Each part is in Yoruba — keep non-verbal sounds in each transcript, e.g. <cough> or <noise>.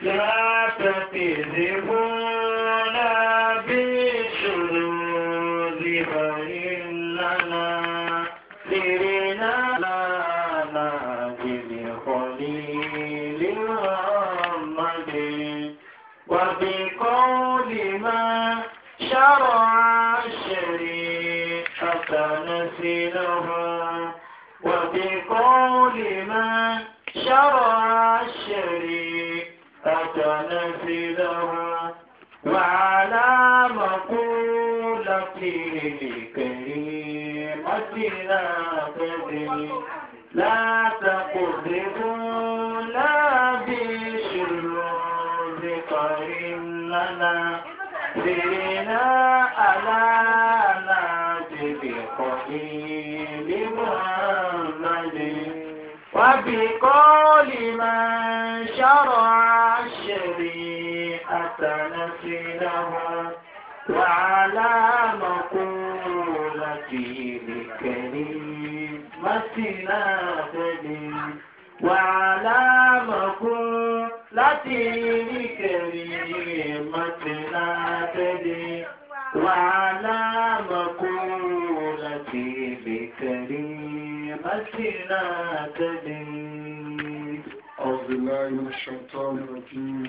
لا تكذبون بشذوذها وعلى مقولته بكلمتنا فدي وعلى مقولته بكلمتنا فدي وعلى مقولته بكلمتنا فدي أعوذ بالله من الشيطان الرجيم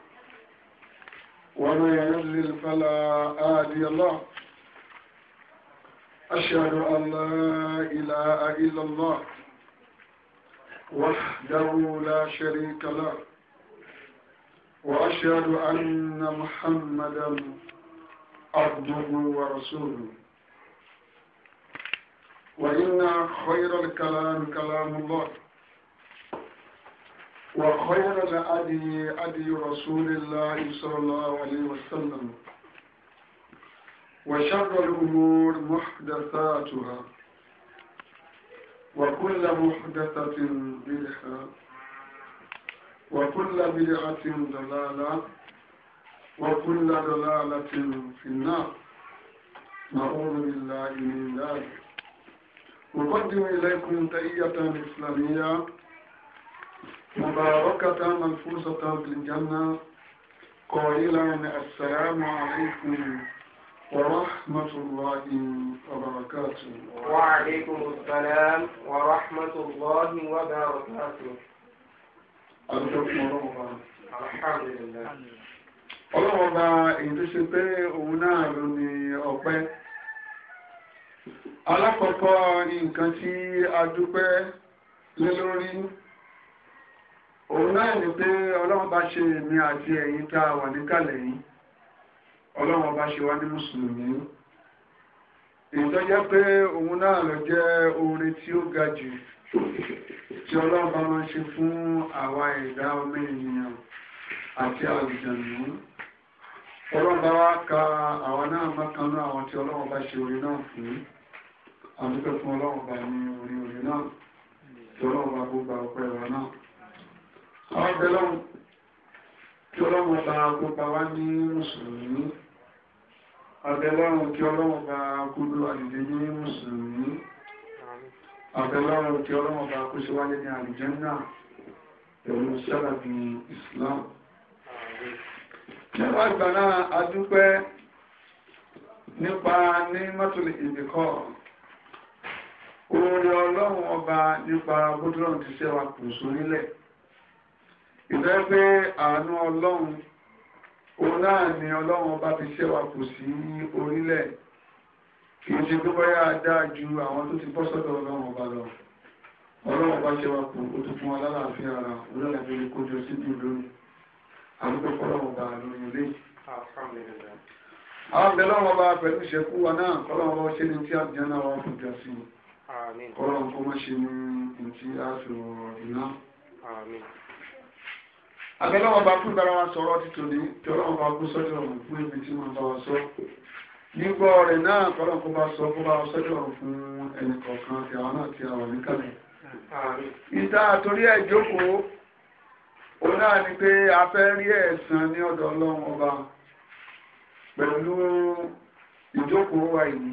ومن يضلل فلا هادي له أشهد أن لا إله إلا الله وحده لا شريك له وأشهد أن محمدا عبده ورسوله وإن خير الكلام كلام الله وخير الأدي أدي رسول الله صلى الله عليه وسلم وشر الأمور محدثاتها وكل محدثة بدعة وكل بدعة ضلالة وكل ضلالة في النار نعوذ بالله من ذلك نقدم إليكم تحية إسلامية مباركة ملفوظة في الجنة قائلا السلام عليكم ورحمة الله وبركاته وعليكم السلام ورحمة الله وبركاته الحمد لله ọlọ́wọ́ bá èyí tó ṣe pé òun náà ló ní ọpẹ́ alákọ̀ọ́kọ́ nǹkan tí a dúpẹ́ lé lórí òun náà ni pé ọlọ́run bá ṣe èmi àti ẹ̀yin tá a wà níkàlẹ̀ yìí ọlọ́run bá ṣe wá ní mùsùlùmí ìtọ́jẹ́ pé òun náà lọ jẹ́ orin tí ó ga jù tí ọlọ́run bá máa ṣe fún àwa ẹ̀dá ọmọ ènìyàn àti àlùjànnú ọlọ́run bá wá ka àwa náà mọ́kànlá àwọn tí ọlọ́run bá ṣe orin náà fún àdúgbò fún ọlọ́run bá ní orin orin náà tí ọlọ́run bá gbogbo ọpẹ́ wa náà àwọn ìbẹ̀lọ́run kí ọlọ́run bá gbogbo wá ní mùsùlùmí àbẹ̀lọ́run kí ọlọ́run bá gbogbo àdìdè ní mùsùlùmí àbẹ̀lọ́run kí ọlọ́run bá kó ṣe wáyé ní àlùjànnà pẹ̀lú sábàbí Islam nípa ìgbà náà adúpẹ́ nípa ní mọ́tòlì ìbìkọ́ oore ọlọ́run ọba nípa bódúrọ̀n ti ṣẹ́wà kù sórílẹ̀ ìdẹ́ pé àánú ọlọ́run òun náà ni ọlọ́run bá fi ṣẹ́wà kù sí orílẹ̀ kì í ṣe tó bọ́yá dáa ju àwọn tó ti bọ́ sọ́dọ̀ ọlọ́run ọba lọ ọlọ́run bá ṣẹ́wà kù ó tó fún wa lálàáfíà ara òun náà fi kójú síbi lónìí àdúgbò fọlọ́run bá lórí ilé. àwọn ọ̀bẹ lọ́wọ́ bá pẹ̀lú ìṣẹ́kú wa náà kọ́lọ́run bá ṣe ní tí àbíyá náà wà fún jọ sí kọ́lọ́run kó má ṣe ní tí a sọ ìná àbẹ̀lọ́wọ́ bá fún ìbára wa sọ̀rọ̀ títò ní kí ọlọ́wọ́ bá kú sọ́jọ́ ọ̀run fún ibi tí wọ́n bá wa sọ nígbọ́ rẹ̀ náà kọ́lọ̀ kó bá sọ kó bá wa sọ́jọ́ ọ̀run fún ẹnì kọ̀ọ̀kan àti àwọn náà ti àwọn níkàlẹ̀. ìta àtòrí ẹ̀ jókòó òun náà ni pé a fẹ́ rí ẹ̀san ní ọ̀dọ̀ ọlọ́run ọba pẹ̀lú ìjókòó wa yìí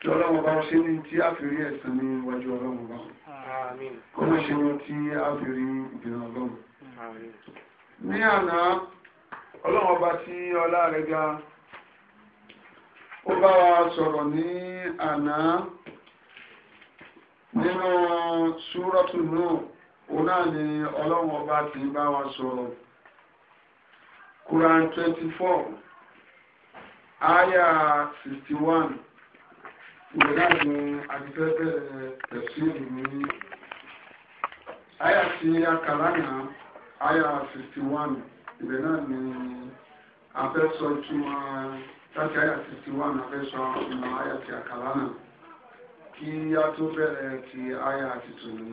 kí ọlọ́run ọba ṣe ní tí a fi rí ẹ̀san ní iwájú ọlọ́run ọba kọ́lọ́ ṣe ní tí a fi rí ìbìnà ọlọ́run. ní àná ọlọ́run ọba tí ọlá rẹ̀ ga ó bá wa sọ̀rọ̀ ní àná nínú súrọ́tù náà ó náà ni ọlọ́run ọba ti bá wa sọ̀rọ̀ Quran 24 aya 61 ìwé náà ni àdìfẹ́ bẹ̀rẹ̀ tẹ̀síìlì ní aya tí a aya fifty one ibẹ̀ náà ni afẹ́sọ ìtumọ̀ láti àyà fifty one afẹ́sọ ìmọ̀ ti àkàlà náà kí a tó bẹ̀rẹ̀ ti àyà àti tòun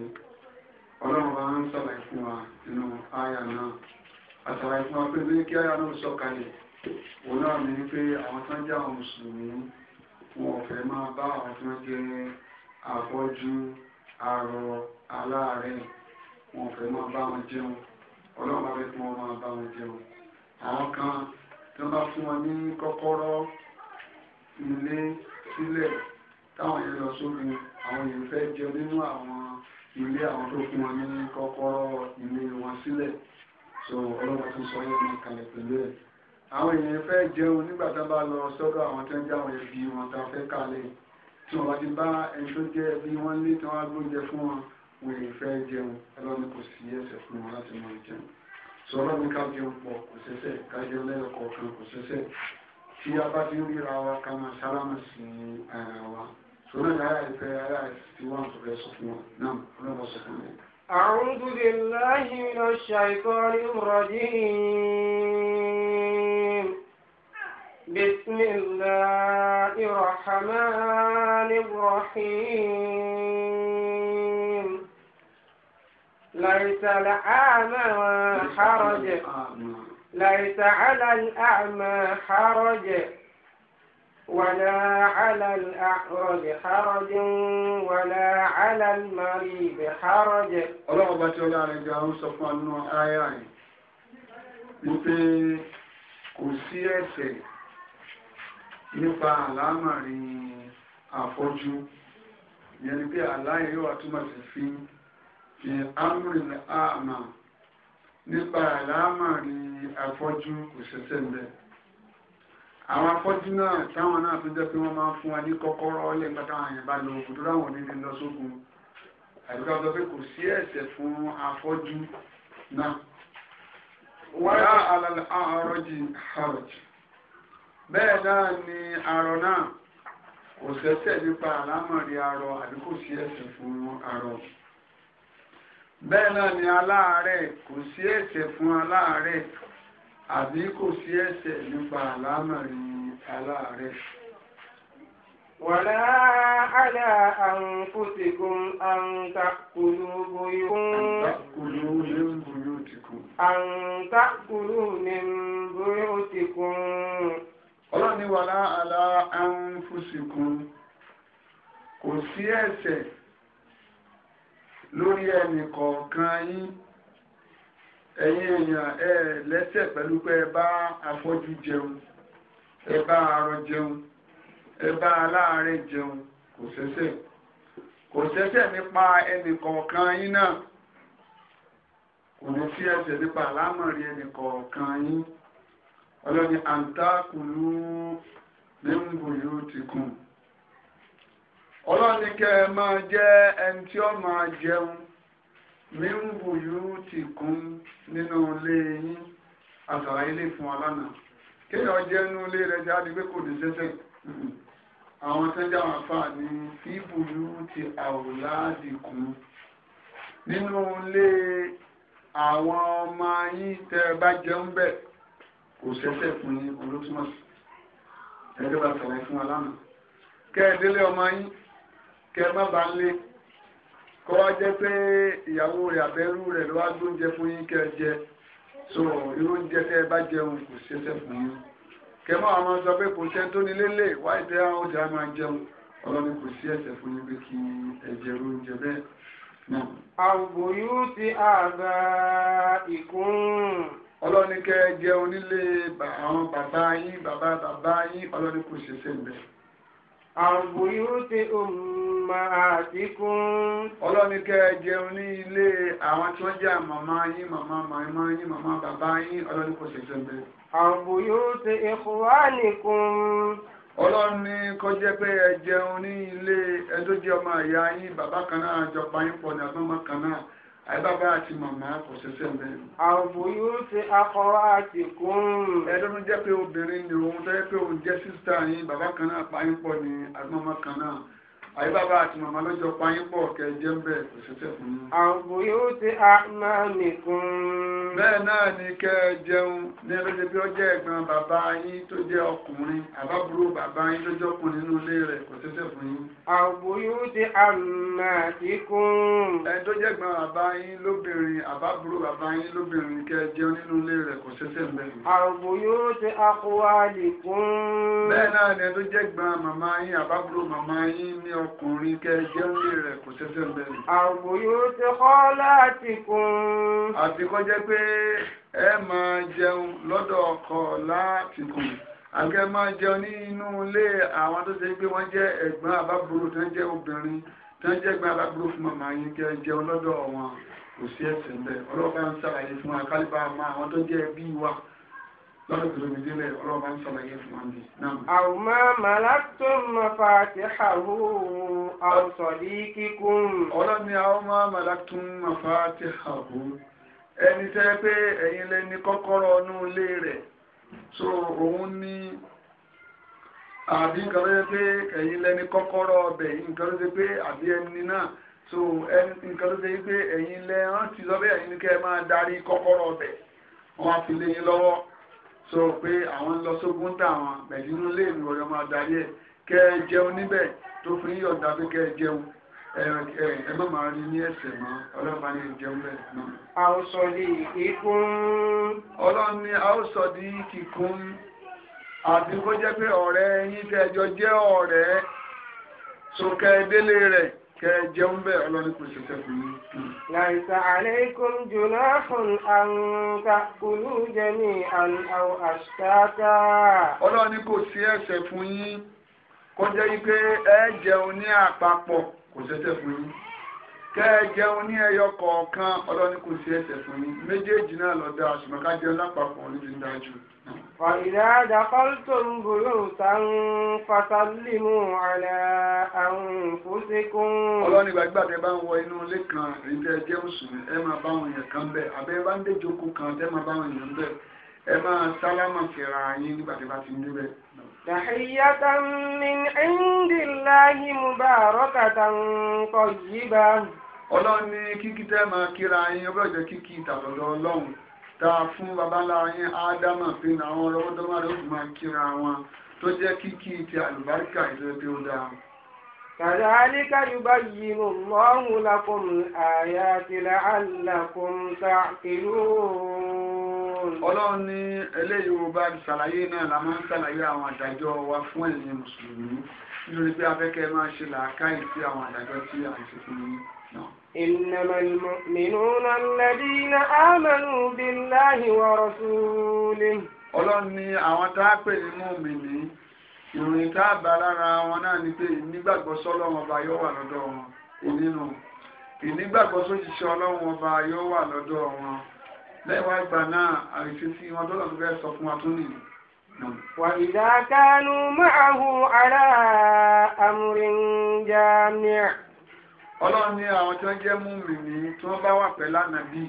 ọlọ́run bá ń sàlàyé fún wa nínú àyà náà àsàlàyé fún wa pé bí kí àyà náà sọ̀kalẹ̀ òun náà ní pé àwọn tó ń jẹ́ àwọn mùsùlùmí wọn ò fẹ́ máa bá àwọn tó ń jẹ́ àfọ́jú arọ aláàárẹ̀ wọn ò máa bá wọn jẹun ọlọ́run bá fẹ́ fún wọn máa bá wọn jẹun àwọn kan tó bá fún wọn ní kọ́kọ́rọ́ ilé sílẹ̀ táwọn yẹn lọ sógun àwọn yẹn fẹ́ jẹ nínú àwọn ilé àwọn tó fún wọn ní kọ́kọ́rọ́ ilé wọn sílẹ̀ so ọlọ́run tún sọ yẹn máa kalẹ̀ pẹ̀lú ẹ̀ àwọn èèyàn fẹ́ jẹun nígbà tá a bá lọ sọ́dọ̀ àwọn tó ń jẹ́ àwọn ẹbí wọn tá a fẹ́ kalẹ̀ tí wọ́n bá ti bá ẹni tó jẹ́ ẹbí wọn lé tí wọ́n á gbóúnjẹ fún wọn wèrè fẹ́ jẹun ẹlọ́ni kò sí ẹsẹ̀ fún wọn láti máa jẹun sọ ọlọ́ni ká jẹun pọ̀ kò sẹ́sẹ̀ ká jẹun lẹ́yọkọ̀ kan kò sẹ́sẹ̀ tí a bá ti ń ríra wa ká máa sálámà sí ara wa sọ́nà ní ara ìfẹ́ ara ìfẹ́ wọn tó fẹ́ sọ fún wọn náà ọlọ́wọ́ sọ fún mi. أعوذ بالله من الشيطان الرجيم بسم الله الرحمن الرحيم ليس الأعمى حرج ليس على الأعمى حرج ولا على الأعرج حرج ولا على المريض حرج ọlọ́run bá tí ó láàrin ìjọ àwọn sọ fún àánú ayá rẹ̀ wípé kò sí ẹ̀ṣẹ̀ nípa àlámà rí àfọ́jú yẹn ni pé àlá yóò àtúmọ̀ sí fi fi amúrin àmà nípa àlámàrí afọ́jú kò ṣẹ̀ṣẹ̀ ń bẹ̀. àwọn afọ́jú náà táwọn náà tó jẹ́ pé wọ́n máa ń fún wa ní kọ́kọ́rọ́ lẹ́gbàá táwọn àyàn bá lo òkú tó dáwọn onílé lọ sógun àdúgbò sọ pé kò sí ẹ̀ṣẹ̀ fún afọ́jú náà. wàrà àlàlà àrọ́jì àrọ́jì bẹ́ẹ̀ náà ni àrọ̀ náà kò ṣẹ̀ṣẹ̀ nípa àlámàrí àrọ̀ àdúgbò sí ẹ̀ṣẹ̀ fún àrọ̀ bẹ́ẹ̀ náà ni aláàárẹ̀ kò sí ẹ̀ṣẹ̀ fún aláàárẹ̀ àbí kò sí ẹ̀ṣẹ̀ nípa àlámọ̀rí aláàárẹ̀. wàlá àlà àǹfóṣekùn àǹtakùlù bóyún. àǹtakùlù ní bóyún òtìkùn. àǹtakùlù ní bóyún òtìkùn. ọlọ́ni wàlá àlà àǹfóṣekùn kò sí ẹ̀ṣẹ̀ lórí ẹnì kọ̀ọ̀kan yín ẹ̀yin èèyàn ẹ lẹ́sẹ̀ pẹ̀lú pé ẹ bá afọ́jú jẹun ẹ bá arọ jẹun ẹ bá aláàárẹ̀ jẹun kò sẹ́sẹ̀ kò sẹ́sẹ̀ nípa ẹnì kọ̀ọ̀kan yín náà kò ní sí ẹsẹ̀ nípa àlámọ̀rí ẹnì kọ̀ọ̀kan yín ọlọ́ni àǹtákùlù ní ti kùn ọlọ́run ní kẹ́ ẹ máa jẹ́ ẹni tí ó máa jẹun mímú yóò ti kún nínú ilé yín àtàrà ilé fún wa lánàá kéèyàn jẹ́ inú ilé rẹ̀ jáde pé kò ní sẹ́sẹ̀ àwọn tó ń jẹ́ ní fíbù yóò ti àwòláàdì kún nínú ilé àwọn ọmọ yín tẹ́ ẹ bá jẹun bẹ́ẹ̀ kò sẹ́sẹ̀ fún yín olótúmọ̀sí ẹgbẹ́ bá fún wa lánàá kẹ́ẹ̀délé ọmọ yín kẹ má ba ń lé kọ́ wá jẹ́ pé ìyàwó rẹ̀ àbẹ́rú rẹ̀ ló wá gbóúnjẹ fún yín kẹ jẹ so irú oúnjẹ tẹ́ ẹ bá jẹun kò ṣẹṣẹ fún yín kẹ má àwọn sọ pé kò ṣẹ́ tó ní lélẹ̀ wáyé tẹ́ àwọn ọjà máa jẹun ọlọ́ni kò sí ẹ̀ṣẹ̀ fún yín pé kí ẹ jẹ irú oúnjẹ bẹ́ẹ̀ náà. àgbòyú ti àgbà ìkún. ọlọ́ni kẹ jẹun nílé àwọn bàbá yín bàbá bàbá yín ọlọ́ni kò ṣẹṣẹ bẹ́ẹ̀. àgbòyú ti òun àmàhàtíkún. ọlọ́ni kẹ́ ẹ jẹun ní ilé àwọn tí wọ́n jẹ́ màmá yín màmá màmá yín màmá bàbá yín ọlọ́ni kò ṣètò ẹgbẹ́. àbò yóò ṣe ikhwanikum. ọlọ́ni kọ́ jẹ́ pé ẹ jẹun ní ilé ẹ tó jẹ́ ọmọ ìyá yín bàbá kan náà àjọpá yín pọ̀ ní àbọ̀mọ́ kan náà àìbàbá àti màmá kò ṣẹṣẹ ń àbò yóò ṣe akọrọ àti kún. ẹlọ́run jẹ́ pé obìnrin ni òun tó pé òun jẹ́ sísá yín bàbá kan náà pààyàn pọ̀ ní agbọ́nmọ́ kan náà àyè bàbá àti màmá lọ́jọ́ payín pọ̀ kẹjẹ́ ń bẹ̀ òṣìṣẹ́ fún yín. àbò yóò ti àmà mi kún. bẹ́ẹ̀ náà ni kẹ́ ẹ jẹun ní ẹlẹ́dẹ̀ bí ó jẹ́ ẹ̀gbọ́n bàbá yín tó jẹ́ ọkùnrin àbábúrò bàbá yín tó jọ́kùnrin nínú ilé rẹ̀ kò fún yín. àbò yóò ti àmà ti kún. ẹ tó jẹ́ ẹ̀gbọ́n bàbá yín lóbìnrin àbábúrò bàbá yín lóbìnrin kẹ́ nínú ilé rẹ̀ kò ṣiṣẹ́ mbẹ́. àbò yóò ọkùnrin kẹjẹ́ ń lè rẹ̀ kò tẹ́tẹ́ bẹ̀rẹ̀. àbòyó ti kọ́ láti kún. àti kọ́ jẹ́ pé ẹ máa jẹun lọ́dọ̀ ọkọ láti kún. àgẹ́ máa jẹun ní inú ilé àwọn tó ṣe pé wọ́n jẹ́ ẹ̀gbọ́n àbábúrò tó ń jẹ́ obìnrin tó ń jẹ́ ẹ̀gbọ́n àbábúrò fún màmá yín kẹ́ jẹun lọ́dọ̀ wọn kò sí ẹ̀sìn bẹ́ẹ̀ ọlọ́pàá ń ṣàlàyé fún akálíbà máa àwọn tó jẹ́ ẹbí wa lọ́dún tó lómi délẹ̀ ọlọ́run bá ń ṣàlàyé fún wa mi. àwọn máa màláàtò mọ̀fà àti àwọ̀ àwòsànlẹ̀ máa màláàtò àti àwọ̀ ẹni tẹ́ pé ẹ̀yin lẹni kọ́kọ́rọ́ ọnú ilé rẹ̀ so òun ní àbí nǹkan tó yẹ pé ẹ̀yin lẹni kọ́kọ́rọ́ ọbẹ̀ nǹkan tó pé àbí ẹni náà so nǹkan tó yẹ pé ẹ̀yin lẹ rántí lọ́bẹ̀ ẹ̀yin kẹ́ máa darí kọ́kọ́rọ́ ọbẹ̀ sọ pé àwọn lọ sógun táwọn pẹ̀lú ilé ìlú ọ̀yọ́ máa darí ẹ̀ kẹ́ ẹ jẹun níbẹ̀ tó fi ń ní ẹ̀sẹ̀ mọ́ ní ìjẹun bẹ́ẹ̀ ni ìkún. ọlọ́run ni àwòsàn ní kíkún àti kó jẹ́ pé ọ̀rẹ́ yín tẹ́jọ jẹ́ ọ̀rẹ́ sókè délé rẹ̀. kẹ jẹun bẹ́ẹ̀ ọlọ́ni kò ṣiṣẹ́ fún mi. laisa alaykum junahun an ta'kulu jami'an aw ashtata. ọlọ́ni kò sí fún jẹun ní àpapọ̀ ẹyọ kò sí fún méjèèjì náà lọ́dọ̀ jẹun lápapọ̀ níbi dájú فإذا دخلتم بيوتا فسلموا على أنفسكم. ọlọ́run ìgbà gbà bá ń wọ inú ilé kan èyí jẹ́ mùsùlùmí ẹ máa bá àwọn èèyàn kan bẹ́ẹ̀ àbẹ́ bá ń dé jókòó kan tẹ́ máa bá àwọn èèyàn bẹ́ẹ̀ ẹ máa sálámà fìrà yín nígbà tẹ́ bá ti ń débẹ̀. تحية من عند الله مباركة طيبة. ọlọ́run kíkí tẹ́ máa kíra yín ọlọ́jọ́ kíkí ìtàlọ́dọ̀ ọlọ́run ta fún babalá yín ádámà pé àwọn ọlọ́wọ́dọ́mà rẹ̀ ó máa kíra wọn tó jẹ́ kíkí ti àlùbáríkà ìjọba tí ó dáa. كذلك يبين الله لكم الآيات لعلكم تعقلون. Ọlọ́run ní eléyìí wo bá ṣàlàyé náà la máa ń ṣàlàyé àwọn àdájọ́ wa fún ẹ̀yin mùsùlùmí nítorí pé afẹ́kẹ́ máa ṣe làákàyè sí àwọn àdájọ́ tí a ṣe fún yín. إنما المؤمنون الذين آمنوا بالله ورسوله ọlọ́run ni àwọn tá a pè ní mùmìnì ìròyìn tá a bá lára wọn náà ni pé ìnígbàgbọ́ ọba wà lọ́dọ̀ wọn ìnínú ìnígbàgbọ́ ọlọ́run ọba wà lọ́dọ̀ wọn ìgbà náà àrífífí wọn tó ọlọ́run ní àwọn tí wọ́n jẹ́ mùmìnì tí wọ́n bá wà pẹ̀lú ànábì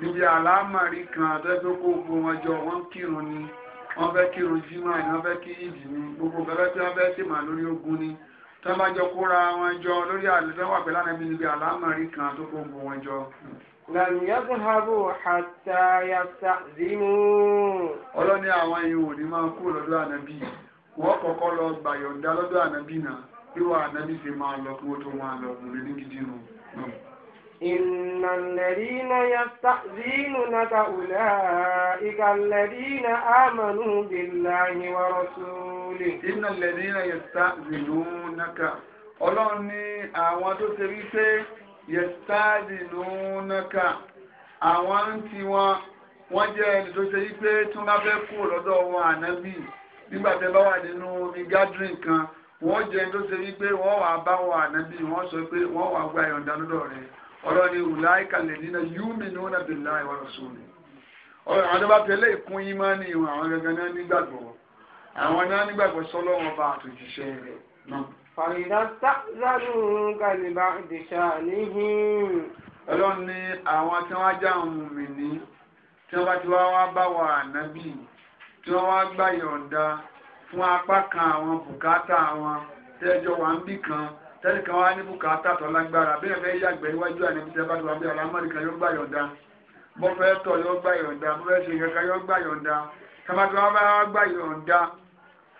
níbi àlámàrí kan kó gbogbo wọn jọ wọ́n kírun ni wọ́n fẹ́ kírun jímọ̀ ni wọ́n fẹ́ ni gbogbo bẹ́ẹ̀ tí wọ́n fẹ́ sì lórí ogun ni tí wọ́n bá jọ kóra wọn jọ lórí àlùfẹ́ wà pẹ̀lú ànábì níbi àlámàrí kan kó gbogbo wọn jọ. ha yàtà zimu. Ọlọ́ni àwọn ò ní máa kú lọ́dọ̀ wíwà ànábì fi máa lọ kí ó tó máa lọ kùnrin ní gidi nù. إن الذين يستأذنونك أولئك الذين آمنوا بالله ورسوله إن الذين يستأذنونك ọlọ́run ní àwọn tó ṣe rí pé yẹ̀stáàdìlúnàkà àwọn ń ti wọn wọ́n jẹ́ ẹni tó ṣe rí pé tún bá fẹ́ kú lọ́dọ̀ wọn ànábì nígbà tẹ́ bá wà nínú omi gádùn kan wọ́n jẹ́ tó ṣe wípé wọ́n wà bá wà wọ́n sọ pé wọ́n wà gba ìyọ̀ǹda lọ́dọ̀ rẹ̀ ọ̀rọ̀ ni ulaika alladhina yu'minuna billahi wa rasulihi ọ̀rọ̀ àwọn tó bá tẹ̀lé ìkún ní wọn àwọn gangan náà nígbàgbọ́ àwọn náà nígbàgbọ́ bá àtòjíṣẹ́ rẹ̀ fún apá kan àwọn bùkátà àwọn tẹ́jọ́ wa ń kan tẹ́lẹ̀ kan wá ní bùkátà tó lágbára bí ẹ̀fẹ́ yàgbẹ́ iwájú àníbi tẹ́ bá ti wà bí kan yóò gbà yọ̀ǹda bó fẹ́ tọ̀ yóò gbà yọ̀ǹda bó fẹ́ ṣe kankan yóò gbà yọ̀ǹda tàbátí wọ́n bá gbà yọ̀ǹda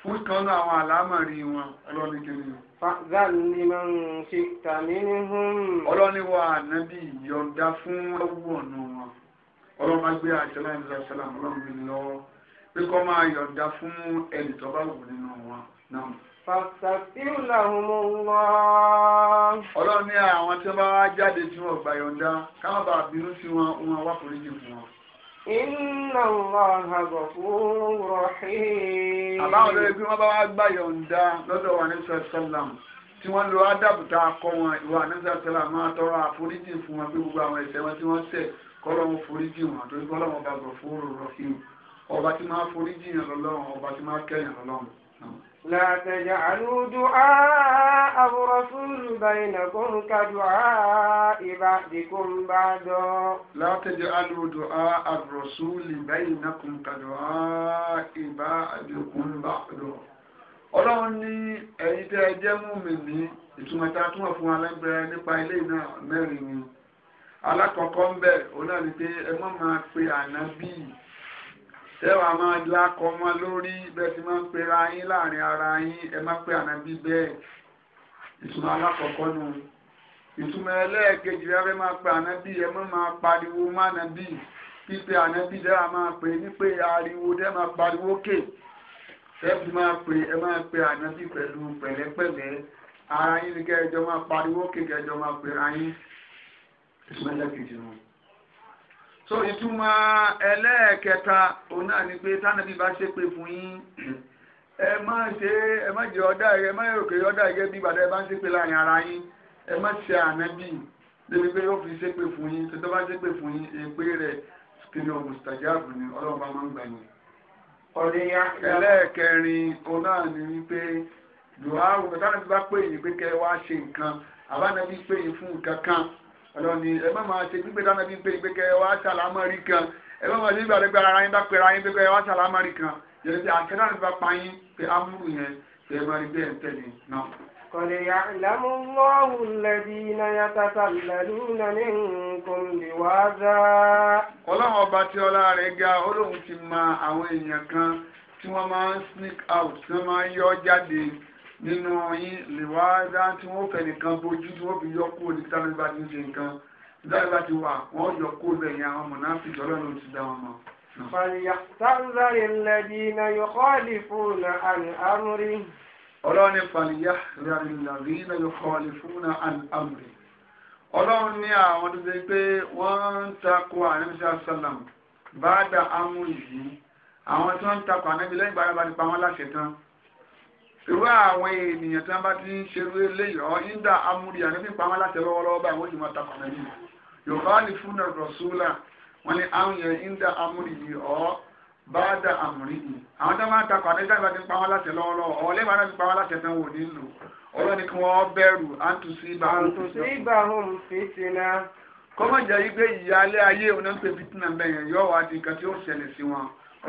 fún kan àwọn wọn ọlọ́ni kiri. ni máa ń ṣe tàmí ní hún. ọlọ́ni wa ànábì yọ̀ǹda fún pé kọ́ máa yọ̀ǹda fún ẹnì tó bá wù nínú wọn náà. Fàṣàfihàn làwọn ọmọ Ọlọ́run ní àwọn tí wọ́n bá jáde tí wọ́n gbà yọ̀ǹda káwọn bá bínú sí wọn wọn wá foríjì fún wọn. Inna Allaha ghafurur rahim. Àbáwọn olóyè bí wọ́n bá wá gbà yọ̀ǹda lọ́dọ̀ wa ní Sọ́ọ̀sọ́làm tí wọ́n lo ádàbùtà akọ wọn ìwà ní máa tọrọ àforíjì fún wọn bí gbogbo àwọn ẹ̀ṣẹ̀ tí wọ́n ṣẹ̀ kọ́lọ́wọ́n foríjì wọn àtòrí kọ́lọ́wọ́n bá ghafurur rahim ọba tí máa forí jìyàn lọ́lọ́run ọba tí máa kẹ́yàn lọ́lọ́run. لا تجعلوا دعاء الرسول بينكم كدعاء بعضكم بعضا لا تجعلوا دعاء الرسول بينكم كدعاء بعضكم بعضا ọlọ́run ní ẹ̀yin tẹ́ ẹ jẹ́ mùmìnì ìtumọ̀ tá a túmọ̀ fún alẹ́gbẹ̀ẹ́ nípa ilé náà mẹ́rin ni alákọ̀ọ́kọ́ ń bẹ̀ òun náà ni pé ẹ má máa pe ànábì tẹ́wàá máa lákọ mọ́ lórí bẹ́ẹ̀ ti máa ń pera yín láàrin ara yín ẹ má pé ànábí bẹ́ẹ̀ ìtumọ̀ alákọ̀ọ́kọ́ nù ìtumọ̀ ẹlẹ́ẹ̀kejì rẹ̀ máa pe ànábí ẹ mọ́ máa pariwo mọ́ ànábí pípe ànábí dẹ́wà máa pè ní pé ariwo dẹ́ máa pariwo kè tẹ́bí máa pè ẹ máa pe ànábí pẹ̀lú pẹ̀lẹ́pẹ̀lẹ́ ara yín ni kẹ́ ẹjọ́ máa pariwo kè kẹ́ ẹjọ́ máa pera yín ìtumọ̀ ẹlẹ́ẹ̀kejì nù so ìtumọ̀ ẹlẹ́ẹ̀kẹta òun náà ni pé tánàbí bá ṣe pé fún yín ẹ má ṣe ẹ má jẹ ọ̀dà ẹ má yẹ òkè ọ̀dà ẹgẹ bí ìbàdàn ẹ bá ń ṣe pé láàrin ara yín ẹ má ṣe ànábì débi pé yóò fi ṣe pé fún yín tó tó bá ṣe pé fún yín èpè rẹ̀ kiri ọmọ sàjáàbù ni ọlọ́run bá máa ń gbà yín. ẹlẹ́ẹ̀kẹrin òun náà ni wípé dùhà òkè tánàbí bá pè yín pé kẹ́ wá ṣe nǹkan àbánabí pè yín fún nǹkan kan ọlọ́ni ẹ má máa ṣe gbígbé dáná bíi pé ìgbé kẹ wá ṣàlámọ́rí kan ẹ má máa ṣe gbígbà rẹgbẹ́ ara yín bá pera yín pé kẹ wá ṣàlámọ́rí kan yẹlẹ pé àṣẹ náà bá pa yín pé amúrù yẹn pé ẹ máa rí bẹ́ẹ̀ ń tẹ̀lé náà. قد يعلم الله الذين يتسللون منكم لواذا ọlọ́run ọba tí ọlá rẹ̀ ga olóhun ti mọ àwọn èèyàn kan tí wọ́n máa ń sneak out tí wọ́n máa ń yọ jáde nínú yín lè wá dá tí wọ́n fẹ́ nìkan bójú tí wọ́n fi yọ kúrò ní tálíbà tí ń ṣe nǹkan tálíbà ti wà wọ́n yọ kúrò lẹ́yìn àwọn mọ̀nàfíìsì ọlọ́run ti dá wọn mọ̀. فليحذر الذين يخالفون عن أمره ọlọ́run ní فليحذر الذين يخالفون عن أمره ọlọ́run ní àwọn tó ṣe pé wọ́n ń takò àníbísà sálàm bá dá amúrì yìí àwọn tó ń takò irú àwọn ènìyàn tí wọ́n bá ti ń ṣerú eléyìí ọ yíńdà amúrí àníbí pamọ́ láti lọ́wọ́lọ́wọ́ báyìí wọ́n yìí máa takọ̀ náà nìyí yorùbá ní fúnà rọ̀ṣúlà wọ́n ní àwọn yẹn yíńdà ọ bá dà yìí àwọn tí wọ́n máa takọ̀ àníbí tí wọ́n ti pamọ́ láti ọ lẹ́yìn wọn ti pamọ́ láti ẹ̀tàn wò nílò kí wọ́n bẹ̀rù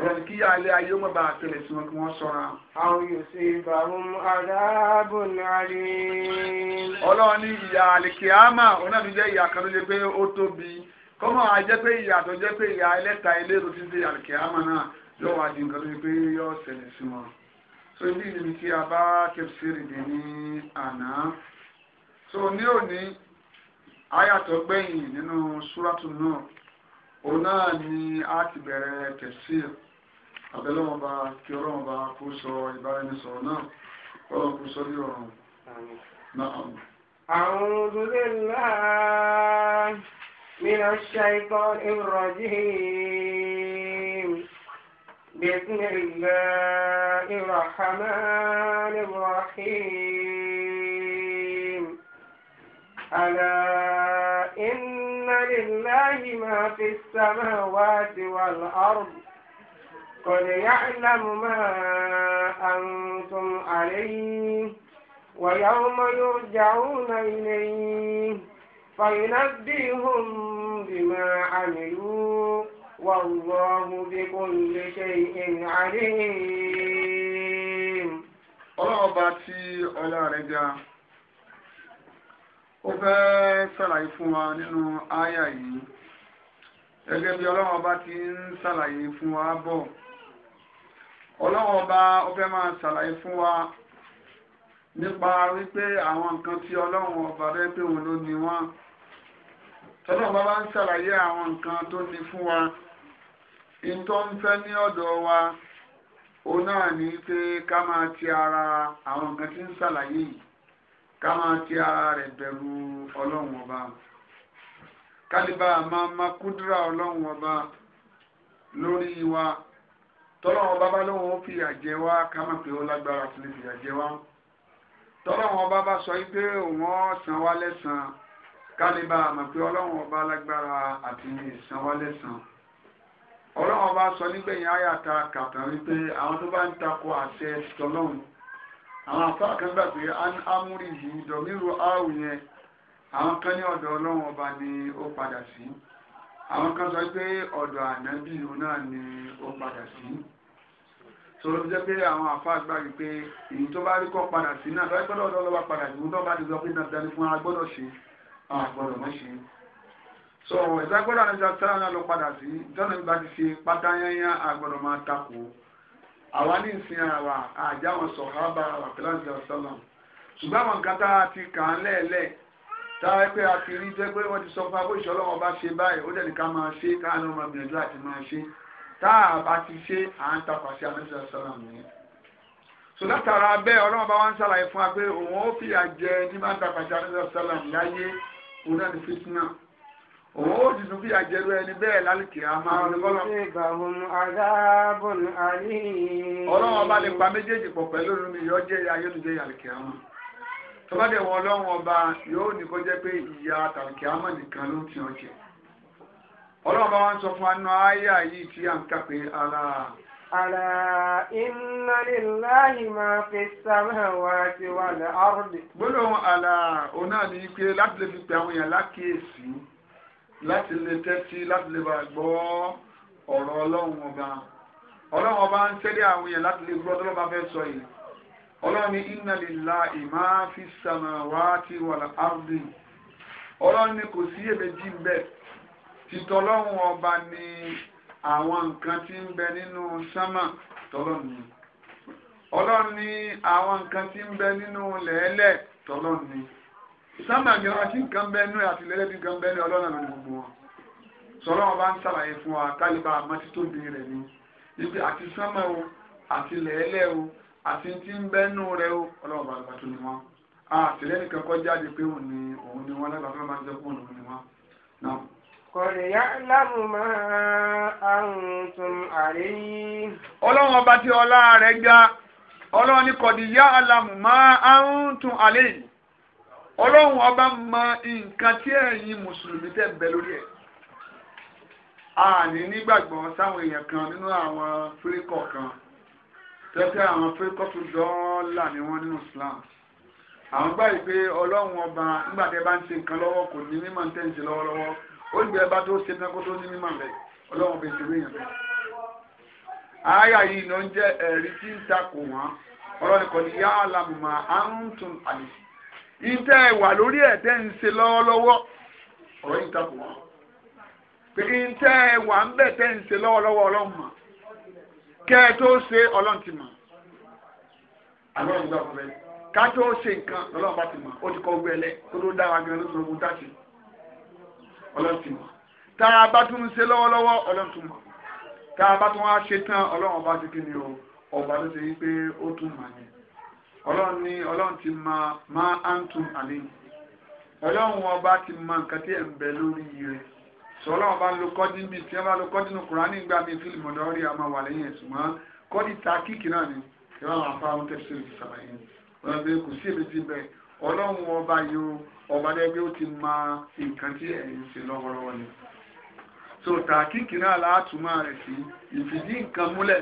Ẹ̀sìn kí alẹ́ ayé wọn bá tẹ̀lé sí wọn kí wọ́n sọ́ra. Àwọn yòsí ìbàrún adáàbò lárí. Ọlọ́run ní ìyá àlìkíámà ọ̀nà mi jẹ́ ìyá kan ló jẹ́ pé ó tóbi. Kọ́mọ̀ á jẹ́ pé ìyá tó jẹ́ pé ìyá ẹlẹ́ta ti náà yóò wá di nǹkan jẹ́ pé yóò ṣẹlẹ̀ sí wọn. So ní ìlú a bá kẹ́pìsìrì dé ní àná. So ní òní, ayàtọ̀ gbẹ̀yìn nínú òun náà ni a ti bẹ̀rẹ̀ àbẹ́lọ́wọ́n bá kí ọlọ́wọ́n bá kó sọ ìbáraẹnisọ̀rọ̀ náà kọ́lọ̀ kó sọ ní ọ̀run náà. أعوذ بالله من الشيطان الرجيم بسم الله الرحمن الرحيم ألا إن لله ما في السماوات والأرض قد يعلم ما أنتم عليه ويوم يرجعون إليه فينبئهم بما عملوا والله بكل شيء عليم ọlọ́ọ̀bá tí ọlá rẹ̀ ga ó fẹ́ ṣàlàyé fún wa nínú ááyà yìí gẹ́gẹ́ bí ọlọ́ọ̀bá ti ń ṣàlàyé fún wa bọ̀ ọlọ́wọ́n bá ó fẹ́ máa ṣàlàyé fún wa nípa wípé àwọn nǹkan tí ọlọ́wọ́n ọba rẹ̀ pé òun ló ní wọ́n tọ́lọ́wọ́n bá bá ń ṣàlàyé àwọn nǹkan tó ní fún wa in tó ń fẹ́ ní ọ̀dọ̀ wa ó náà ní pé ká máa ti ara àwọn nǹkan tí ń ṣàlàyé yìí ká máa ti ara rẹ̀ bẹ̀rù ọlọ́wọ́n ọba kálíbà máa ma kúdúrà ọlọ́wọ́n ọba lórí wa tọ́lọ́wọ́n bábá lóun fi àjẹ wá ká má pé ó lágbára fún lè fi àjẹ wá tọ́lọ́wọ́n bábá sọ pé òun san wá lẹ́sàn-án kálíbà mà pé ọlọ́wọ́n ọba lágbára àti san wá lẹ́sàn-án ọlọ́wọ́n bá sọ nígbẹ̀yìn àyàtà kàtà wípé àwọn tó bá ń takò àṣẹ tọ́lọ́wọ́n àwọn afá kan gbà pé amúrí yìí dọ̀míru áwù yẹn àwọn kan ní ọ̀dọ̀ ọlọ́wọ́n ọba ni ó padà sí àwọn kan sọ pé ọ̀dọ̀ ànábì òun náà ni ó padà sí sọ̀rọ̀ jẹ́ pé àwọn àfa àgbà rí pé èyí tó bá rí kọ́ padà sí náà lọ́wọ́ gbọ́dọ̀ ọ̀dọ́ lọ́wọ́ padà sí náà bá ti sọ pé dandan ni fún wa gbọ́dọ̀ ṣe àwọn àgbọ̀dọ̀ mọ́ ṣe sọ ìdágbọ́dọ̀ àti ìdására náà ló padà sí ìdáná ìgbà ti ṣe pátá yányá àgbọ̀dọ̀ máa takò àwa ní ìsìn àwa àjáwọn sọ̀hábà àpẹlẹ́ àti ìdására táwọn ẹgbẹ́ àti rí jẹ́ pé wọ́n ti sọ fún abóyìṣọ́ ọlọ́wọ́ bá ṣe báyìí ó dẹ̀lẹ̀ máa ṣe káàánú ọmọ gbìyànjú àti máa ṣe táà bá ti ṣe à ń tapà sí amẹ́sẹ̀ sọ́nà nìyẹn. sọ látara bẹ́ẹ̀ ọlọ́wọ́ bá wọn ṣàlàyé fún wa pé òun ó fìyà jẹ ní máa ń tapà sí amẹ́sẹ̀ sọ́nà láyé òun náà ní fitna òun ó ti tún fìyà jẹ ẹni bẹ́ẹ̀ lálùkì àmà ọlọ́wọ́ bá lè pa méjèèjì pọ̀ pẹ̀lú tọ́bádẹ̀ wọn ọlọ́run ọba yóò ní kó pé ìyá tàbíkì àmọ́ nìkan ló ń ti ọ jẹ ọlọ́run bá wọn sọ fún aná ayé yìí tí à ń kà pé ara. ara inna lillahi ma fi samawati wal ardi. gbólóhùn àlà òun náà ní pé láti lè fi pe àwọn èèyàn lákèésí láti lè tẹ́tí láti lè gbọ́ ọ̀rọ̀ ọlọ́run ọba ọlọ́run ọba ń tẹ́lẹ̀ àwọn èèyàn láti lè gbọ́ ọdọ́lọ́ba fẹ́ sọ yìí ọlọ́ni inna lillahi ma fi samawati wal ardi ọlọ́ni kò sí ni àwọn nǹkan tí ń bẹ nínú àwọn nǹkan ti ń bẹ nínú lẹ́ẹ̀lẹ̀ ni sánmà mìíràn tí nǹkan bẹ nú àti lẹ́lẹ́ tí nǹkan bẹ ní ọlọ́nà lónìí gbogbo wọn sọ̀rọ̀ ọba ń sàlàyé fún wa kálíbà àmọ́ títóbi ni ibi àti ti ń bẹ́ nù rẹ̀ ó ọlọ́run ni wọ́n a nìkan kọ́ jáde pé òun ni òun ni wọ́n lágbàá fẹ́ máa jẹ́ fún òun ni wọ́n náà. Kọ̀dé yá lámù Ọlọ́run ọba tí ọlá rẹ̀ gba ọlọ́run ní kọ̀dé yá lámù máa àrùntùn Ọlọ́run ọba mọ nǹkan ẹ̀yin mùsùlùmí tẹ̀ bẹ lórí ẹ̀ àní nígbàgbọ́ sáwọn èèyàn kan nínú àwọn tẹ́tẹ́ àwọn fẹ́kọ́tù dọ́ọ́là ni wọ́n nínú Islam àwọn gbà yìí pé ọlọ́run ọba nígbà tẹ́ bá ń ṣe nǹkan lọ́wọ́ kò ní mímọ̀ ń tẹ́ǹsì lọ́wọ́lọ́wọ́ ó gbé tó ṣe tán kó tó ní mímọ̀ ọlọ́run àyà yìí ń jẹ́ ẹ̀rí tí ń takò wọ́n ọlọ́run kò ní yá àlàmùmá àlè. ìtẹ́ lórí ẹ̀ tẹ́ ń ṣe lọ́wọ́lọ́wọ́ ọ̀rọ̀ yìí takò wọ́n. kẹ́ ẹ tó ṣe ọlọ́run ti mọ̀ àlọ́run gbà fún bẹ́ẹ̀ ká tó ṣe nǹkan ọlọ́run bá ti mọ̀ ó ti kọ́ gbé ẹlẹ́ kó tó dá wa gan lóṣù ogun tá ọlọ́run ti mọ̀ tá a bá tún ṣe lọ́wọ́lọ́wọ́ ọlọ́run tún mọ̀ tá a bá tún wá ṣe tán ọlọ́run bá ti kí ni o ọba ló ṣe wípé ó tún mọ̀ yẹn ọlọ́run ni ọlọ́run ti mọ máa ń tún àlẹ́ ọlọ́run ọba ti mọ nǹkan tí ẹ̀ ń bẹ lórí rẹ̀ sọlá wọn bá ń lo kọ́dí mi tí wọn bá lo kọ́dí nu kùránì gbà mí fílì mọ̀dọ́rí àmọ́ wà lẹ́yìn ẹ̀sùn mọ́ kọ́dí ta kíkì náà ni kí wọ́n máa fa àwọn tẹ̀síìlì ti sàlàyé wọn bẹ kò sí èmi ti bẹ ọlọ́run ọba yìí ọba dẹ́gbẹ́ ó ti ma nǹkan tí ẹ̀yìn ṣe lọ́wọ́lọ́wọ́ ni so tàkíkì náà látùmọ̀ rẹ̀ sí ìfìdí nǹkan múlẹ̀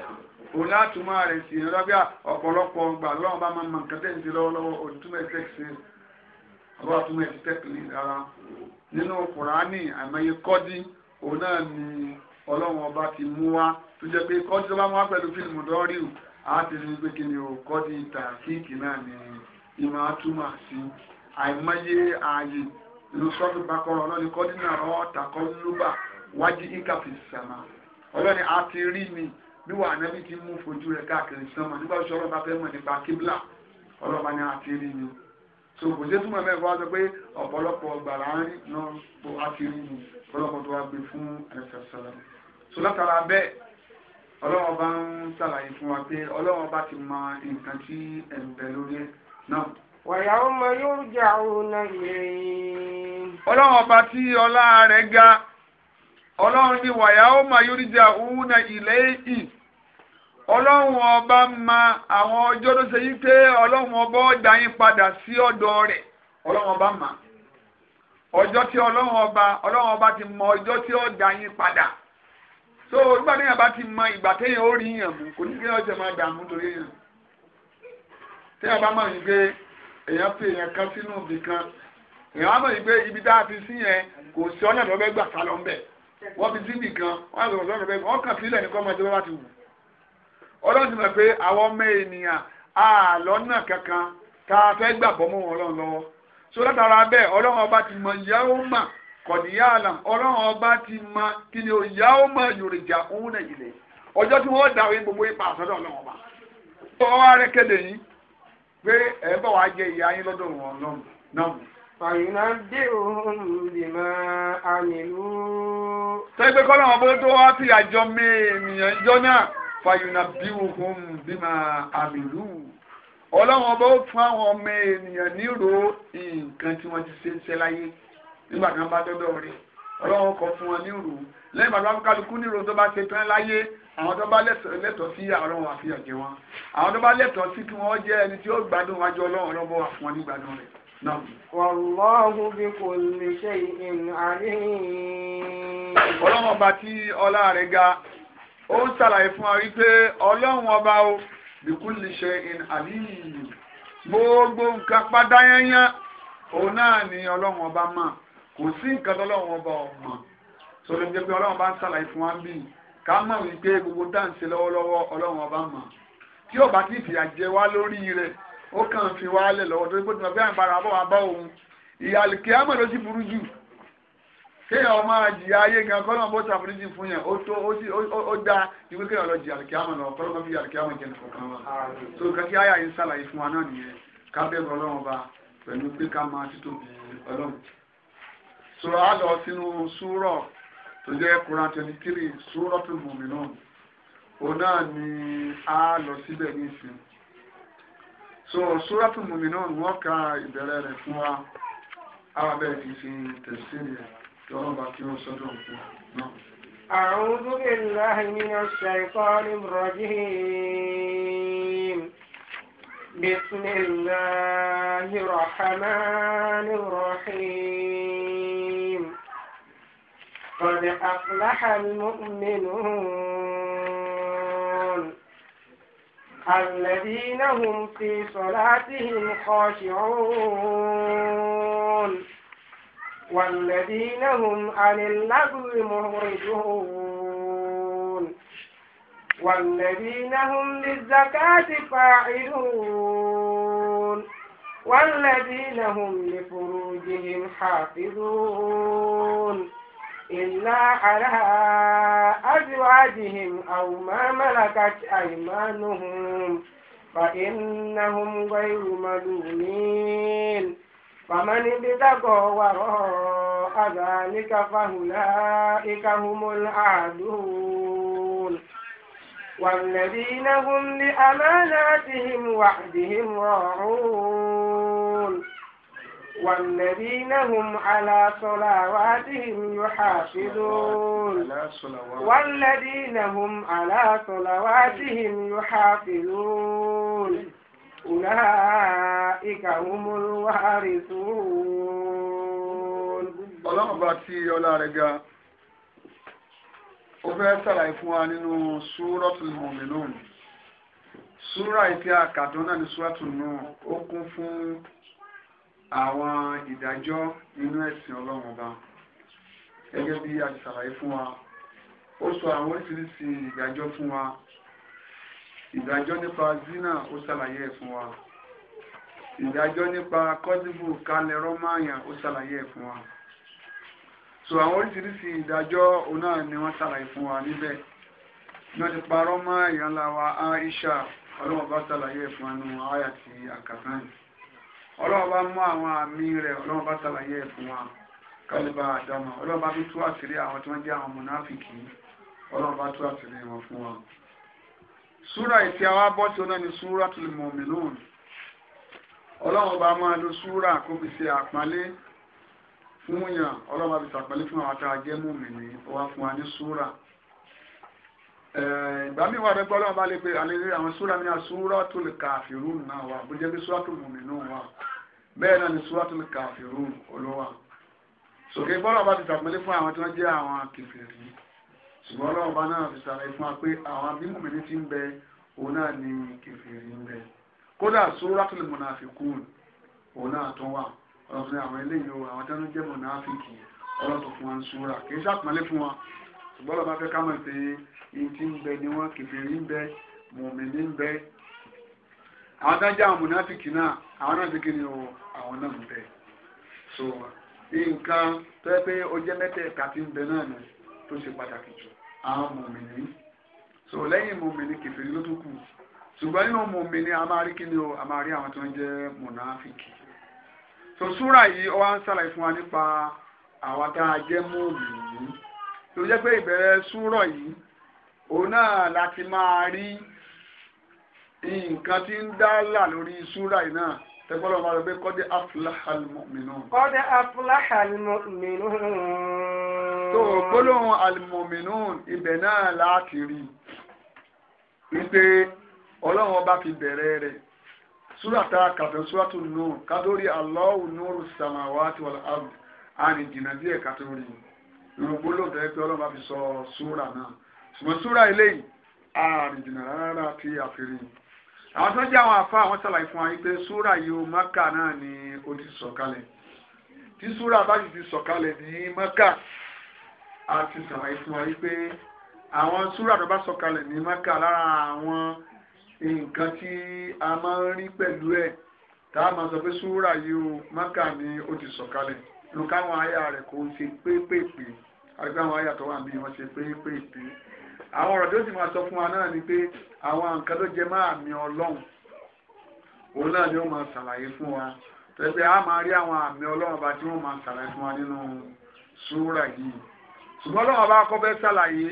òun látùmọ̀ rẹ̀ sí ìrọ́bíà ọ̀pọ̀lọpọ̀ nínú kùránì àìmọye kọ́dí òun náà ni ọlọ́run ọba ti mú wá tó jẹ́ pé kọ́dí tó bá mú wá pẹ̀lú fíìmù dọ́ríù á ti rí pé kí ni o kọ́dí tàkíìkì náà ni ìmọ̀ àtúmọ̀ sí àìmọye ààyè nínú sọ́ọ̀tù bákọ́rọ̀ ọlọ́ni kọ́dí náà ọ́ tàkọ́ lúbà wájú ìkàfẹ́ sàmà ọlọ́ni á ti rí mi níwà ànábì ti mú fojú rẹ̀ káàkiri sánmà nígbà tí ọlọ́ba fẹ́ mọ̀ nípa kíbla ọlọ́ba ni á ti rí mi so kò sí túmọ̀ mẹ́fọ́ wá sọ pé ọ̀pọ̀lọpọ̀ gbàrà ń ná tó á ti rí ni ọlọ́pọ̀ tó wá gbé fún àìsàsàlá so látara bẹ́ẹ̀ ọlọ́wọ́n bá ń ṣàlàyé fún wa pé ọlọ́wọ́n bá ti mọ nǹkan tí ẹ̀ ń bẹ lórí ẹ̀ náà. wàyà ọmọ yóò jà òun náà yẹn. ọlọ́wọ́n bá tí ọlá rẹ̀ ga ọlọ́run ní wàyà ọmọ yóò jà òun náà ilé yìí ọlọ́run ọba ma àwọn ọjọ́ tó ṣe yípe ọlọ́run ọba ọ̀dà yín sí ọ̀dọ̀ rẹ̀ ọlọ́run ọba ma ọjọ́ tí ọlọ́run ọba ọlọ́run ọba ti mọ ọjọ́ tí ọ̀dà yín padà so nígbà téèyàn bá ti mọ ìgbà téèyàn ó rí yàn mú kò ní kí máa dààmú yàn téèyàn bá mọ̀ yín pé èèyàn pé èèyàn kan sínú ibì kan pé ibi tá a fi kò sí ọ̀nà ọlọ́run ti mọ̀ pé àwọn ọmọ ènìyàn kankan tá a fẹ́ gbàgbọ́ mọ́ wọn ọlọ́run lọ́wọ́ so látara bẹ́ẹ̀ ọlọ́run ọba ti mọ ìyáwó mà kọ̀díyàlà ọlọ́run ọba ti mọ kí ni mà òun ọjọ́ tí wọ́n dàwé gbogbo ipa ọlọ́run ọba. ọwọ́ arẹ kéde yìí pé bọ̀ wá jẹ ìyá yín lọ́dọ̀ wọn bó tó wá fàyùnà bíwùhùn bímà ọlọ́run ọba ó fún àwọn ọmọ ènìyàn nírò nǹkan tí wọ́n ti ṣe ń ṣe nígbà tí wọ́n bá dọ́dọ̀ rẹ̀ ọlọ́run kọ fún wọn nírò lẹ́yìn bàbá kálukú nírò tó bá ṣe tán láyé àwọn tó bá lẹ́tọ̀ọ́ sí ọlọ́run àfihàn jẹ wọn àwọn tó bá lẹ́tọ̀ọ́ sí kí wọ́n jẹ́ ẹni tí ó gbádùn wájú ọlọ́run ọlọ́bọ̀ wà fún wọn nígbàdùn rẹ̀ náà. ọlọ́run ọba tí ọlá rẹ̀ ga ó ń ṣàlàyé fún wa wípé ọlọ́run ọba o bìkúlì ṣe in àlìyí gbogbo nǹkan padà yányán òun náà ni ọlọ́run ọba mọ̀ kò sí nǹkan tọ́lọ́run ọba mọ̀ sọlọ́run jẹ́ pé ọlọ́run bá ń ṣàlàyé fún wa ń ká mọ̀ wípé gbogbo dáǹsì lọ́wọ́lọ́wọ́ ọlọ́run ọba mọ̀ tí ọba ti fìyà jẹ wá lórí rẹ̀ ó kàn fi wá lẹ̀ lọ́wọ́ tó ń gbọ́dọ̀ bí àǹfààní àbọ̀ wà bá òun ìyàlùkẹ́ àmọ̀ ló sì burú jù kéèyàn ji ya ayé gan kọ́lọ́mù bó ṣàforíjì fún yẹn ó tó ó dá ìwé kéèyàn lọ jìyà lọ fi kan wá so nǹkan tí àyà yìí fún wa náà nìyẹn ká ọba ọlọ́run ba pẹ̀lú pé ká máa títò ọlọ́run. sọ̀rọ̀ á lọ sínú súrọ̀ tó jẹ́ twenty three tó mú mi náà náà so tó mú mi náà wọ́n ìbẹ̀rẹ̀ أعوذ بالله من الشيطان الرجيم بسم الله الرحمن الرحيم قد أفلح المؤمنون الذين هم في صلاتهم خاشعون والذين هم عن اللغو مهرجون والذين هم للزكاة فاعلون والذين هم لفروجهم حافظون إلا على أزواجهم أو ما ملكت أيمانهم فإنهم غير ملومين فمن ابتغى وراء ذلك فأولئك هم العادون والذين هم لأماناتهم وعدهم راعون والذين هم على صلواتهم يحافظون والذين هم على صلواتهم يحافظون Ulaika humul warisun. Ọlọ́run bá tí ọlá rẹ̀ ga, ó fẹ́ sàlàyé fún wa nínú Súratul Mu'minun. Súra ìtí àkàtọ́ náà ní Súratul Nuh, ó kún fún àwọn ìdájọ́ nínú ẹ̀sìn ọlọ́run ọba. Gẹ́gẹ́ bí a ti sàlàyé fún wa, ó sọ àwọn oríṣiríṣi ìdájọ́ fún wa ìdájọ́ nípa zina ó ṣàlàyé ẹ̀ fún wa ìdájọ́ nípa kọ́síbù kalẹ̀ rọ́máyà ó ṣàlàyé ẹ̀ fún wa so àwọn oríṣiríṣi ìdájọ́ òun náà ni wọ́n ṣàlàyé fún wa níbẹ̀ wọ́n ti parọ́ mọ́ ńlá wa Aisha ọlọ́wọ́n bá ṣàlàyé ẹ̀ fún wa nínú àyà ti àkàtàn ọlọ́wọ́n bá mú àwọn àmì rẹ̀ ọlọ́wọ́n bá ṣàlàyé ẹ̀ fún wa kálíbà àdámọ̀ ọlọ́wọ́n bá fi tú àṣírí àwọn tí wọ́n jẹ́ àwọn mọ̀náfìkì ọlọ́wọ́n bá tú àṣírí wọn fún wa súrà ìtì wa bọ́ tí ó náà ni Suratul Mu'minun ọlọ́run ọba máa lo súrà kó fi ṣe àpálẹ́ fún yàn ọlọ́run ọba fi ṣàpálẹ́ fún àwọn àtàjẹ́ mùmìnì ó wá fún wa ní súrà ìgbà míì wà dẹ́gbọ́ ọlọ́run bá lè pe àlejò àwọn súrà mi náà Suratul Kafirun náà wà bó jẹ́ pé Suratul Mu'minun wà bẹ́ẹ̀ náà ni Suratul Kafirun olówà sòkè bọ́lá ọba ti ṣàpálẹ́ fún àwọn tí wọ́n jẹ́ àwọn kèfèrí ṣùgbọ́n ọlọ́run bá náà fi sàlàyé fún wa pé àwọn abímọ̀mí ní ti ń bẹ òun náà ní kẹfìrí ń bẹ kódà suratul munafiqun òun náà tó wà ọlọ́run ní àwọn eléyìí o àwọn tánú jẹ́ mùnàfíkì ọlọ́run tó fún wa ń sóra kì í sàpọ́nlé fún wa ṣùgbọ́n ọlọ́run bá fẹ́ ká mọ̀ pé iye tí ń bẹ ni wọ́n kẹfìrí ń bẹ mùmìnì ń bẹ àwọn tánú jẹ́ àwọn mùnàfíkì náà náà àwọn náà tó ṣe pàtàkì jù àwọn mòmìnì so lẹ́yìn mòmìnì kèfèrí ló tó kù ṣùgbọ́n nínú mòmìnì a máa rí kíni o a máa tó ń jẹ́ so súrà yìí ọ wá ń ṣàlàyé wa nípa àwọn tá a jẹ́ mòmìnì tó jẹ́ pé ìbẹ̀rẹ̀ súrọ̀ yìí òun náà láti máa rí nǹkan tí ń súrà yìí náà tẹ́gbọ́n lọ́wọ́ máa lọ pé kọ́dé kọ́dé so gbólóhùn alimominun ibẹ̀ náà láti rí wípé ọlọ́run ọba fi bẹ̀rẹ̀ rẹ̀ súràtà kàtó súràtù nù kátólì Allahu nuru samawati wal ard àni jìnnà díẹ̀ kátólì irú gbólóhùn tó yẹ pé ọlọ́run bá fi sọ súrà náà ṣùgbọ́n súrà eléyìí àrùn jìnnà rárá tí a fi rí àwọn tó jẹ́ àwọn àfa àwọn sàlàyé fún wa yìí súrà yìí Mákà náà ni ó ti sọ̀kalẹ̀ tí súrà bá ti sọ̀kalẹ̀ ní Mákà a ti sàlàyé fún wa yìí pé àwọn súrà tó bá sọ̀kalẹ̀ ní mẹ́kà lára àwọn nǹkan tí a máa ń rí pẹ̀lú ẹ̀ tá a máa sọ pé súrà yìí o mẹ́kà ni ó ti sọ̀kalẹ̀ ló káwọn àyà rẹ̀ kò ṣe pépèpè àgbà àwọn àyà tó wà bí wọ́n ṣe pépèpè àwọn ọ̀rọ̀ tó sì máa sọ fún wa náà ni pé àwọn nǹkan tó jẹ máa mi ọlọ́run òun náà ni ó máa sàlàyé fún wa tẹ́gbẹ́ a máa rí àwọn àmì ọlọ́run bá tí wọ́n máa sàlàyé fún wa nínú súrà yìí ṣùgbọ́n lọ́wọ́ bá kọ́ fẹ́ ṣàlàyé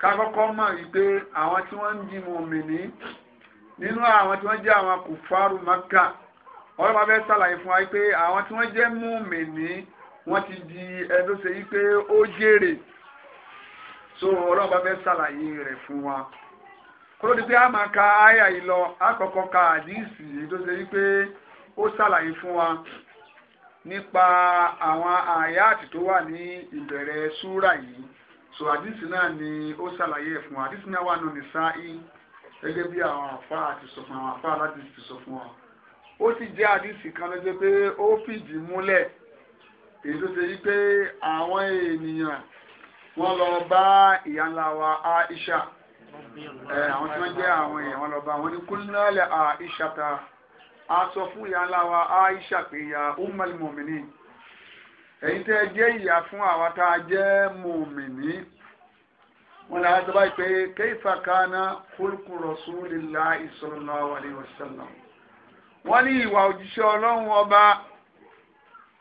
ká kọ́kọ́ mọ̀ wípé àwọn tí wọ́n ń di mòmìnì nínú àwọn tí wọ́n jẹ́ àwọn kùfárù Mákà ọlọ́wọ́ fẹ́ ṣàlàyé fún wa wípé àwọn tí wọ́n jẹ́ mòmìnì wọ́n ti di ẹ̀dọ́ ṣe wípé ó jèrè so ọlọ́wọ́ bá fẹ́ ṣàlàyé rẹ̀ fún wa kó ló a máa ka àyà yìí lọ àkọ́kọ́ ka àdìsí ẹ̀dọ́ ṣe wípé ó ṣàlàyé fún wa nípa àwọn àyáàtì tó wà ní ìbẹ̀rẹ̀ súrà yìí so àdìsí náà ni ó ṣàlàyé ẹ̀ fún wa àdìsí náà wà nù ní sáì gẹ́gẹ́ bí àwọn àfa àti sọ fún àwọn àfa aládì ti sọ fún wa ó sì jẹ́ àdìsí kan lọ́jọ́ pé ó fìdí múlẹ̀ èyí tó ṣe yí pé àwọn ènìyàn wọ́n lọ bá ìyá ńlá wa Aisha àwọn tí wọ́n jẹ́ àwọn èèyàn wọ́n lọ bá wọn ní kúnlẹ̀ Aisha ta a sọ fún ìyá ńlá wa Aisha pé ìyá ummal mọ̀mìnì ẹ̀yin tẹ́ ẹ jẹ́ ìyá fún àwa tá a jẹ́ mọ̀mìnì wọn lè àjọba pé kayfa kana khulqu rasulillahi sallallahu alaihi wasallam wọ́n ní ìwà òjíṣẹ́ ọlọ́run ọba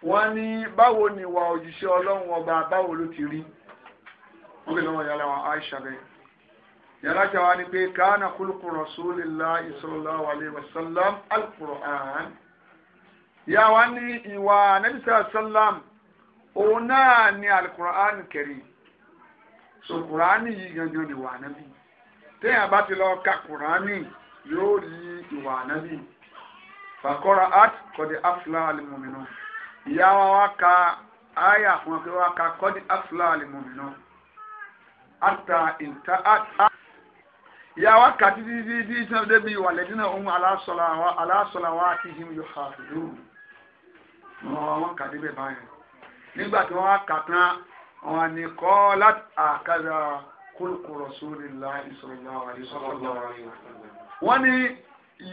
wọ́n ní báwo ni ìwà òjíṣẹ́ ọlọ́run ọba báwo ló ti rí wọ́n lè lọ́wọ́ ìyá ńlá wa Aisha bẹ́ẹ̀ yàrá jà wá ní pé kánà kúlùkù rasulillahi sallallahu alayhi wa sallam al-Qur'an yà wá ní ìwà anabi sallam òun náà ní al-Qur'an karim so kùránì yìí gangan ni wà nábì téèyàn bá ti lọ ka kùránì yóò rí ìwà nábì fàkọ́ra art kọ́dí afla alimọ̀mìnà ìyá wa wá ka àyà fún wa kọ́dí afla alimọ̀mìnà àtà ìta àtà ìyá wa kà títí títí tí sinamu débi wà lẹ́dí náà ohun aláṣọlá wa ti him yóò ha ìlú wọn kà débẹ̀ báyìí nígbà tí wọn kà tán wọn ni kọ́ láti àkàdà kólókó rasulillahi sallallahu alaihi wasallam wọn ni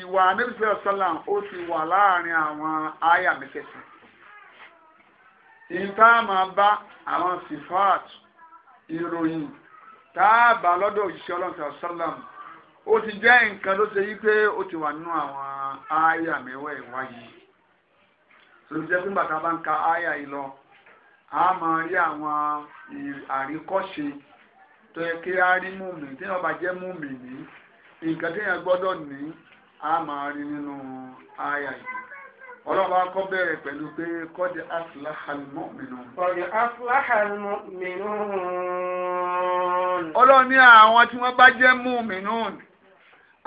ìwà anábìsílẹ̀ sọ́làm ó ti wà láàrin àwọn àyà mẹ́tẹ̀ẹ̀sì ìta máa bá àwọn sifaat ìròyìn tá a bá lọ́dọ̀ òjíṣẹ́ ọlọ́run sọ́làm O ti jẹ́ nǹkan ló ṣe yí pé ó ti wà nínú àwọn ááyà mẹ́wẹ́ ìwáyé lórí jẹ́ fún bàtà bá ń ka ááyà yìí lọ a máa rí àwọn àríkọ́ṣe tó yẹ kí á rí múmi tí wọ́n bá jẹ́ múmi ní nǹkan tí yẹn gbọ́dọ̀ ní a máa rí nínú ááyà yìí ọlọ́run wa kọ́ bẹ̀rẹ̀ pẹ̀lú pé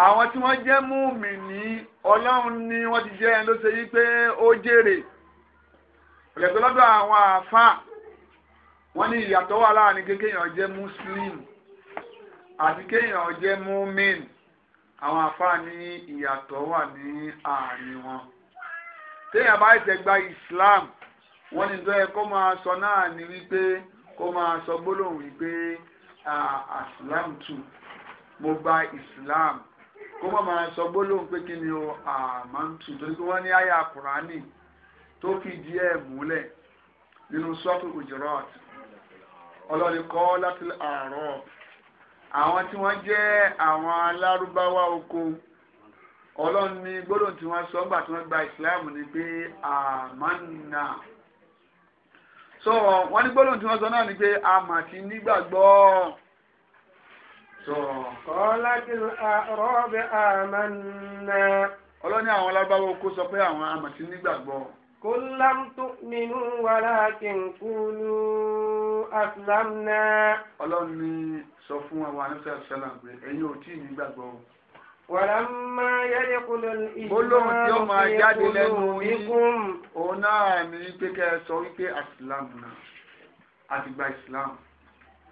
àwọn tí wọ́n jẹ́ mùmìnì ọlọ́run ni wọ́n ti jẹ́ ẹni ló ṣe yí pé ó jèrè ọ̀lẹ́gbẹ́ lọ́dọ̀ àwọn àáfàá wọ́n ní ìyàtọ̀ wà láàrin kékéèyàn jẹ́ muslim àti kéèyàn jẹ́ mumin àwọn àáfàá ní ìyàtọ̀ wà ní àárín wọn téèyàn bá ṣẹ̀ gba islam wọ́n ní tọ́ ẹ kó máa sọ náà ni wípé kó máa sọ gbólóhùn wípé aslam tù mo gba islam kó má máa sọ gbólóhùn pé kí ni o àmàǹtù torí pé wọ́n ní àyà kùránì tó fìdí ẹ̀ múlẹ̀ nínú sọ́ọ̀tù Hujurat ọlọ́ni láti àárọ̀ àwọn tí wọ́n jẹ́ àwọn alárúbáwá oko ọlọ́run ní gbólóhùn tí wọ́n sọ ńgbà tí wọ́n gba ìsìláàmù ni pé àmánà so wọ́n ní gbólóhùn tí wọ́n sọ náà ni pé àmàtí nígbàgbọ́ kọ́lájì rọ́ọ̀bì àmàna. ọlọ́ni àwọn alábáwọ̀ kó sọ pé àwọn amọ̀tí nígbàgbọ́. kó lámtó nínú wàrà kí n kúlú aslámnà. ọlọ́ni sọ fún àwọn anáṣẹ́ àṣálà pé ẹ̀yin ò tí ì nígbàgbọ́. wàlámà yẹ́dẹ̀ kúlò ìgbà gbólóhùn tí ó máa jáde lẹ́nu òun náà ní pé kẹ́ ẹ sọ wípé aslámnà àtìgbà ìsìlámù.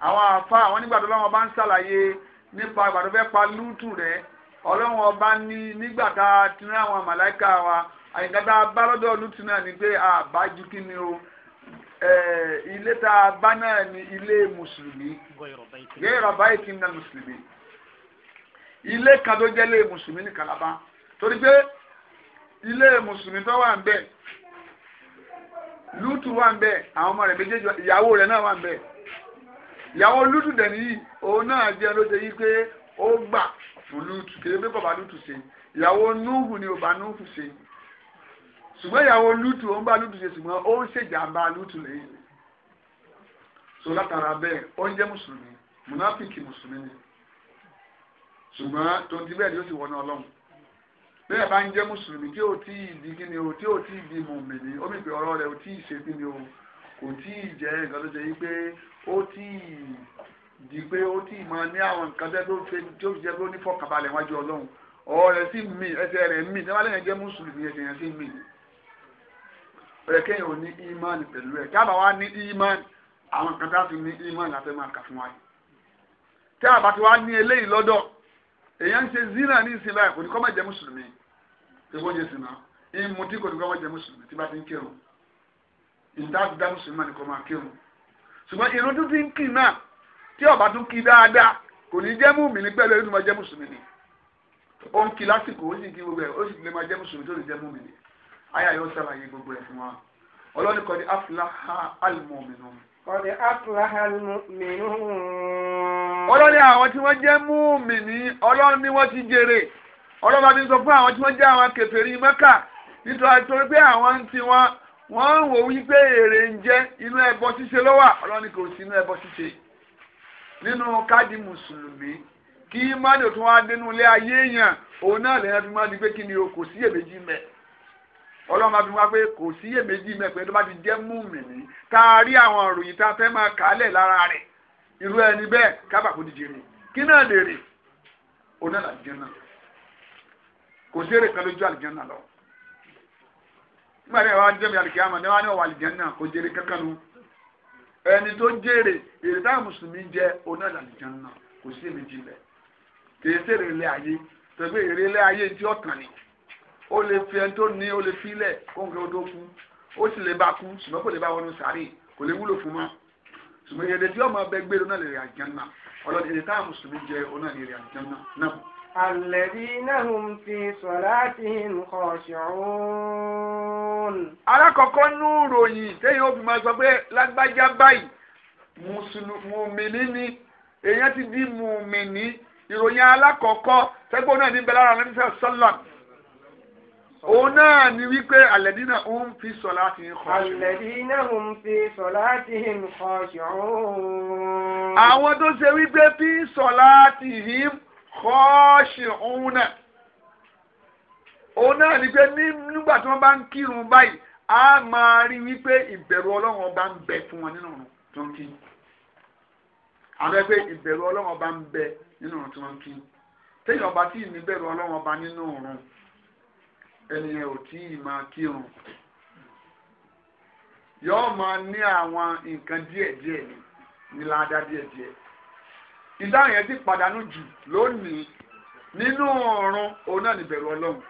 àwọn àfa àwọn nígbà tó lọ́wọ́ bá ń ṣàlàyé nípa ìgbà tó fẹ́ pa lútù rẹ̀ ọlọ́wọ́ ọba ní nígbà tá a ti rí àwọn màláìka wa àyíká tá a bá lọ́dọ̀ lútù náà ni pé àbájú kí ni o ilé tá a bá náà ni ilé mùsùlùmí gẹ́rọ báyìí kí ni mùsùlùmí ilé kan tó jẹ́ ilé mùsùlùmí ní kàlábá torí pé ilé mùsùlùmí tó wà ń bẹ̀ lútù wà ń bẹ̀ àwọn ọmọ rẹ̀ méjèèjì ìyàwó rẹ̀ náà wà ń bẹ̀ ìyàwó lútù dẹ̀ nìyí òun náà jẹ́ ló ṣe yí pé ó gbà fún lútù kí ebi kọ̀ bá lútù ṣe ìyàwó núhù ni ò bá núhù ṣe ṣùgbọ́n ìyàwó lútù ó ń bá lútù ṣe ṣùgbọ́n ó ń ṣèjàmbá lútù lẹ́yìn so látara bẹ́ẹ̀ ó ń jẹ́ mùsùlùmí mùnáfíkì mùsùlùmí ni ṣùgbọ́n tonti bẹ́ẹ̀ ni ó sì wọnú ọlọ́run bẹ́ẹ̀ bá ń jẹ́ mùsùlùmí tí ò tí ì di kí ni o tí ò tí ì di mùmìnì ó mì pé ọ̀rọ̀ rẹ̀ ò tí ì ṣe kí ni o kò tí ì jẹ́ nǹkan tó ṣe yí pé ó tí ì di pé ó tí ì mọ ní àwọn nǹkan tó ṣe tó jẹ́ pé ó ní fọkànbalẹ̀ wájú ọlọ́run ọ̀rọ̀ rẹ̀ sì mì ẹsẹ̀ rẹ̀ mì ní wàlẹ́ yẹn jẹ́ mùsùlùmí ẹsẹ̀ yẹn sì mì ọ̀rẹ́ kẹ́yìn ò ní ìmánì pẹ̀lú ẹ̀ tábà wá ní ìmánì àwọn nǹkan tá a fi ní ìmánì láti máa kà fún wa yìí tí a ní eléyìí lọ́dọ̀ èèyàn ṣe zina ní ìsìn báyìí kò ní kọ́ máa jẹ́ mùsùlùmí ìwọ́n jẹ́ sìn náà ìmùtí kò ní kọ́ máa jẹ́ mùsùlùmí tí bá ti ń kírun ìdáàbò dá nìkan máa kírun ṣùgbọ́n irun tó ń kì náà tí ọba tún dáadáa kò ní jẹ́ ní pẹ̀lú ẹni tó máa jẹ́ mùsùlùmí ni ó ń kí lásìkò ó sì o gbogbo ẹ̀ ó sì lè máa jẹ́ mùsùlùmí tó lè jẹ́ ṣàlàyé gbogbo ẹ̀ fún wa ọlọ́ni ọlọ́ni àwọn tí wọ́n jẹ́ ọlọ́ni wọ́n ti jèrè ọlọ́ba sọ fún àwọn wọ́n ń wò wípé èrè ń jẹ́ inú ẹbọ ṣíṣe lọ́wọ́ ọlọ́ni kò sí inú ẹbọ ṣíṣe nínú káàdì mùsùlùmí kí mádò tó wá dénú ilé ayé èèyàn òun náà lẹ́yìn fi máa di pé kí ni o kò sí èméjì mẹ́ ọlọ́run máa fi wá pé kò sí èméjì mẹ́ pé tó bá ti jẹ́ mùmìnì tá a rí àwọn ìròyìn tá a fẹ́ máa kálẹ̀ lára rẹ̀ irú ẹni bẹ́ẹ̀ kábà kò díje mi kí náà lè rè òun náà làjẹ́ náà kò sí èrè kan lójú àlùjẹ́ náà lọ́wọ́ nígbà tí ìwà ń jẹ́mi àlùkí àmọ́ níwájú ọ̀wà àlùjánnà kò jèrè kankan nu ẹni tó jèrè èrè táwọn mùsùlùmí jẹ oná àlùjánnà kò sí èmi jìnlẹ̀ kì í sèrè ilé ayé tẹ̀gbẹ́ èrè ilé ayé tí ó kàn ní ó lè fi ẹni tó ní ó lè filẹ̀ kó nǹkan tó kú ó sì lè bá kú ṣùgbọ́n kò lè bá wọnú sàárè kò lè wúlò fún mọ́ ṣùgbọ́n èrè tí ọmọ bẹ gbé oná lè rè àlùjánnà Àlẹ́dínà hùm fi sọ̀láàtìhìn kọ̀ṣọ̀ún. Alákọ̀ọ́kọ́ nú ròyìn téyìn ó fi máa sọ pé lágbájá báyìí, mùmìnì ni, èèyàn ti di mùmìnì. Ìròyìn alákọ̀ọ́kọ́ tẹ́gbọ́n náà ní Bẹ́lára Nàìjíríà Sọ́lá. Òun náà ni wípé àlẹ́dínà hùm fi sọ̀láàtìhìn kọ̀ṣọ̀ún. Àlẹ́dínà hùm fi sọ̀láàtìhìn kọ̀ṣọ̀ún. Àwọn tó ṣe wípé fi sọ̀láàtìhìn kọ̀ṣọ̀ún kọ́ọ̀ṣì òun náà òun náà ni pé nígbà tí wọ́n bá ń kírun báyìí a máa rí wípé ìbẹ̀rù ọlọ́run ọba ń bẹ fún wọn nínú ọ̀run tó ń kí àbẹ́ pé ìbẹ̀rù ọlọ́run ọba ń bẹ nínú ọ̀run tó ń kí téèyàn ọba tí ì bẹ̀rù ọlọ́run ọba nínú ọ̀run ẹnìyẹn ò tí ì máa kírun yọ́ọ́ máa ní àwọn nǹkan díẹ̀díẹ̀ ní ládá díẹ̀díẹ̀ ìdáhùn yẹn ti pàdánù jù lónìí nínú ọ̀run òun náà níbẹ̀rù ọlọ́run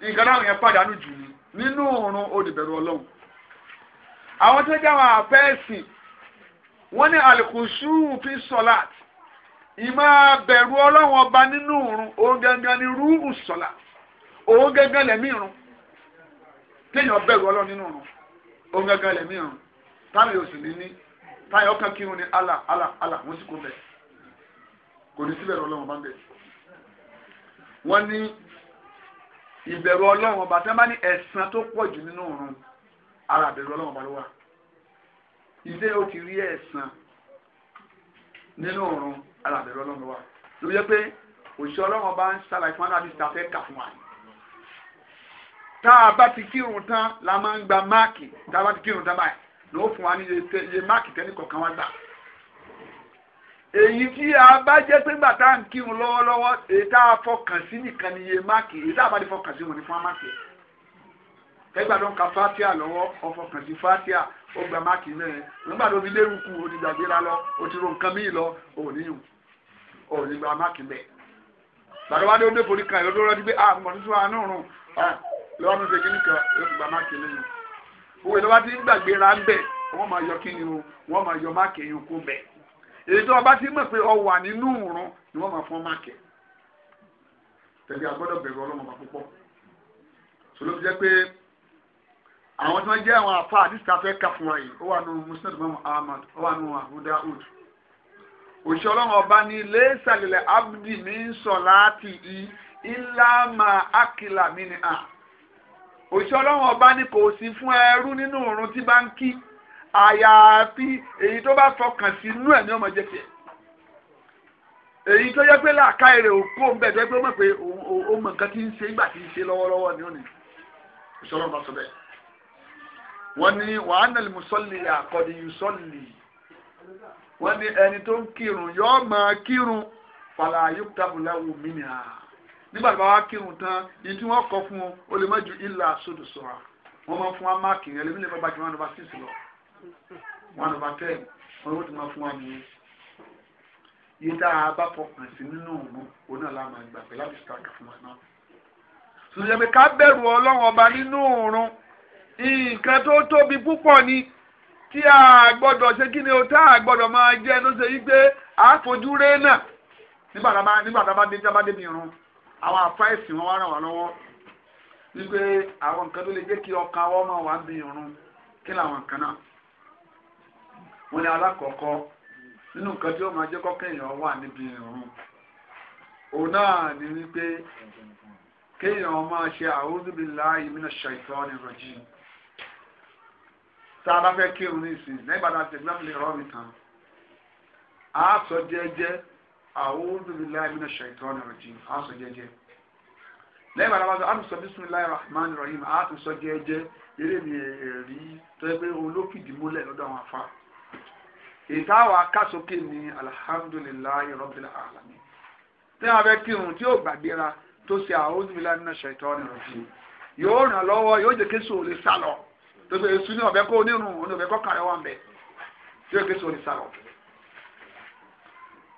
nǹkan dáhùn yẹn pàdánù jù ní nínú ọ̀run ó níbẹ̀rù ọlọ́run àwọn tó jáwọn àfẹ́ẹ̀sìn wọ́n ní àlùkùsù fi sọ̀lát ìmọ̀ bẹ̀rù ọlọ́run ọba nínú ọ̀run òun gangan ni rúùrù sọ̀lát òun gangan lẹ̀mí ìrun kéèyàn bẹ̀rù ọlọ́run nínú ọ̀run òun gangan lẹ̀mí ìrun táwọn yóò sì ní ní táyà ọkàn kírun ni ala Allah Allah wọ́n sì kó bẹ̀ kò ní síbẹ̀rù ọlọ́run bá ń bẹ̀. wọ́n ní ìbẹ̀rù ọlọ́run ọba tí wọ́n bá ní ẹ̀san tó pọ̀ jù nínú òrun ara ìbẹ̀rù ọlọ́run ọba ló wà ilé ó ti rí ẹ̀san nínú òrun ara ìbẹ̀rù ọlọ́run wà ló yẹ pé òṣìṣẹ́ ọlọ́run ọba ń ṣàlàyé fún anábì tá kà fún wa tá a bá ti kírun tán la máa ń gba máàkì tá a bá ti kírun tán báyìí ó fún wa ní iye máàkì tẹ́lẹ̀ kọ̀ọ̀kan gbà. èyí tí a bá jẹ́ pé gbà tá à ń kírun lọ́wọ́lọ́wọ́ èyí tá a fọkàn sí nìkan ni máàkì èyí tá a bá fọkàn sí wọn ni fún wa máàkì. tẹ́gbà tó ń ka fatia lọ́wọ́ ọfọkàn sí fatia ó gba máàkì nígbà tó fi kù lọ ti ro nǹkan míì lọ gba máàkì mẹ́. bàtà ó dé forí kan owó ìlú wa ti ń gbàgbéra ń bẹ̀ wọ́n máa yọ kíni o wọ́n máa yọ máàkì ẹ̀yìn kó bẹ̀ èyí tó ọba ti mọ̀ pé ọ wà nínú òòrùn ni wọ́n máa fọ́n máàkì tẹ̀lé agbọ́dọ̀ bẹ̀rù ọlọ́mọ bá púpọ̀ sọlọ́ fi jẹ́ pé àwọn tí wọ́n jẹ́ àwọn àfa àdìsíta fẹ́ kà fún wa yìí ó wà nù musnad mọ́mọ́ ahmad ó wà nù abu daud òṣìṣẹ́ ọlọ́run ọba ní lẹ́sàlẹ̀ abdi mi ń sọ láti i ìlàmà akílà mi ni à òṣìṣẹ́ ọlọ́run ọba ní kò sí fún ẹrú nínú òrun tí bá ń kí àyàfi èyí tó bá fọkàn sí inú ẹ̀ ní ọmọ jẹ́ tiẹ̀ èyí tó yẹ pé làákà èrè òkú òun bẹ́ẹ̀ tó yẹ pé ó mọ̀ pé ó mọ̀ nǹkan tí ń ṣe nígbà tí ń ṣe lọ́wọ́lọ́wọ́ ni ó òṣìṣẹ́ ọlọ́run bá sọ bẹ́ẹ̀ wọ́n ní wàhánà mùsọ́lì àkọ́dí yùsọ́lì wọ́n ní ẹni tó ń kírun yọ́ọ́ máa kírun fàlàyé tábùláwò mí ni nígbà tó bá wá kírun tán ní tí wọ́n kọ fún un ó lè má ju ìlà sódò sọ̀rọ̀ wọ́n máa fún wa máàkì rẹ̀ lèmi lè bá bàjẹ́ one over six lọ one over ten wọ́n ló ti máa fún wa mú un. yìí tá a bá fọkàn sí nínú òun òun náà la máa gbà pé láti sàkà fún wa náà. sùdẹ̀mí ká bẹ̀rù ọlọ́run ọba nínú òórùn nǹkan tó tóbi púpọ̀ ni tí a gbọ́dọ̀ ṣe kí ni o tá a gbọ́dọ̀ máa jẹ́ ló ṣe yí pé àfojúre náà nígbà tá a bá débi irun àwọn àfáìsì wọn wá ràn wá lọ́wọ́ wípé àwọn nǹkan tó lè jẹ́ kí ọkàn wọn máa wà bí irun kí làwọn nǹkan náà wọ́n ní alákọ̀ọ́kọ́ nínú nǹkan tí ó máa jẹ́ kọ́kẹ́ èèyàn wà níbi irun òun náà ni wípé kéèyàn máa ṣe a'udhu billahi minash shaitani rajim tá a bá fẹ́ kírun ní ìsìn lẹ́yìn bàtà tẹ̀gbẹ́mìlì rọ́ọ̀mì tán a sọ jẹ́jẹ́ A'udhu بالله من الشيطان الرجيم. á sọ jẹ́jẹ́ lẹ́yìn bàtà bá sọ á tún sọ bismillahir rahmanir rahim á tún sọ jẹ́jẹ́ eré mi rí tọ́jú pé olókìdí múlẹ̀ lọ́dọ̀ àwọn afá ìta àwọn akásókè ni alhamdulillahi rabbil alamin tí wọ́n fẹ́ kírun tí yóò gbàgbéra tó ṣe a'udhu billahi minash shaitani rajim yóò ràn lọ́wọ́ yóò jẹ́ kéṣù ò lè tó ṣe èṣù ní ọ̀bẹ kó onírun òní ọ̀bẹ kọ́ kàrẹ́wà ń yóò kéṣù ò lè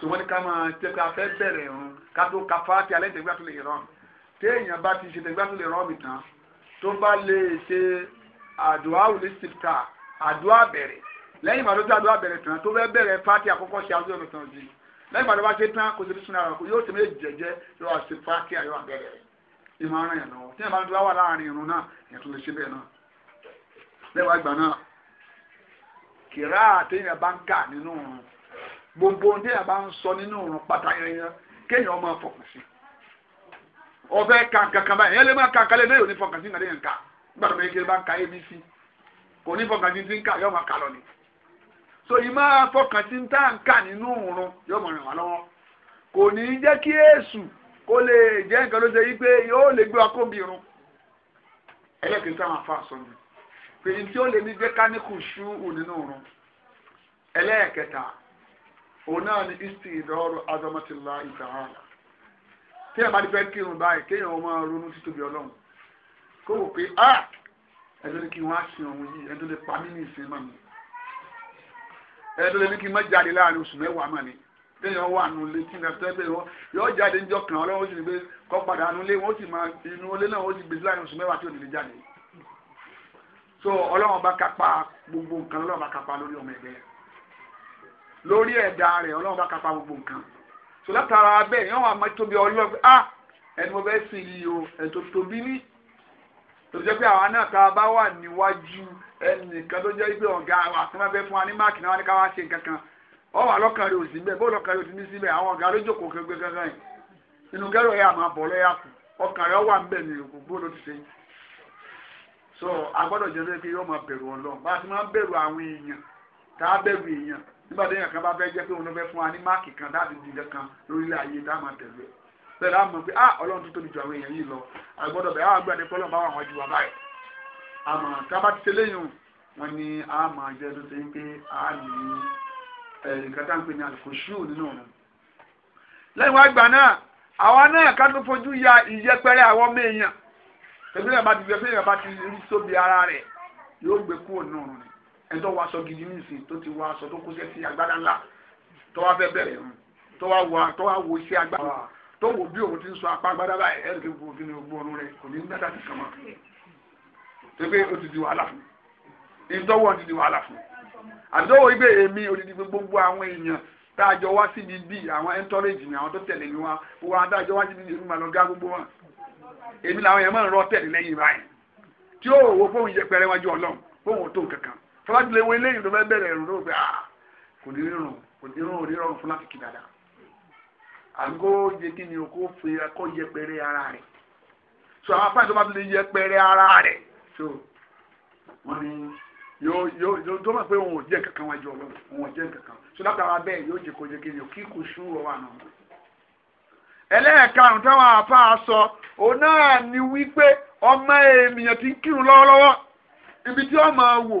so wọ́n ní ká máa jẹ́ pé a fẹ́ bẹ̀rẹ̀ ìrun ká tó ka fáti alẹ́ tẹ̀gbá tó lè rán téèyàn bá ti ṣe tẹ̀gbá tó lè rán mi tán tó bá lè ṣe àdúrà òní sèpítà àdúrà bẹ̀rẹ̀ lẹ́yìn ìbàdàn tó àdúrà bẹ̀rẹ̀ tán tó fẹ́ bẹ̀rẹ̀ fáti àkọ́kọ́ ṣe àdúrà mi tán jì lẹ́yìn ìbàdàn bá ṣe tán kò síbi súnra rẹ̀ yóò tẹ̀lé jẹ́jẹ́ yóò gbogbo ndị a bá ń sọ nínú òrùn pátá yẹn kéèyàn máa fọkàn sí ọbẹ̀ báyìí yẹn lè kankan lè lóyún ní fọkàn sí bá abc kò sí ti yọ kà ni so ìmọ̀ ń nínú yọ wá lọ́wọ́ kò ní jẹ́ kí èsù kó lè jẹ́ nǹkan ló ṣe yí pé yóò lè gbé bí irun òun náà ni isti ìdọ́rọ̀ azọmọtìlá ìtàhánà tí a bá ti fẹ́ kírun báyìí kéèyàn ọmọ ronú títóbi ọlọ́run kó wò pé a ah! ẹ̀dọ́ ni kí wọ́n á sin òun yìí ẹ̀dọ́ lè pa mí ní ìsìn mọ́ mi ẹ̀dọ́ lè ní kí n má jáde láàrin oṣù mẹ́wàá mọ́ mi téèyàn wà nù létí náà tẹ́ bẹ́ẹ̀ wọ́n yọ jáde níjọ kan ọlọ́run sì ní pé kọ́ padà nù lé wọ́n sì máa inú olé náà wọ́n sì gbèsè láàrin oṣù mẹ́wàá tí ò ní lè jáde so ọlọ́run bá kápá gbogbo nǹkan ọlọ́run bá kápá lórí ọmọ ẹgbẹ́ yẹn lórí ẹ̀dá rẹ̀ ọlọ́run bá kápá gbogbo nǹkan so látara bẹ́ẹ̀ yẹn wà á tóbi ọlọ́run ah ẹni mo fẹ́ sìn yìí o ẹ̀tọ́ tóbi ní tó jẹ́ pé àwa náà tá a bá wà níwájú ẹnìkan tó jẹ́ pé ọ̀gá wa tó máa fẹ́ fún wa ní máàkì náà wá ní ká wá ṣe nǹkan kan ọ wà lọ́kàn rẹ̀ ò sí bẹ́ẹ̀ bó lọ́kàn rẹ̀ ò sí ní síbẹ̀ àwọn ọ̀gá lójókòó kẹgbẹ́ kankan yìí inú kẹrọ yà máa bọ̀ lọ́yà kù ọkàn rẹ̀ wà níbẹ̀ ní òkú gbọ́dọ̀ ti ṣe so agbọ́dọ̀ jẹ́ pé yóò máa bẹ̀rù ọlọ́run bá a ti máa bẹ̀rù àwọn èèyàn tá a bẹ̀rù èèyàn nígbà tí èèyàn kan bá fẹ́ jẹ́ pé òun ló fẹ́ fún wa ní máàkì kan láti di kan lórílẹ̀ ayé tá a máa tẹ̀lé pẹ̀lú àmọ̀ pé ah ọlọ́run tó tóbi ju àwọn èèyàn yìí lọ àgbọ̀dọ̀ bẹ̀ ah bá wà wọ́n ju báyìí àmọ́ tá a bá ti léyìn ni a máa jẹ́ tó ṣe pé a ní nǹkan tá à ń pè ní nínú lẹ́yìn wá gbà náà náà ká ẹni tó wọ aṣọ gidi nísìn tó ti wọ aṣọ tó kóṣẹ́ sí agbádá ńlá tó wá fẹ́ bẹ̀rẹ̀ mu tó wá wọ tó wá wọ iṣẹ́ agbádá tó wọ bí òun ti ń sọ apá agbádá báyìí ẹ̀rì kí gbogbo kí ni gbogbo ọ̀run rẹ kò ní ń dáadáa ti kàn mọ́ tó pé ó ti di wàhálà fún ìdánwò ti di wàhálà fún àdánwò ibẹ̀ èmi odidi gbogbo àwọn èèyàn tá a jọ wá síbi bí àwọn ẹntọ́rẹ́jì mi àwọn tó tẹ̀lé mi wá gbogbo àwọn tá a jọ wá síbi bí èmi màá lọ gbogbo wọn èmi làwọn yẹn máa ń rọ tẹ̀lé báyìí tí ó wò fóun yẹpẹrẹ wájú ọlọ́run fóun tó nǹkan kan tọ́lá ti lè wo eléyìí ló fẹ́ bẹ̀rẹ̀ ẹ̀rù ló ah, kò ní rírun kò ní rírun òní fún kí fi ara rẹ̀ so àwọn afáàní tó bá ti so wọn ni yóò yóò yóò tó máa pé òun ò kankan wájú ọlọ́run òun ò kankan so látara bẹ́ẹ̀ yóò jẹ kó jẹ kí ni o kí kò ọ wà ẹlẹ́ẹ̀karùn-ún táwọn sọ wípé ọmọ èèyàn ti ń kírun lọ́wọ́lọ́wọ́ ibi tí ọmọ wò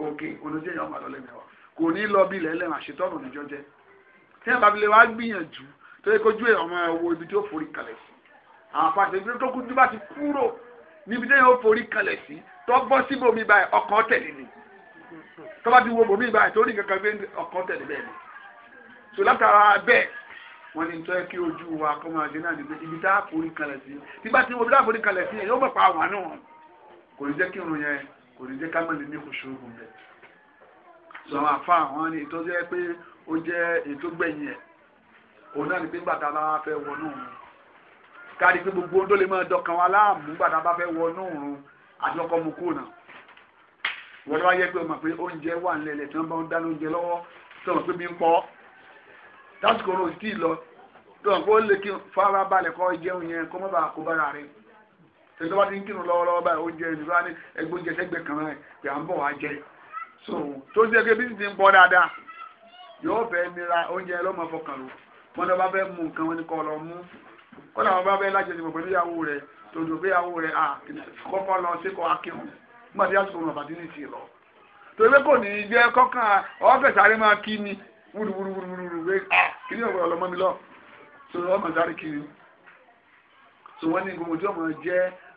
òkè olójú èèyàn máa lọ lẹ́mẹ̀wá kò ní lọ bí ilẹ̀ ẹlẹ́rìn àṣetọ́nù níjọ́ jẹ́ tí ẹ̀ bá fi lè wá gbìyànjú tó yẹ kójú ẹ̀ ọmọ ẹ̀wọ̀ ibi tí ó forí kalẹ̀ sí àwọn apáṣẹ ibi tó kújú bá ti kúrò níbi tí ó forí kalẹ̀ sí tó bọ́ síbòmí báyìí ọkàn tẹ̀lé ni tó bá ti wo bòmí báyìí tó ní kankan gbé ọkàn tẹ̀lé bẹ́ẹ̀ ni so látara bẹ́ẹ̀ wọ́n ní tọ́ kí ojú wa kọ́ máa jẹ náà níbi ibi tá a forí kalẹ̀ sí ibi tá a forí kalẹ̀ sí ẹ̀ yóò bọ̀ pa àwọn náà kò ní jẹ́ kí irun yẹn kò ní jẹ́ ká mọ̀ lè ní kùsù ògùn bẹ̀. sọ àwọn àfa àwọn ni ìtọ́jú ẹ pé ó jẹ́ ètò gbẹ̀yìn ẹ̀ òun náà ní pé gbàtà bá fẹ́ wọnú òun kárí pé gbogbo ohun tó lè máa dọkàn wa láàmú gbàtà bá fẹ́ wọnú òun àti ọkọ mu kú náà wọ́n lọ́wọ́ yẹ pé o pé oúnjẹ wà nílẹ̀ tí wọ́n bá ń dáná oúnjẹ lọ́wọ́ tó mọ̀ pé mi ń pọ́ tásìkò oorun ò lọ tó mọ̀ pé lè kí fara balẹ̀ kọ́ jẹun yẹn kó má bàa kó bára rẹ̀ ẹni tó bá ti ń kírun lọ́wọ́lọ́wọ́ báyìí oúnjẹ ẹni tó ní ẹgbẹ́ oúnjẹ sẹ́gbẹ̀ẹ́ kan rẹ̀ pé à ń bọ̀ wá jẹ so tó ṣe pé bísí ti ń bọ́ dáadáa yóò fẹ́ nira oúnjẹ lọ́mọ fọkàn lò wọn lọ bá fẹ́ mú nǹkan wọn ni kọ́ lọ mú kọ́ làwọn bá fẹ́ láṣẹ ti mọ̀ pẹ̀lú ìyàwó rẹ̀ tòdò pé ìyàwó rẹ̀ à kọ́kọ́ lọ sí kọ́ akírun nígbà tí yàtọ̀ wọn bàtí ní ti lọ torí pé kò ní í jẹ́ kọ́kàn ọ̀fẹ́ máa kí ni wúruwúruwúruwúru pé kí ni ọ̀rọ̀ ọlọ́mọ mi lọ so ọmọ sáré kiri so wọ́n ní gbogbo tí ọmọ jẹ́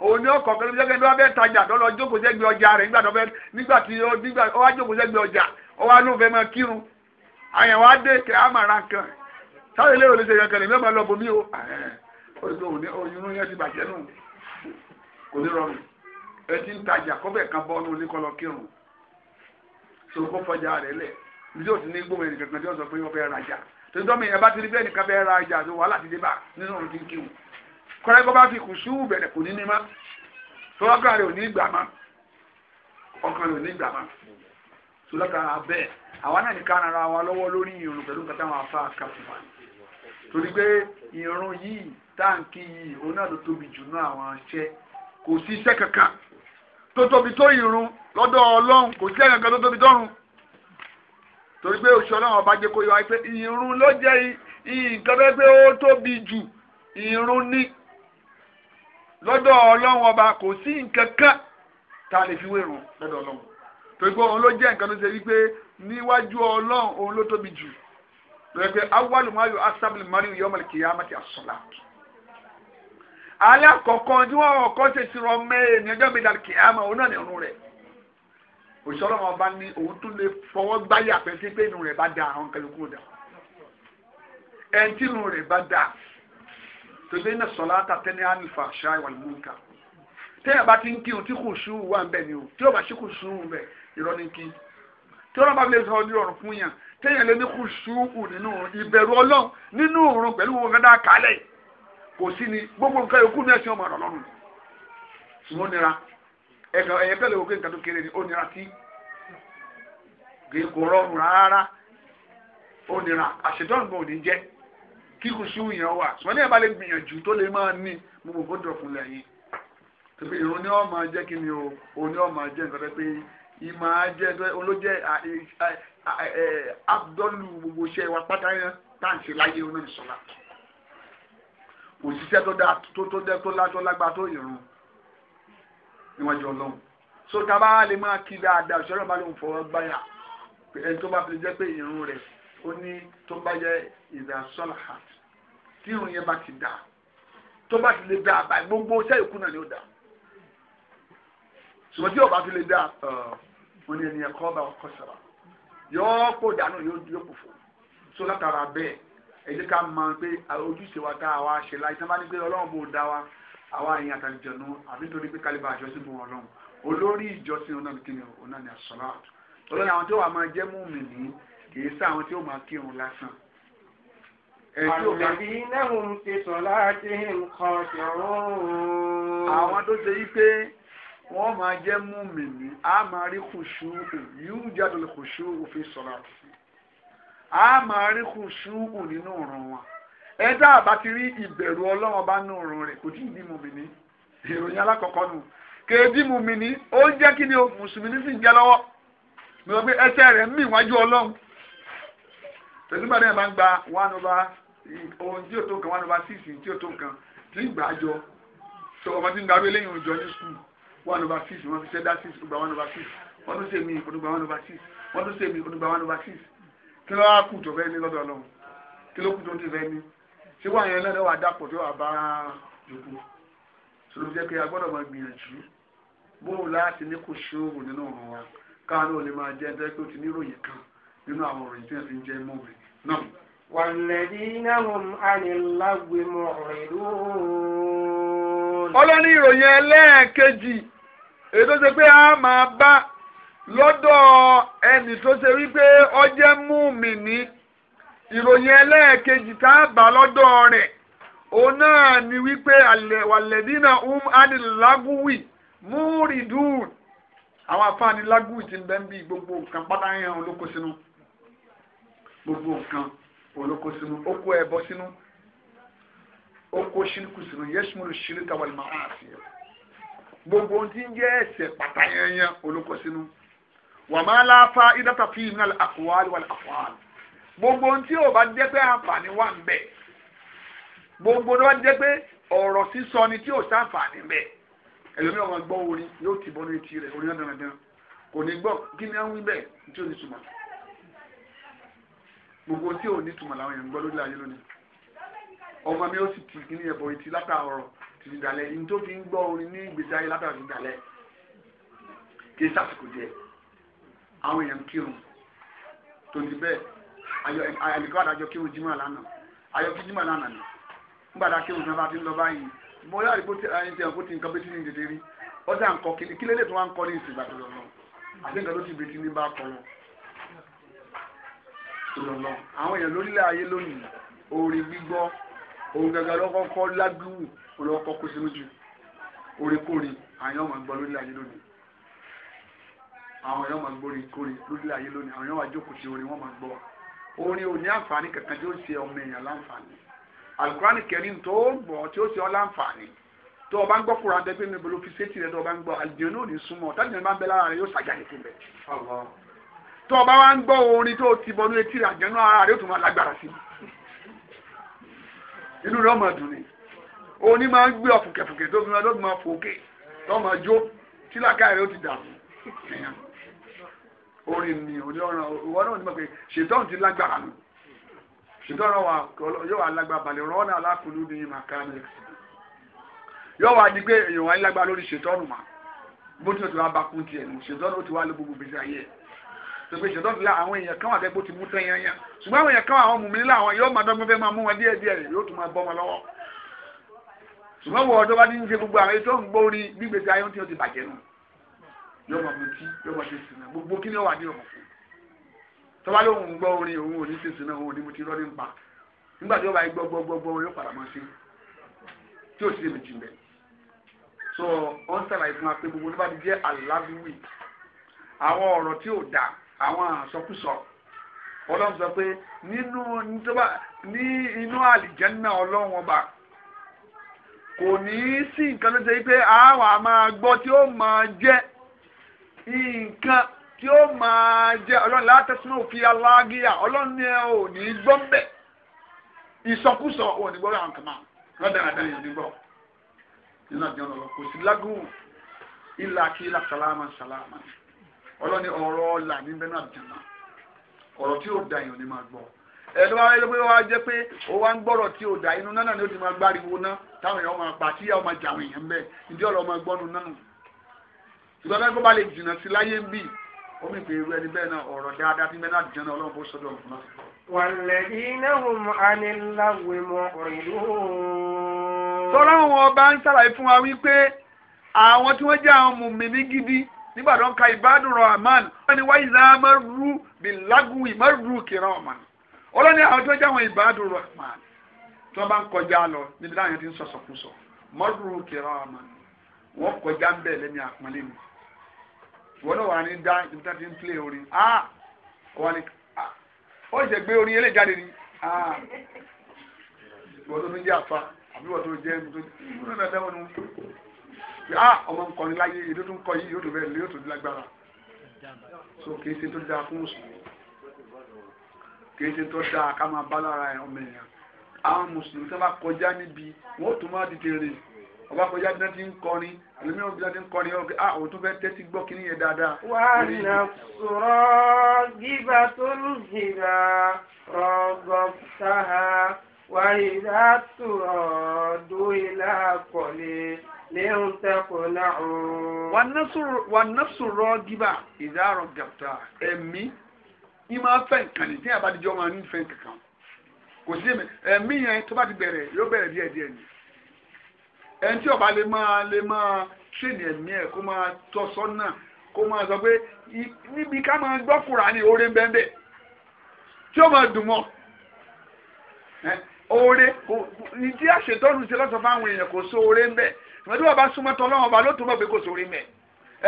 òun ni ọkọ̀ kẹlẹ́ jẹ́gẹ́ ní wọ́n bẹ́ẹ̀ tajà lọ́lọ́ jókòó sẹ́gbẹ́ ọjà rẹ̀ nígbà tí ó wá jókòó sẹ́gbẹ́ ọjà ó wá lóun fẹ́ máa kírun àyàn wá dé kẹ́ á máa ra nǹkan sáré lérò lè ṣe kankan lè mẹ́mọ́ lọ́bù mí o oyún yẹn ti bàjẹ́ nù kò ní rọrùn ẹ ti ń tajà kọ́fẹ̀ kan bọ́ ọ́nù oníkọlọ kírun sọ̀rọ̀ kó fọjà rẹ̀ lẹ̀ níbi o ti ní gbóhùn ẹnì kankan tí wọ́n sọ pé wọ́n fẹ́ rajà tó ń tọ́ mi ẹ bá ti rí bẹ́ẹ̀ nìkan fẹ́ rajà tó wàhálà ti dé bá nínú kọ́lá bọ́ bá fi kù bẹ̀rẹ̀ kò ní ní tó lọ́kàn rẹ̀ ò ní ìgbà má ọkàn rẹ̀ ò ní ìgbà má tó ara wa lọ́wọ́ lórí irun pẹ̀lú nǹkan táwọn afá ká wa irun yìí táǹkì yìí òun náà ló tóbi jù náà àwọn iṣẹ́ kò sí iṣẹ́ kankan tó tóbi tó lọ́dọ̀ ọlọ́run kò sí tó tóbi tọ́run torí pé lọ́dọ̀ ọlọ́run ọba kò sí nǹkan kan tá a lè fi wérun lọ́dọ̀ ọlọ́run torí pé òun ló jẹ́ nǹkan tó ṣe wípé níwájú ọlọ́run òun ló tóbi jù lọ́dọ̀ pé awálùmáyò asábìlì mari yọmọlì kìyàmọ́tì àsọ̀lá alẹ́ àkọ́kọ́ tí wọ́n kọ́ ṣe ti rọ mẹ́rin ní ọjọ́ ìgbéga kìyàmọ́ òun náà ní ọ̀run rẹ̀ òṣìṣọ́rọ̀ wọn bá ní òun tún lè fọwọ́ gbáyà pẹ́ pé inú rẹ̀ bá da àwọn kẹlẹ́kúrò dà ẹ̀ńtínú rẹ̀ bá da tòbí na sọlá tàtẹ́ni ànífà ṣáà wà lùmúkà téèyàn bá ti ń kírun tí kò ṣúù wà ń bẹ̀ ni o tí ó bá ṣe kò ṣúù ń bẹ̀ irọ́ ni kí tí wọ́n bá lè sọ ní ọ̀rùn fún yàn téèyàn lè ní kò ṣúù nínú ìbẹ̀rù ọlọ́run nínú òórùn pẹ̀lú wọn kẹ́dá kálẹ̀ kò sí ni gbogbo nǹkan yòókù ní ẹ̀sìn ọmọ ọ̀rọ̀ lọ́rùn ṣùgbọ́n nira ẹ̀yẹ pẹ̀lú òkè nǹkan tó kéré ni kíkùn sí òyìn ọwà ṣùgbọ́n ní ẹ̀bá lè gbìyànjú tó lè máa ní gbogbo gbọ́dọ̀ fún lẹ́yìn tòbí ìrún ni wọ́n máa jẹ́ kí ni o òun ni wọ́n máa jẹ́ nǹkan pé ìmọ̀ ajẹ́ olójẹ́ abdọ́lù gbogbo iṣẹ́ wa pátá yẹn tá à ń ṣe láyé oní ìṣọ́lá òṣìṣẹ́ tó dáa tó tó dẹ́ tó látọ́ lágbá tó ìrún níwájú ọlọ́run so tábà lè máa kí dáadáa òṣèré ọba ló ń fọwọ́ gbáyà ẹni tó bá fi jẹ́ pé ìrún rẹ̀ ó ní tó bá yẹ ìdá sọ́làhàt tí irun yẹn bá ti dà tó bá ti lè dà àbá gbogbo iṣẹ́ ìkú náà ni ó dà ṣùgbọ́n tí ọba ti lè dà ó ní ẹni ẹ̀kọ́ ọba ọkọ sọ̀rọ̀ yóò pò dànù yóò pò fò so látara bẹ́ẹ̀ ẹ jẹ́ ká mọ̀ pé ojúṣe wa tá a wá ṣe láì tán bá ní pé ọlọ́run bò dá wa àwa èèyàn àtàlìjọ̀nù àbí nítorí pé kálíbà àjọṣin bò wọn lọ́run olórí ìjọsìn onáàlùkìnìún onáàlùkìnìún ọ̀sán láàtú olórí àwọn tó wà máa jẹ́ mú mi nìyí kìí sáwọn tí ó máa kírun lásán. Àlùbẹ̀bí náà ti sọ láti nǹkan ṣòro. Àwọn tó ṣe yí pé wọ́n máa jẹ́ mùmìnì, a máa rí kùṣù yíò jáde lè kùṣù òfin sọ̀rọ̀ àti. A máa rí kùṣù ù nínú ọ̀ràn wọn. Ẹ dáa bá ti rí ìbẹ̀rù ọlọ́wọ́n bá nú ọ̀ràn rẹ̀ kò tí ì bí mùmìnì. Ìròyìn alákọ̀ọ́kọ́ nù. Kèédí mùmìnì, ó ń jẹ́ kí ni o, mùsùlùmí sì ń jẹ́ lọ́wọ́. Mi ò gbé ẹsẹ̀ rẹ̀ ń mì wájú ọlọ́run tẹ̀sígbà náà máa ń gba one over ohun tí yóò tó nǹkan one over six tí yóò tó nǹkan tí ń gbà jọ tó ọmọ tí ń gbàgbé lẹ́yìn òjò ní skul one over six wọ́n fi ṣẹ́dá six ó gba one over six wọ́n tún ṣe mí ó tún gba one over six wọ́n tún ṣe mí ó tún gba one over six kí ló wá kù tó fẹ́ ní lọ́dọ̀ ọlọ́run kí ló kù tó ti fẹ́ ní ṣé wọ́n àyẹ̀wò náà wà dàpọ̀ tó wà bá yòókù sọ̀rọ̀ jẹ́ pé a gbọ́dọ̀ máa gbìyànjú bóun láti ní kò ṣòro nínú ọ̀rọ̀ wa káà náà lè máa jẹ́ ẹgbẹ́ tó ti níròyìn kan nínú àwọn òròyìn tí wọ́n fi ń jẹ́ mọ́wé نعم والذين هم عن اللغو معرضون ọlọ́ni ìròyìn ẹlẹ́ẹ̀kejì èyí tó ṣe pé a máa bá lọ́dọ̀ ẹni tó ṣe wípé ó jẹ́ mùmìnì ìròyìn ẹlẹ́ẹ̀kejì tá a bá lọ́dọ̀ rẹ̀ òun náà ni wípé wàlẹ́dínà um anilaguwi múrìdùn àwọn afáàní lágùwì ti ń bẹ́ ń bí gbogbo nǹkan pátá yẹn olóko sínú gbogbo nǹkan olóko sínú ó kó ẹbọ sínú ó kó ṣírìkù sínú yẹsùmùlù ṣírìkà wà lùmọ̀ á sí ẹ gbogbo ohun tí ń jẹ́ ẹ̀ṣẹ̀ pàtàyẹnyẹn olóko sínú wà máa láfa ìdáta fi ìmúná àkùwálì wà àkùwálì gbogbo ohun tí ò bá jẹ́ pé àǹfààní wà ń bẹ̀ gbogbo ohun tó bá jẹ́ pé ọ̀rọ̀ sísọ ni tí ò sáǹfààní ń bẹ̀ ẹlòmíì ọmọ gbọ́ orin yóò ti bọ́ ní etí rẹ̀ orin náà dandan kò ní gbọ́ kí ni à ń wí bẹ́ẹ̀ tí ò ní túmọ̀ gbogbo tí ò ní túmọ̀ làwọn èèyàn ń gbọ́ ayé lónìí ọmọ mi ó sì ti kí ní etí látàárọ̀ ti di dalẹ̀ ní tó fi ń gbọ́ orin ní ìgbésí ayé látàárọ̀ ti di dalẹ̀ kì sàsìkò jẹ àwọn èèyàn kírun tó bẹ́ẹ̀ kírun jimá jimá ni kírun tí wọ́n bá ti ń lọ báyìí mo yára ìbò tí ayé ìrọ̀lọ́ àwọn èèyàn lórílẹ̀ ayé lónìí orin gbígbọ́ ohun gẹ́gẹ́ lọ́kọ́kọ́ lágbíwù olókọ́ kó sí lójú orekórin àyàn máa gbọ́ lórílẹ̀ ayé lónìí àwọn èèyàn máa gbọ́ orekórin lórílẹ̀ ayé lónìí àwọn èèyàn máa jókòó sí orin wọ́n máa gbọ́ orin ò ní àǹfààní kankan tí ó ṣe ọmọ èèyàn láǹfààní alukurani kẹrin tó gbọ́ tí ó ṣe ọ láǹfààní tó o bá ń gbọ́ kúrò àdẹ́gbẹ́ mi bolo fi sétí rẹ tó o bá ń gbọ́ àlùjẹ́ náà ní súnmọ́ tájìyàn bá ń bẹ lára rẹ yóò ṣàjà tó o bá wá ń gbọ́ orin tó o ti bọnú etí rẹ̀ ara rẹ̀ ó tún máa lágbára sí i inú rẹ̀ ọmọ dùn ni oní máa ń gbé ọ̀fùnkẹ̀fùnkẹ̀ tó fi máa lọ́dún máa fòókè lọ́mọ jó tí rẹ̀ ó ti dàrú orin ni òní ọ̀ràn ìwọ náà ní mọ̀ pé ṣètọ́n ti lágbára nù ṣùgbọ́n ọ̀rọ̀ wa yóò wá lágbá balẹ̀ ọ̀rọ̀ náà alákùnrin ní mechanics yóò wá di pé èèyàn wá lágbá lórí ṣètọ́nù mà bó ti wá bá kún tiẹ̀ nù ṣètọ́nù ó ti wá lé gbogbo gbèsè ayé ẹ̀ tòbí ṣètò ìlà àwọn èèyàn kan wà kẹ́gbó ti mú tán yányá ṣùgbọ́n àwọn èèyàn kan àwọn mùmí nílà àwọn yóò máa dọ́gbọ́n fẹ́ máa mú wọn díẹ̀ díẹ̀ yóò tún máa bọ́ wọn lọ́wọ́ ṣùgbọ́n wọ ọ̀dọ́ bá ní ṣe gbogbo àwọn ètò ń gbórí gbígbèsè ayé tí ó ti bàjẹ́ nù yóò máa mutí yóò máa ṣe sinmi gbogbo kí ni ó wà ní òun fún tọ́ba lóhùn gbọ́ orin òun ò ní ṣe sinmi òun ò ní mutí rọ́ọ̀dì ń pa nígbà tí ó bá yí gbọ́gbọ́gbọ́ yóò padà máa ṣe tí ó sì lè méjì mbẹ́ so ó ń sàlàyé fún wa pé gbogbo ló bá ti jẹ́ aláwíwì àwọn ọ̀rọ̀ tí ò dáa àwọn àsọkúsọ ọlọ́run sọ pé nínú ní inú àlìjẹ́nà ọlọ́run ọba kò ní í sí nǹkan tó ṣe pé àwa máa gbọ́ tí ó máa jẹ́ nǹkan tí ó máa jẹ́ ọlọ́run látẹ̀sínú òfin alágíyà ọlọ́run ni ẹ ò ní í gbọ́ mbẹ́ ìsọkúsọ ò ní gbọ́dọ̀ àwọn kan máa lọ́dàdà yìí ní gbọ́ nínú àjọ ọlọ́run kò sí lágùn ìlà kí ìlà ọlọ́ni ọ̀rọ̀ ọ̀la ní bẹ́ẹ̀ náà jẹ̀nà ọ̀rọ̀ tí ò da èèyàn ni máa gbọ́ ẹni wàá ló jẹ́ pé ó wá ń gbọ́rọ̀ tí ò da inú náà ni ó ti máa gbáriwo náà táwọn èèyàn máa pa tíyà máa jà àwọn èèyàn bẹ́ẹ̀ ìdí ọ̀rọ̀ máa gbọ́nu náà ìgbà bẹ́ẹ̀ kó bá lè jìnnà sí láyé ń bì ó mì pé irú ẹni bẹ́ẹ̀ náà ọ̀rọ̀ dáadáa tí bẹ́ẹ̀ náà jẹ́ náà ọlọ́run bó sọ́dọ̀ fún wa wípé nígbà tó ń ka ìbádùn rahman wọ́n ní wáyé náà máa rú bí lágùn ìmọ̀ rú kìrọ̀ ọ̀mà ọlọ́ni àwọn tó jẹ́ àwọn ìbádùn rahman tí wọ́n bá ń kọjá lọ níbi táwọn ti ń sọ̀sọ̀kúsọ mọ́rú kìrọ̀ ọ̀mà wọ́n kọjá ń bẹ̀ lẹ́ni àpọ́nlé mi wọ́n náà wà ní dá ibi tá ti ń plé orin ah wọ́n ní ó ṣe gbé orin eléyìí jáde ni ah ìwọ́n tó ń jẹ́ àfa àbí ìwọ́n tó ń jẹ́ ah ọmọ ń kọrin láyé èdè tó ń kọ yìí yóò tó bẹ̀rẹ̀ yóò tó di lágbára so kì í ṣe tó dáa fún mùsùlùmí kì í ṣe tó dáa ká máa bá lára ẹ̀ ọmọ èèyàn àwọn mùsùlùmí tó kọjá níbi wọn ó tún máa di tèrè ọba kọjá bí wọn ti ń kọrin àlùmíràn bí wọn ti ń kọrin ọgbẹ ah òun tó fẹ́ tẹ́tí gbọ́ kínní yẹn dáadáa. wà á nà sọ̀rọ̀ gíga tó ń jìnnà rọ̀gọ̀ sáà wà á yìí dá sọ̀rọ̀ dóyè láàkọ̀lẹ̀ wànásù rọ́ọ̀dìbà ìdárọ̀ gàtà ẹ̀mí yìí máa fẹ́ nǹkan ní tí yàrá bá di jọ máa ní fẹ́ kankan kò sí ẹ̀mí ẹ̀mí yẹn tó bá ti bẹ̀rẹ̀ yóò bẹ̀rẹ̀ díẹ̀ díẹ̀ ni ẹni tí ọba lè máa lè máa tírèdì ẹ̀mí ẹ̀ kó máa tọ́ sọ́nà kó máa sọ pé níbi ká máa gbọ́ Kùránì oore bẹ́ẹ̀ tí ó máa dùn mọ́ oore ní tí àṣetọ́nu ṣe lọ́sọ̀ fáwọn èèyàn kò sóore bẹ́ẹ̀ tọ́jú ọba súnmọ́ tọ́lọ́wọ́n ọba ló tún mọ̀ pé kò sórí mẹ́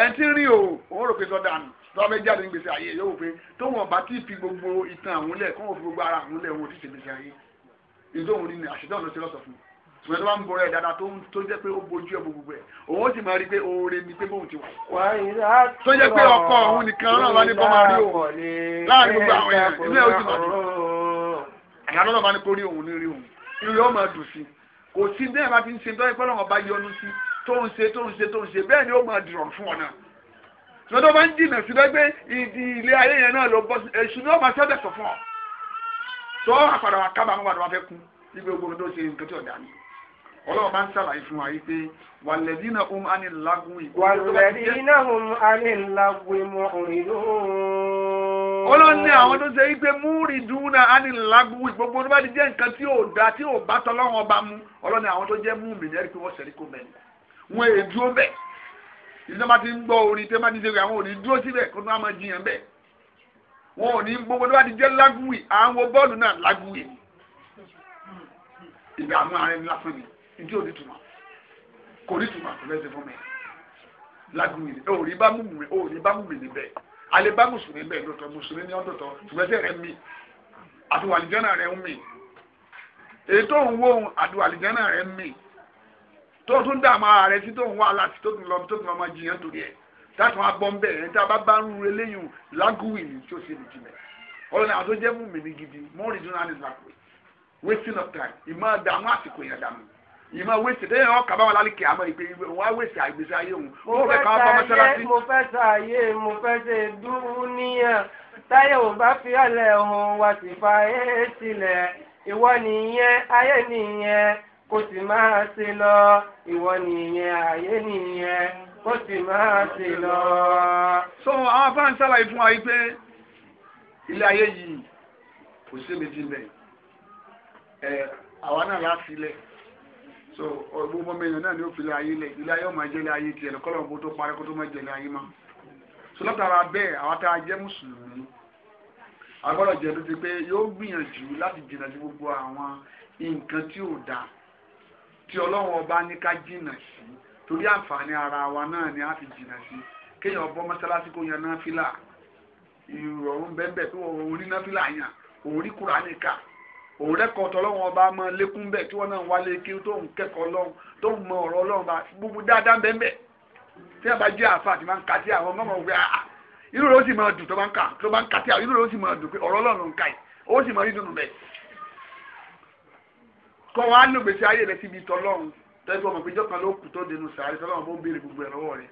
ẹni tí rí o òun rò pé tó dànù tó ọmọ ìjáde ń gbèsè ayé yóò pé tóun ọba tí fi gbogbo ìtàn àwọn lẹ̀ kóun fi gbogbo ara àwọn lẹ̀ òun ti ṣe gbèsè ayé ìdóhùn ni àṣetán ló ti lọ́sọ̀ fún un bá ń bọ̀rọ̀ ẹ̀ dáadáa tó jẹ́ pé ó bojú ẹ̀ gbogbo ẹ̀ òun ó sì máa rí i pé oore ni pé bóun ti wà. tó jẹ́ pé ọkọ òun nìkan náà bá ní bọ́ máa rí òun láàrin gbogbo àwọn èèyàn ilé ó sì máa dùn. àyà lọ́nà bá ní kó rí òun ní rí òun ilé ó máa dùn sí i kò sí ní ẹ̀ bá ti ń ṣe tọ́jú pẹ́lú ọba yọnu sí tó ń ṣe tó ń ṣe tó ń ṣe bẹ́ẹ̀ ni ó máa dìrọ̀ fún ọ náà ṣùgbọ́n tó bá ń jìnà sí lẹ́gbẹ́ ìdí ilé ayé yẹn náà ló bọ́ èṣù ni ó máa ṣẹ́dẹ̀ sọ fún ọ tó àpàdà wà kábàámọ̀ wà fẹ́ kú ibi ògbóni tó ṣe nǹkan tí ọ̀dà ni ọlọ́run bá ń ṣàlàyé fún wa yìí pé wàlẹ́dínà hum anilagun yìí. wàlẹ́dínà hum anilagun mu'ridun. ọlọ́run ní àwọn tó ṣe wípé múrìndúnà anilagun gbogbo tó bá ti jẹ́ nǹkan tí ò da tí ò bá tọ́lọ́run ọba mu ọlọ́run ní àwọn tó jẹ́ mú mi lẹ́rìí pé wọ́n ṣẹ̀rí kó bẹ̀ wọ́n èè dúró bẹ̀ ìdílé máa ti ń gbọ́ orin tẹ́ máa ti ṣe àwọn ò dúró síbẹ̀ kó tó máa jiyàn bẹ̀ wọn ò ní gbogbo tó bá ti jẹ́ lágùwì àwọn bọ́ọ̀lù náà lágùwì ìdààmú ara ẹni lásán ni njẹ́ ò ní tuma kò ní tuma kò fẹ́ẹ́ ṣe fún mi lágùnmí ni ò ní bá mú mi ò ní bá mú mi ní bẹ́ẹ̀ alẹ́ bá mùsùlùmí bẹ́ẹ̀ lọ́tọ̀ mùsùlùmí ni ọ̀dọ̀ tọ̀ tùmẹ́sẹ̀ rẹ̀ mi àtùwàlìjọ́nà rẹ̀ ń mi èyí tó ń wó àtùwàlìjọ́nà rẹ̀ ń mi tó tún dààmú ara rẹ̀ tí tó ń wá aláti tó tún lọ tó tún lọ máa jiyàn torí ẹ̀ táwọn agbọ́n bẹ̀ ẹ̀ tá a bá bá ń re léyìn lágùwì ni tí ó ṣe nìjú mẹ́ ọ̀rọ̀ náà àtó jẹ́ mú mi ní gidi more reasonable is like wasting of time ìmọ̀ dààmú àsìkò yẹn dààmú yìí máa wéṣì dé ọ kaba wà lálẹ́ kìámọ́ ìgbé wọn á wéṣì àgbèsè ayé òun. mo fẹ́ sàyé mo fẹ́ sàyé mo fẹ́ ṣe dúró níyàn táyé ò bá fi àlẹ́ òun wá sí fa ẹ́ sílẹ̀ ìwọ nìyẹn ayé nìyẹn kò sì máa ṣe lọ ìwọ nìyẹn ayé nìyẹn kò sì máa ṣe lọ. so àwọn afáàn ṣàlàyé fún wa yìí pé ilé ayé yìí kò sí èmi ti bẹ̀ ẹ̀ àwa náà láti lẹ̀ so gbogbo ọmọ èèyàn náà ni ó fi lé ayé lẹ ilé ayé ọmọ ẹjẹ lé ayé tiẹ̀ lọkọ lọmọ tó parẹ́ kó tó mọ ẹjẹ lé ayé mọ́ so látara bẹ́ẹ̀ àwọn tá a jẹ́ mùsùlùmí agbọ́dọ̀ jẹ́ tó ti pé yóò gbìyànjú láti jìnnà sí gbogbo àwọn nǹkan tí ò dáa tí ọlọ́run ọba ní ká jìnnà sí torí àǹfààní ara wa náà ni a fi jìnnà sí kéèyàn bọ́ mọ́sálásí kó yan náfìlà ìrọ̀rùn bẹ́ẹ̀ bẹ́ẹ̀ pé òun rí náfìlà yàn òun rí kúránì ká òun rẹ́kọ̀ọ́ tọ́lọ́wọ́n ọba mọ lékún bẹ́ẹ̀ tí wọ́n náà wálé kí tó ń kẹ́kọ̀ọ́ lọ́hùn tó ń mọ ọ̀rọ̀ ọlọ́run bá gbogbo dáadáa ń bẹ́ẹ̀ bẹ́ẹ̀ tí wọ́n bá jẹ́ àfa àti máa ń ka sí àwọn ọmọ òwe àà ah, ah, inú rẹ̀ ó sì máa dùn tó bá ń ka tó bá ń ka àwọn inú rẹ̀ sì máa dùn pé ọ̀rọ̀ ọlọ́run ń ka yìí ó sì máa rí dùnú bẹ́ẹ̀. kọ́ wa ló gbèsè ayé rẹ̀ síbi tọ́lọ́run tẹ́lifọ̀mọ̀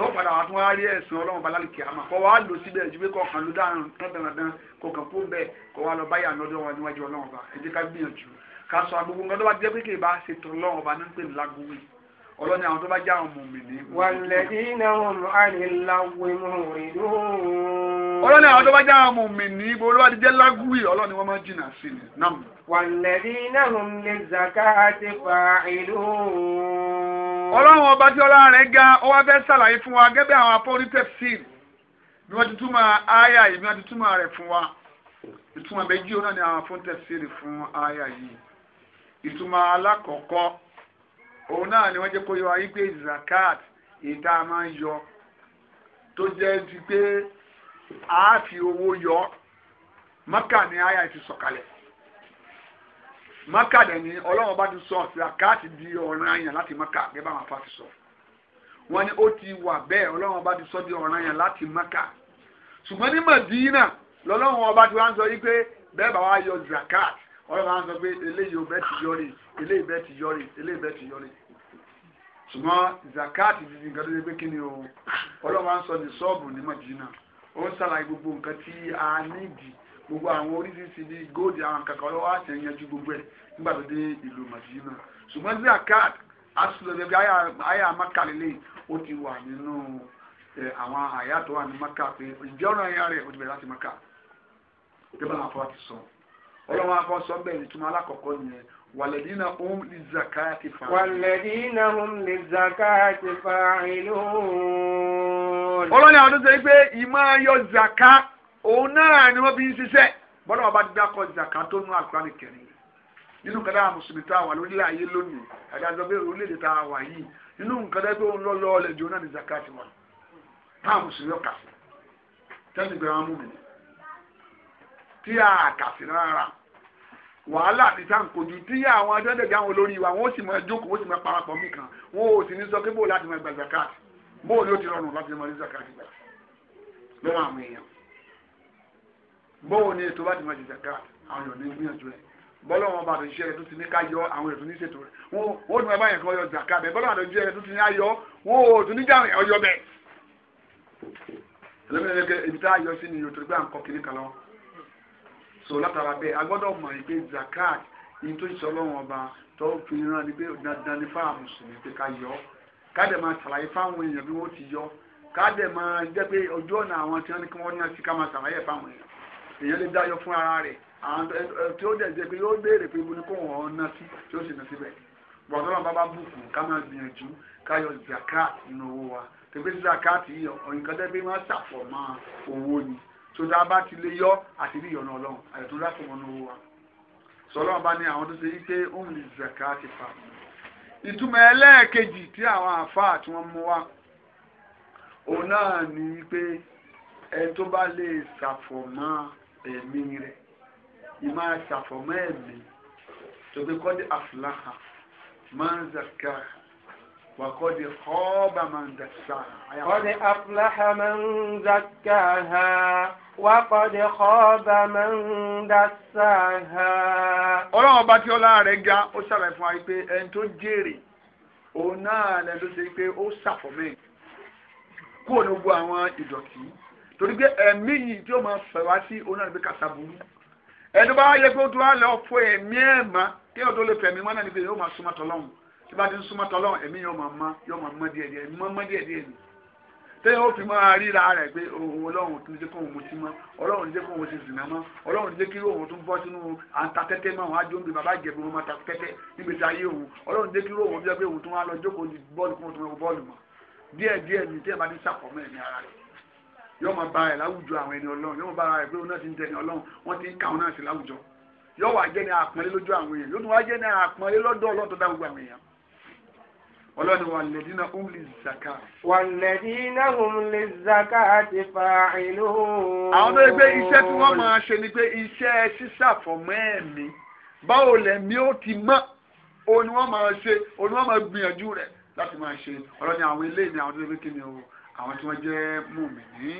tó padà wà tó wá rí ẹ̀sìn ọlọ́run balali kìámà kọ́ wa lò síbẹ̀ ju pé kọ́ kan ló dáhùn tán dandan kọ́ kan kó bẹ́ẹ̀ kọ́ wa lọ báyà lọ́dọ̀ wa níwájú ọlọ́run ọba ẹ ká gbìyànjú ká sọ agbogbo nǹkan tó jẹ́ pé kì í bá ṣètò ọlọ́run ọba ní pè ní lágbóyè ọlọ́ni àwọn tó bá já àwọn mùmìnì. wàlẹ́dínà wọn àlèláwé mùrìnú. ọlọ́ni àwọn tó bá já àwọn mùmìnì ibo ló bá ti jẹ́ lágùwì ọlọ́ni wọn máa jìnnà sí ni nam. wàlẹ́dínà wọn lè zàká àti fàáìlú. ọlọ́run ọba tí ọlá rẹ̀ ga ó wá fẹ́ ṣàlàyé fún wa gẹ́gẹ́ bí àwọn apọ́lí tẹ̀sí bí wọ́n ti túmọ̀ àyà yìí bí wọ́n ti túmọ̀ rẹ̀ fún wa ìtumọ̀ méjì ó ni àwọn apọ́lí tẹ̀sí fún àyà yìí ìtumọ̀ alákọ̀ọ́kọ́ òun náà ni wọ́n jẹ́ kó yọ ayé pé zakat ìta máa ń yọ tó jẹ́ ti pé a fi owó yọ maka ni aya ti sọ̀kalẹ̀ maka dẹ̀ ni ọlọ́run bá ti sọ zakat di ọ̀ràn àyàn láti maka gẹ́gẹ́ bá wọn fa ti sọ wọ́n ní ó ti wà bẹ́ẹ̀ ọlọ́run bá ti sọ di ọ̀ràn àyàn láti maka ṣùgbọ́n ní Madina lọ́lọ́run ọba ti wá ń sọ yí pé bẹ́ẹ̀ bá wá yọ zakat ọlọ́run á sọ pé eléyìí ò bẹ́ẹ̀ ti yọrí eléyìí bẹ́ẹ̀ ti yọrí eléyìí bẹ́ẹ̀ ti yọrí ṣùgbọ́n zakati ti nǹkan tó ṣe pé ni o ọlọ́wà ń sọ ní sọ́ọ̀bù ní Madina ó ń ṣàlàyé gbogbo nǹkan tí a nídìí gbogbo àwọn oríṣiríṣi bíi góòdì àwọn kankan ọlọ́wà àti ẹ̀yẹnjú gbogbo ẹ̀ nígbà tó dé ìlú Madina ṣùgbọ́n zakat asùlọ̀dẹ̀ bí àyà Maka lélẹ̀ ó ti wà nínú àwọn àyà tó Maka pé ìjẹ́ ọ̀nà ẹ̀yà rẹ̀ ó ti bẹ̀rẹ̀ láti Maka àwọn والذين هم للزكاة فاعلون والذين هم للزكاة فاعلون ọlọ́ni àwọn tó ṣe pé ìmọ̀ ayọ̀ zaka òun náà ni wọ́n fi ń ṣiṣẹ́ bọ́lá wọn bá dákọ̀ zaka tó nú àkùránì kẹrin nínú nǹkan dáhà mùsùlùmí tá a wà lórílẹ̀ ayé lónìí àdájọ́ pé orílẹ̀-èdè tá a wà yìí nínú nǹkan dáhà ni zaka ti wà tá a mùsùlùmí ọ̀kà sí mi tí a kà sí rárá wàhálà ní sáà ń kojú tí àwọn adọ́dẹ̀dẹ̀ àwọn olórí wa wọ́n sì máa jókòó wọ́n sì máa parapọ̀ mí kan wọ́n ò sì ní sọ pé bóò láti máa gba zakat bóò ni ó ti rọrùn láti máa rí zakat gbà lọ́wọ́ àwọn èèyàn bóò ni ètò láti máa ṣe zakat àwọn èèyàn ní gbìyànjú rẹ̀ bọ́lá wọn bá àtúnṣe rẹ̀ tó ti ní ká yọ àwọn ètò níṣètò rẹ̀ wọ́n ò ní máa báyẹn kan yọ zakat bẹ́ẹ̀ bọ́lá àtúnṣe rẹ̀ tó ti ní so látara bẹ́ẹ̀ a gbọ́dọ̀ mọ̀ ní pé zakat ní tó sọ lọ́wọ́n ọba tó fi ràn ní pé dandan ní fáwọn mùsùlùmí pé ká yọ ká dẹ̀ máa ṣàlàyé fáwọn èèyàn bí wọ́n ti yọ ká dẹ̀ máa jẹ́ pé ojú ọ̀nà àwọn tí wọ́n ní kí wọ́n ní àti ká máa ṣàlàyé fáwọn èèyàn èèyàn lè dáyọ fún ara rẹ̀ àwọn tí ó dẹ̀ jẹ́ pé yóò béèrè pé ibo ni kò wọ́n ná sí tí ó sì ná síbẹ̀ bọ̀dọ́lọ́ bá bá bùkún ká máa zakat nínú owó zakat yìí ọ̀yìnkàn tẹ́ pé máa sọdá bá ti lè yọ àti bí ìyọ̀nà ọlọ́run àyẹ̀tò láti wọn owó wa sọlọ́run bá ní àwọn tó ṣe yí pé ó ń lè zaka ti fa ìtumọ̀ ẹlẹ́ẹ̀kejì tí àwọn àáfàá tí wọ́n mú wa òun náà ní pé ẹni tó bá lè ṣàfọ̀mọ́ ẹ̀mí rẹ̀ ìmọ̀ ṣàfọ̀mọ́ ẹ̀mí tó fi kọ́ di àfúláhà máa ń zaka وقد خاب من دساها قد أفلح من زكاها wàkọ̀dé kọ́ọ̀bà máa ń dàsà ha. ọlọ́run ọba tí ọlá rẹ̀ ga ó ṣàlàyé fún wa pé ẹni tó jèrè òun náà lẹ́nu ṣe pé ó ṣàfọ̀mẹ́ kúrò ní gbogbo àwọn ìdọ̀tí torí pé ẹ̀mí yìí tí ó máa fẹ̀ wá sí òun náà lè gbé kàtà burú ẹni bá yẹ pé ó tún wá lọ fún ẹ̀mí ẹ̀ má kí ọ̀dọ́ lè fẹ̀mí mọ́ náà ni pé yóò máa súnmọ́ tọ́lọ́run tí bá ti ń súnmọ́ tọ́lọ́run ẹ̀mí yóò máa mọ́ díẹ̀díẹ̀ mọ́ mọ́ díẹ̀díẹ̀ nìyí téèyàn ó fi máa ríra rẹ̀ pé òun ọlọ́run tún jẹ́ kóun mutí mọ́ ọlọ́run jẹ́ kóun ti zìnà mọ́ ọlọ́run jẹ́ kí òun tún bọ́ sínú àǹtà tẹ́tẹ́ mọ́ àwọn àjọyọ̀ bàbá ìjẹ̀bù wọn máa ta tẹ́tẹ́ níbi tí ayé òun ọlọ́run jẹ́ kí òun jẹ́ pé òun tún wá lọ jókòó di bọ́ọ̀lù kó tún wọ bọ́ọ̀lù mọ́ díẹ̀ díẹ̀ ní tí ẹ bá ti sàkọ́mọ́ ẹ̀mí ara rẹ̀ yóò máa bá ẹ̀ láwùjọ àwọn ẹni ọlọ́run yóò máa bá ara rẹ̀ pé òun náà ti ń tẹni ọlọ́run wọ́n ti ń kà òun náà sí láwùjọ yóò wá jẹ́ ní àpọ́nlé lójú àwọn èèyàn yóò tún wá jẹ́ ní àpọ́nlé lọ́dọ̀ ọlọ́run tó dá gbogbo àwọn èèyàn ọlọ́ni wàlẹ́dínà hum lè zaka. wàlẹ́dínà hum lè zaka ti fa ìlú. àwọn tó yẹ pé iṣẹ́ tí wọ́n máa ṣe ni pé iṣẹ́ sísàfọ̀mọ́ ẹ̀mí báwo lẹ̀mí ó ti mọ́ òun ni wọ́n máa ṣe òun ni wọ́n máa gbìyànjú rẹ̀ láti máa ṣe ọlọ́ni àwọn eléyìí ni àwọn tó yẹ pé kí ni o àwọn tí wọ́n jẹ́ mùmìnì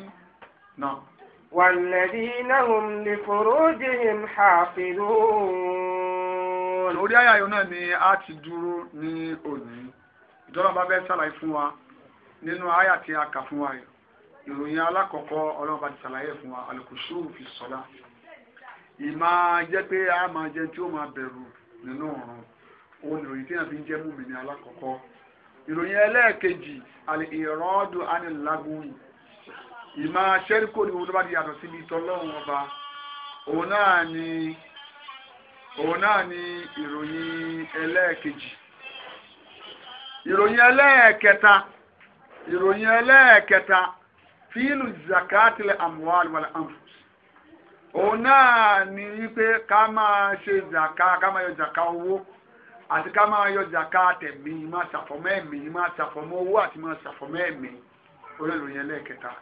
náà. wàlẹ́dínà hum lè furujihim hafidun. orí àyà náà ni a ti dúró ní òní ìjọba bá bẹ́ẹ̀ ṣàlàyé fún wa nínú àyà tí a kà fún wa rẹ̀ ìròyìn alákọ̀ọ́kọ́ ọlọ́run bá ti ṣàlàyé fún wa alùkùsù fi sọ́lá ìmá jẹ́ pé a máa jẹ tí ó máa bẹ̀rù nínú ọ̀run òun ìròyìn tí yàn fi ń jẹ́ mú mi ní alákọ̀ọ́kọ́ ìròyìn ẹlẹ́ẹ̀kejì àlè ìrọ́dù anilágún ìmá ṣẹ́ríkò ni olúwa ti yàtọ̀ síbi tọ́lọ́run ọba òun náà ni ìròyìn ẹlẹ́ẹ̀kejì ìròyìn ẹlẹ́ẹ̀kẹta ìròyìn ẹlẹ́ẹ̀kẹta fíìlù zakatilẹ̀ amwal wal anfus òun náà ni wípé ká máa ṣe zaka ká máa yọ zaka owó àti ká máa yọ zaka tẹ̀mí máa ṣàfọ̀mọ́ ẹ̀mí máa ṣàfọ̀mọ́ owó àti máa ṣàfọ̀mọ́ ẹ̀mí orí ìròyìn ẹlẹ́ẹ̀kẹta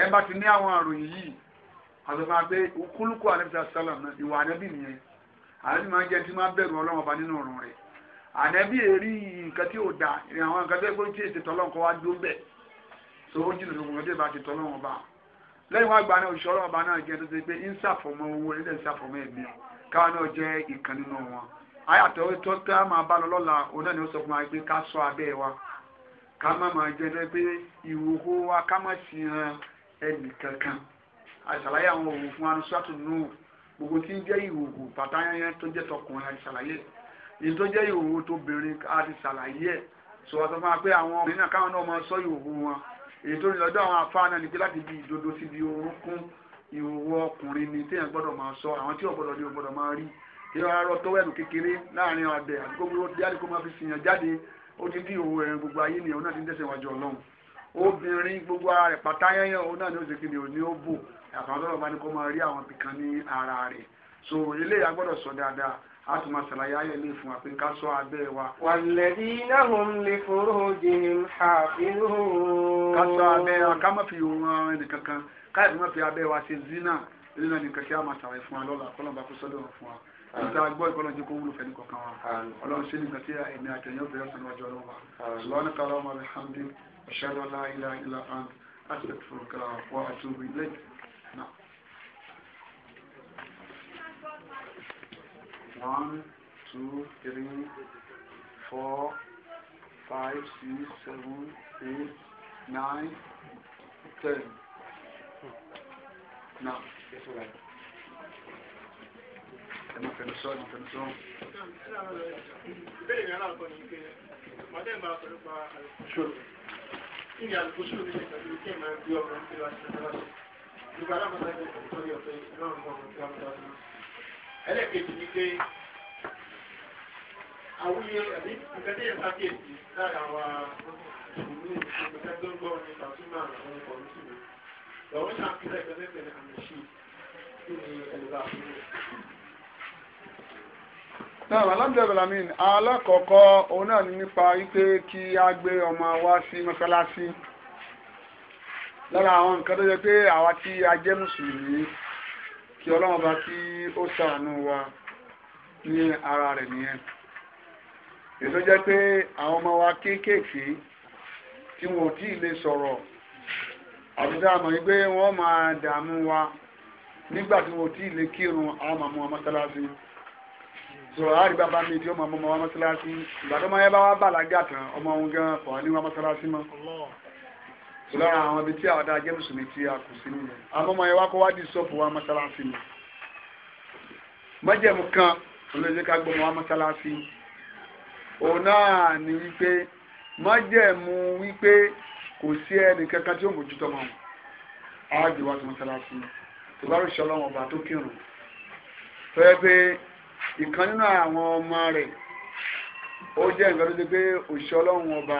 ẹ bá ti ní àwọn àròyìn yìí àtọ́fà pé kúlùkù alẹ́ bí sálàm náà ìwà ànábì nìyẹn ànábì máa jẹ́ tí máa bẹ̀rù ọlọ́run nínú ọ̀run rẹ̀ ànẹ́bí èrí nǹkan tí ò da ìrìn àwọn nǹkan tó yẹ kó tí èsì tọ́lọ́n kọ́ wá dó bẹ̀ so ó jìnnà lóko tó yẹ bá ti tọ́lọ́n ọba lẹ́yìn wá gba náà òṣìṣẹ́ ọlọ́run ọba náà jẹ́ tó ṣe pé ń owó ilé ń ẹ̀mí káwọn náà jẹ́ ìkan nínú wọn ayàtọ̀ tó a máa bá lọ wa pé ká sọ abẹ́ wa ká má máa jẹ́ tó pé ìwòho kankan àṣàlàyé àwọn òwò fún wa ní sọ́tún nù gbogbo tí ń jẹ́ ìwòho yìí tó jẹ́ ìhòòhò tó obìnrin a ti ṣàlàyé ẹ̀ sọ̀rọ̀ sọ fún wa pé àwọn obìnrin náà káwọn náà máa sọ ìhòòhò wọn èyí tó ní lọ́dọ̀ àwọn afá náà ni pé láti bí ìdodo síbi orúnkún ìhòòhò ọkùnrin ni téèyàn gbọ́dọ̀ máa sọ àwọn tí ọ̀gbọ́dọ̀ ni ọ̀gbọ́dọ̀ máa rí ìrọ̀ arọ tó wẹ̀nu kékeré láàrin ọ̀dẹ̀ àti gbogbo díàdì kó máa fi ni òun náà ti ń tẹ̀sẹ̀ wájú ni ó ṣe kí ni òun ni a tún máa ṣàlàyé ayé ilé fún wa pé ká sọ abẹ́ wa. walladhina hum li furujihim hafizun. ká sọ abẹ́ wa ká má fi òun ẹnìkankan káyọ̀ má fi abẹ́ wa ṣe zina nínú ẹnìkan kí a máa ṣàlàyé fún wa lọ́la kọ́lọ́ba kó sọ́dọ̀ fún wa nta gbọ́ ìkọlọ́ jẹ́ kó wúlò fẹ́ ní kọ̀ọ̀kan wa ọlọ́run ṣe nígbà tí ẹ̀mí àtẹ̀yìn ọ̀bẹ̀rẹ̀ ọ̀sán wájú ọlọ́run wa lọ́nà kàrọ́ ọmọ rẹ̀ hàmdí ọ̀ṣẹ́rọ̀ láìláìlá àti ẹ̀kọ́ fún kàrà wọ́n àti òbí lẹ́yìn 1, 2, 3, 4, 5, 6, 7, 8, 9, 10. No, it's all right. Ma che ne so, ma che ne so. Bene, allora, ma te ma qua. Quindi al futuro di questa tema io non ti lascio, però. Riguardiamo la storia, però non possiamo dare ẹlẹ́kejì ni pé àwúyẹ àbí ìkẹ́dẹ́ yẹn bá kéèkì lára wa ìlú ìpínlẹ̀ tó ń gbọ́ ní pàtúmọ̀ àwọn ọkọ̀ nítorí lọ́wọ́ náà fi lẹ́gbẹ́ lẹ́gbẹ́ àmì sí kí ni ẹ̀lùbá fún mi. Náà alábẹ̀rẹ̀ àmì alákọ̀ọ́kọ́ òun náà ni nípa wípé kí a gbé ọmọ wa sí mọ́sálásí lára àwọn nǹkan tó jẹ pé àwa tí a jẹ́ mùsùlùmí kí ọlọ́run bá kí ó ṣàánú wa ní ara rẹ̀ nìyẹn èso jẹ́ pé àwọn ọmọ wa kéékèèké tí wọn ò tí ì lè sọ̀rọ̀ àbúdá àmọ́ wípé wọ́n máa dààmú wa nígbà tí wọn ò tí lè kírun àwọn màmú wa sọ̀rọ̀ àrí bàbá mi tí ó máa mọ́ ọmọ ìgbà tó máa yẹ bá wa bàlágà tán ọmọ òun gan kò ní lára àwọn ibi tí àwọn dáa jẹ́ mùsùlùmí tí a kù sí nìyẹn àwọn ọmọ yẹn wá kó wá di sọ́ọ̀pù wa mọ́sálásí ni májẹ̀mú kan olóyè ká gbọmọ wa mọ́sálásí òun náà ni wípé májẹ̀mú wípé kò sí ẹnì kankan tí ó ń bójútó mọ́ wọn àádìí wá mọ́sálásí tó bá rò ṣọlọ́ wọn bá tó kírun tó yẹ pé ìkan nínú àwọn ọmọ rẹ̀ ó jẹ́ nǹkan tó ṣe pé òṣìṣẹ́ ọlọ́run ọba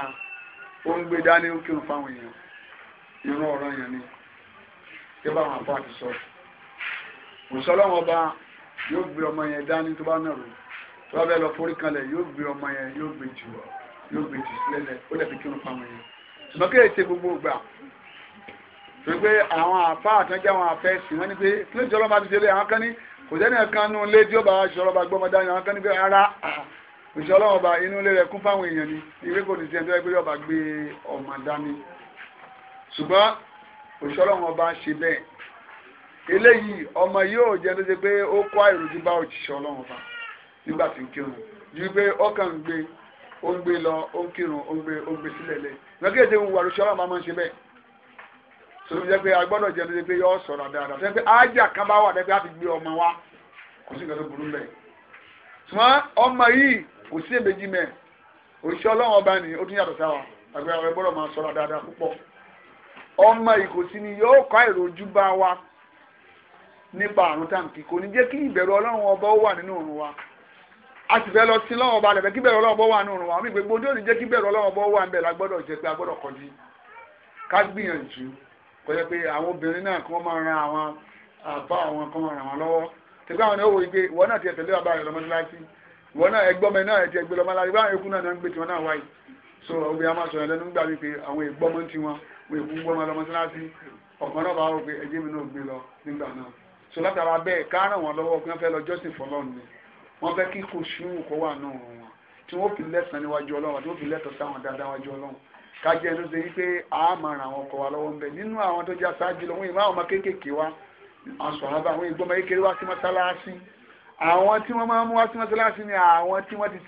ó ń gbé dání ó kírun fáwọn èèyàn irú ọ̀rọ̀ yẹn ni tí bá wọn àpáàtì sọ òṣọ́lọ́wọ́ bá yóò gbé ọmọ yẹn dání tó bá nàró tó bá bẹ́ẹ̀ lọ forí kanlẹ̀ yóò gbé ọmọ yẹn yóò gbé jù yóò gbé jù sílẹ̀ ó lẹ̀ fi kí wọn pamọ́ yẹn ṣùgbọ́n kí èsè gbogbo gbà tó gbé àwọn àpáàtì wọn jẹ́ àwọn àfẹ́sì wọn ni pé kí ló jọlọ́ bá ti ṣe lé àwọn kan ní kò sẹ́ni kan nú ilé tí ó bá ṣọlọ́ bá gbọ́mọ dání àwọn kan ní pé ara òṣọ́lọ́wọ́ bá inú ilé rẹ̀ kún fáwọn èèyàn ni ìwé kò ní sí ẹni tó yẹ pé yọba gbé ọmọ dání ṣùgbọ́n òṣìṣọ́lọ́wọ́n bá ń ṣe bẹ́ẹ̀ eléyìí ọmọ yóò jẹ́ tó ṣe pé ó kó àìròjú bá òṣìṣẹ́ ọlọ́wọ́n bá nígbà tí ń kírun ju pé ọkàn ń gbé ó ń gbé lọ ó ń kírun ó ń gbé ó ń gbé sílẹ̀ lẹ̀ ìgbà kí èdè ń wà òṣìṣẹ́ ọlọ́wọ́n bá máa ń ṣe bẹ́ẹ̀ sọ́dọ̀ jẹ́ pé agbọ́dọ̀ jẹ́ tó ṣe pé yọ sọ̀rọ̀ dáadáa sẹ́ni pé ájà kan bá wà ọmọ ìkòsí ni yóò kọ́ ìrojú bá wa nípa àrùn táǹkì kò ní jẹ́ kí ìbẹ̀rù ọlọ́run ọba ó wà nínú òrùn wa a sì fẹ́ lọ sí lọ́wọ́ ọba lẹ̀fẹ́ kí bẹ̀rù ọlọ́run ọba ó wà nínú òrùn wa àmì gbogbo tó ní jẹ́ kí bẹ̀rù ọlọ́run ọba ó wà níbẹ̀ la gbọ́dọ̀ jẹ́ pé a gbọ́dọ̀ kọ́ di ká gbìyànjú kó jẹ́ pé àwọn obìnrin náà kí wọ́n máa ran àwọn àbá àwọn kan máa ràn wọ́n lọ́wọ́ tẹ̀gbẹ́ àwọn náà wò wípé ìwọ náà ti ẹ̀ tẹ̀lé bàbá rẹ̀ lọ́mọdúnláṣí ìwọ náà ẹgbọ́mọ náà ẹ̀ ti ẹgbẹ́ lọ́mọdúnláṣí báwọn ikú náà ń gbé tiwọn náà wáyé so obìnrin a máa sọ̀rọ̀ lẹ́nu gbà wípé àwọn ìgbọ́mọ tiwọn wọ́n èkú wọ́n máa lọ mọ́sálásí ọ̀kan náà bá wọ́n pé ẹjẹ́ mi náà gbé lọ nígbà náà so látara bẹ́ẹ̀ ká ràn wọ́n lọ́wọ́ pé wọ́n fẹ́ lọ jọ́sìn fọlọ́run ni wọ́n fẹ́ kí kò ṣùn kó wà náà wọn tí wọ́n fi lẹ́sàn níwájú ọlọ́run tí wọ́n fi lẹ́tọ̀ sáwọn dáadáa wájú ọlọ́run ká ló ṣe wípé a máa ràn àwọn ọkọ̀ wa lọ́wọ́ ńbẹ nínú àwọn tó já sáájú lọ wọ́n ìmọ̀ àwọn ọmọ kéékèèké wa aṣọ àbá àwọn ìgbọ́mọ kékeré wá sí mọ́sálásí ni àwọn tí wọ́n ti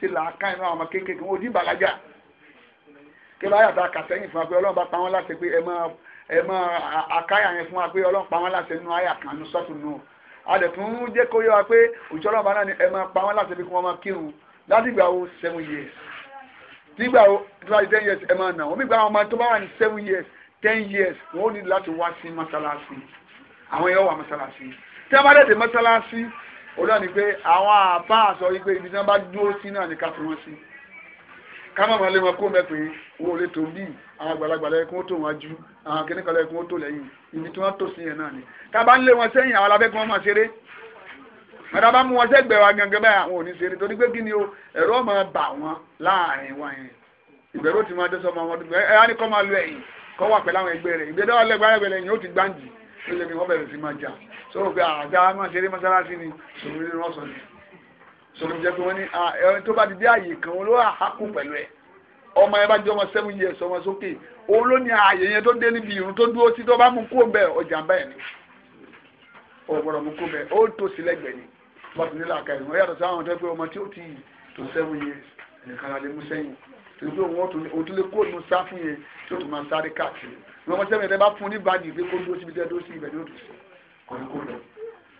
kí ló yàtọ̀ àkàsẹ́yìn fún wa pé ọlọ́run bá pa wọ́n láṣẹ pé ẹ máa ẹ máa àkáyà yẹn fún wa pé ọlọ́run pa wọ́n láṣẹ nínú àyà kan ní sọ́tún nù a lè tún jẹ́ kó yẹ wa pé òṣìṣẹ́ ọlọ́run bá náà ni ẹ máa pa wọ́n láṣẹ pé kí wọ́n máa kírun láti ìgbà wo seven years nígbà wo tí wọ́n ti ten years ẹ máa nà wọ́n mi gba àwọn ọmọ tó bá wà ní seven years ten years wọ́n ó ní láti wá sí mọ́sálásí àwọn yóò wà mọ́sálásí tí wọ́n bá dẹ̀ dé mọ́sálásí olóòní pé àwọn àpá àsọ yìí pé ibi tí wọ́n bá dúró sí náà ní ká fi wọ́n sí. Kama máa lé wọn kó mẹ́ pé wọn ò lè tó bí àwọn àgbàlagbà lẹ́yìn kí wọ́n tó wọn ju àwọn akẹ́nìkan lẹ́yìn kí wọ́n tó ibi tí wọ́n tò sí yẹn náà ni tábà ń lé wọn sẹ́yìn àwọn alábẹ́ kí wọ́n máa ṣeré mọ̀tà bá mú wọn sẹ́gbẹ̀ẹ́ wa gangan báyìí àwọn ò ní ṣeré torí pé kí o ẹ̀rọ máa bà wọ́n láàrin wa yẹn ìbẹ̀rù ti máa dé sọ́mọ wọn dùgbẹ́ ẹ̀ á ní kọ́ máa lo ẹ̀yìn kọ́ wà pẹ̀lú àwọn ẹgbẹ́ rẹ̀ ìgbẹ́dọ́ ọlẹ́gbẹ́ lẹ́yìn ó ti gbáǹdì ó lè ní wọ́n bẹ̀rẹ̀ sí máa jà sọ́wọ́ pé àgbà máa ṣeré mọ́sálásí ni ṣòwò nínú ọ̀sán ni sọlọ jẹ pé wọn ní ah, ẹni tó bá ti dé àyè kan wọn ló wà hákù pẹ̀lú ẹ ọmọ ẹ bá jẹ ọmọ seven years ọmọ sókè òun ló ní ààyè yẹn tó dé níbi ìrún tó dúró sí tó bá mú kó bẹ ọjà bẹ́ẹ̀ ni ọgbọdọ mú kó bẹ ó tó sí ni wọn ti nílò àkàyè wọn yàtọ̀ sí àwọn tó pé ọmọ tí ó ti tó seven years nìkan la lè mú sẹ́yìn tó ní pé òun tó lè kó òun sá fún yẹn tó tó máa sáré káàkiri ọmọ sẹ́yìn tẹ bá fún ní ni ó dùn sí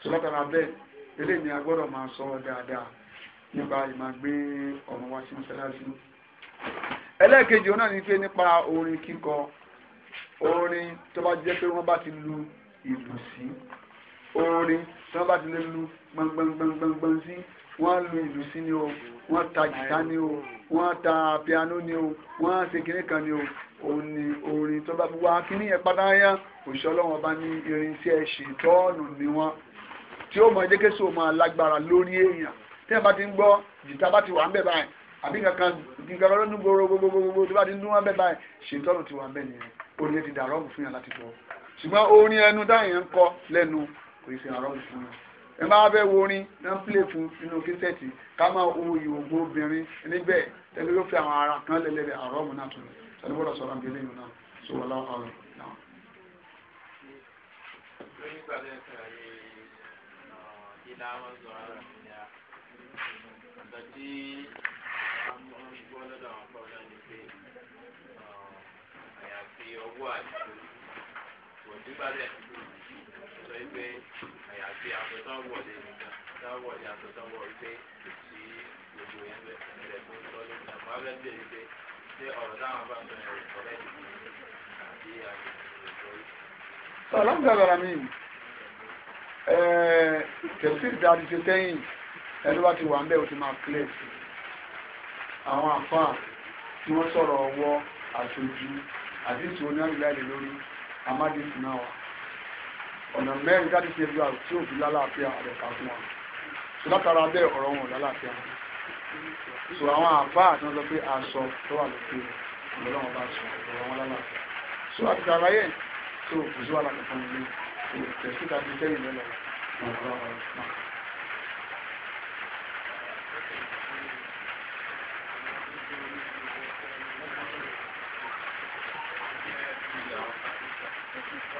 kọ̀ọ̀kọ̀ eléyìí ni a máa sọ dáadáa nípa ìmọ̀ gbé ọ̀run wá sí mọ́ṣáláṣí ẹlẹ́ẹ̀kejì òun náà ní pé nípa orin kíkọ orin tó bá jẹ́ pé wọ́n bá ti lu ìlù sí orin tí wọ́n bá ti lè lu gbọ̀ngbọ̀ngbọ̀ngbọ̀n sí wọ́n lu ìlù sí ni o wọ́n ta jìtá ni o wọ́n ta piano ni o wọ́n ṣe kìnnì kan ni o òun ni orin tó bá fi wá kìnnì yẹn pátáyà òṣìṣẹ́ ọlọ́run ọba ní irinṣẹ́ ṣètọ́ọ̀nù ni wọ́n tí ó mọ ẹjẹ́ kéṣù máa lágbára lórí èèyàn tẹ́yìn bá ti ń gbọ́ jìtá bá ti wà ń bẹ̀ báyìí àbí kankan kankan ló ń gbòòrò gbogbogbò tó bá ti ń dún wọn bẹ̀ báyìí ṣètọ́nù ti wà ń bẹ̀ nìyẹn orin ti dàrọ́ fún yàn láti gbọ́ ṣùgbọ́n orin ẹnu dáhìn ń kọ lẹ́nu kò ṣe àrọ́ fún yàn ẹ máa fẹ́ wo orin náà pílè fún inú kíntẹ́ẹ̀tì ká máa wo ìwògbó obìnrin níbẹ̀ tẹ́lẹ̀ ló fi àwọn ara kan lẹ́lẹ́rẹ́ àrọ́ mu náà tó lẹ̀ bọ́dọ̀ sọ̀rọ̀ àbí eléyìí náà sọ wọ́n láwọn ọ̀rọ̀ náà. nígbà tó ń sọ̀rọ̀ yìí ìlànà sọ̀rọ̀ nǹkan tí a mọ gbọ́ lọ́dọ̀ àwọn ọ̀pọ̀ náà ni pé uh, ẹni wá ti wà ń bẹ́ẹ̀ ó ti máa clear sí àwọn àfáà tí wọ́n sọ̀rọ̀ ọwọ́ àṣojú àdìsí oníwàlúwàlú lórí amádìsí náà wà ọ̀nà mẹ́rin jáde ṣe gbà tí òbí lálàáfíà rẹ̀ kà fún wa tó látara bẹ́ẹ̀ ọ̀rọ̀ wọn lálàáfíà so àwọn àfáà tí wọ́n sọ pé aṣọ tó wà lókè ọ̀lọ́wọ́n bá sọ ọ̀rọ̀ wọn lálàáfíà so àti tààrà yẹn tó kò sí wàhálà kankan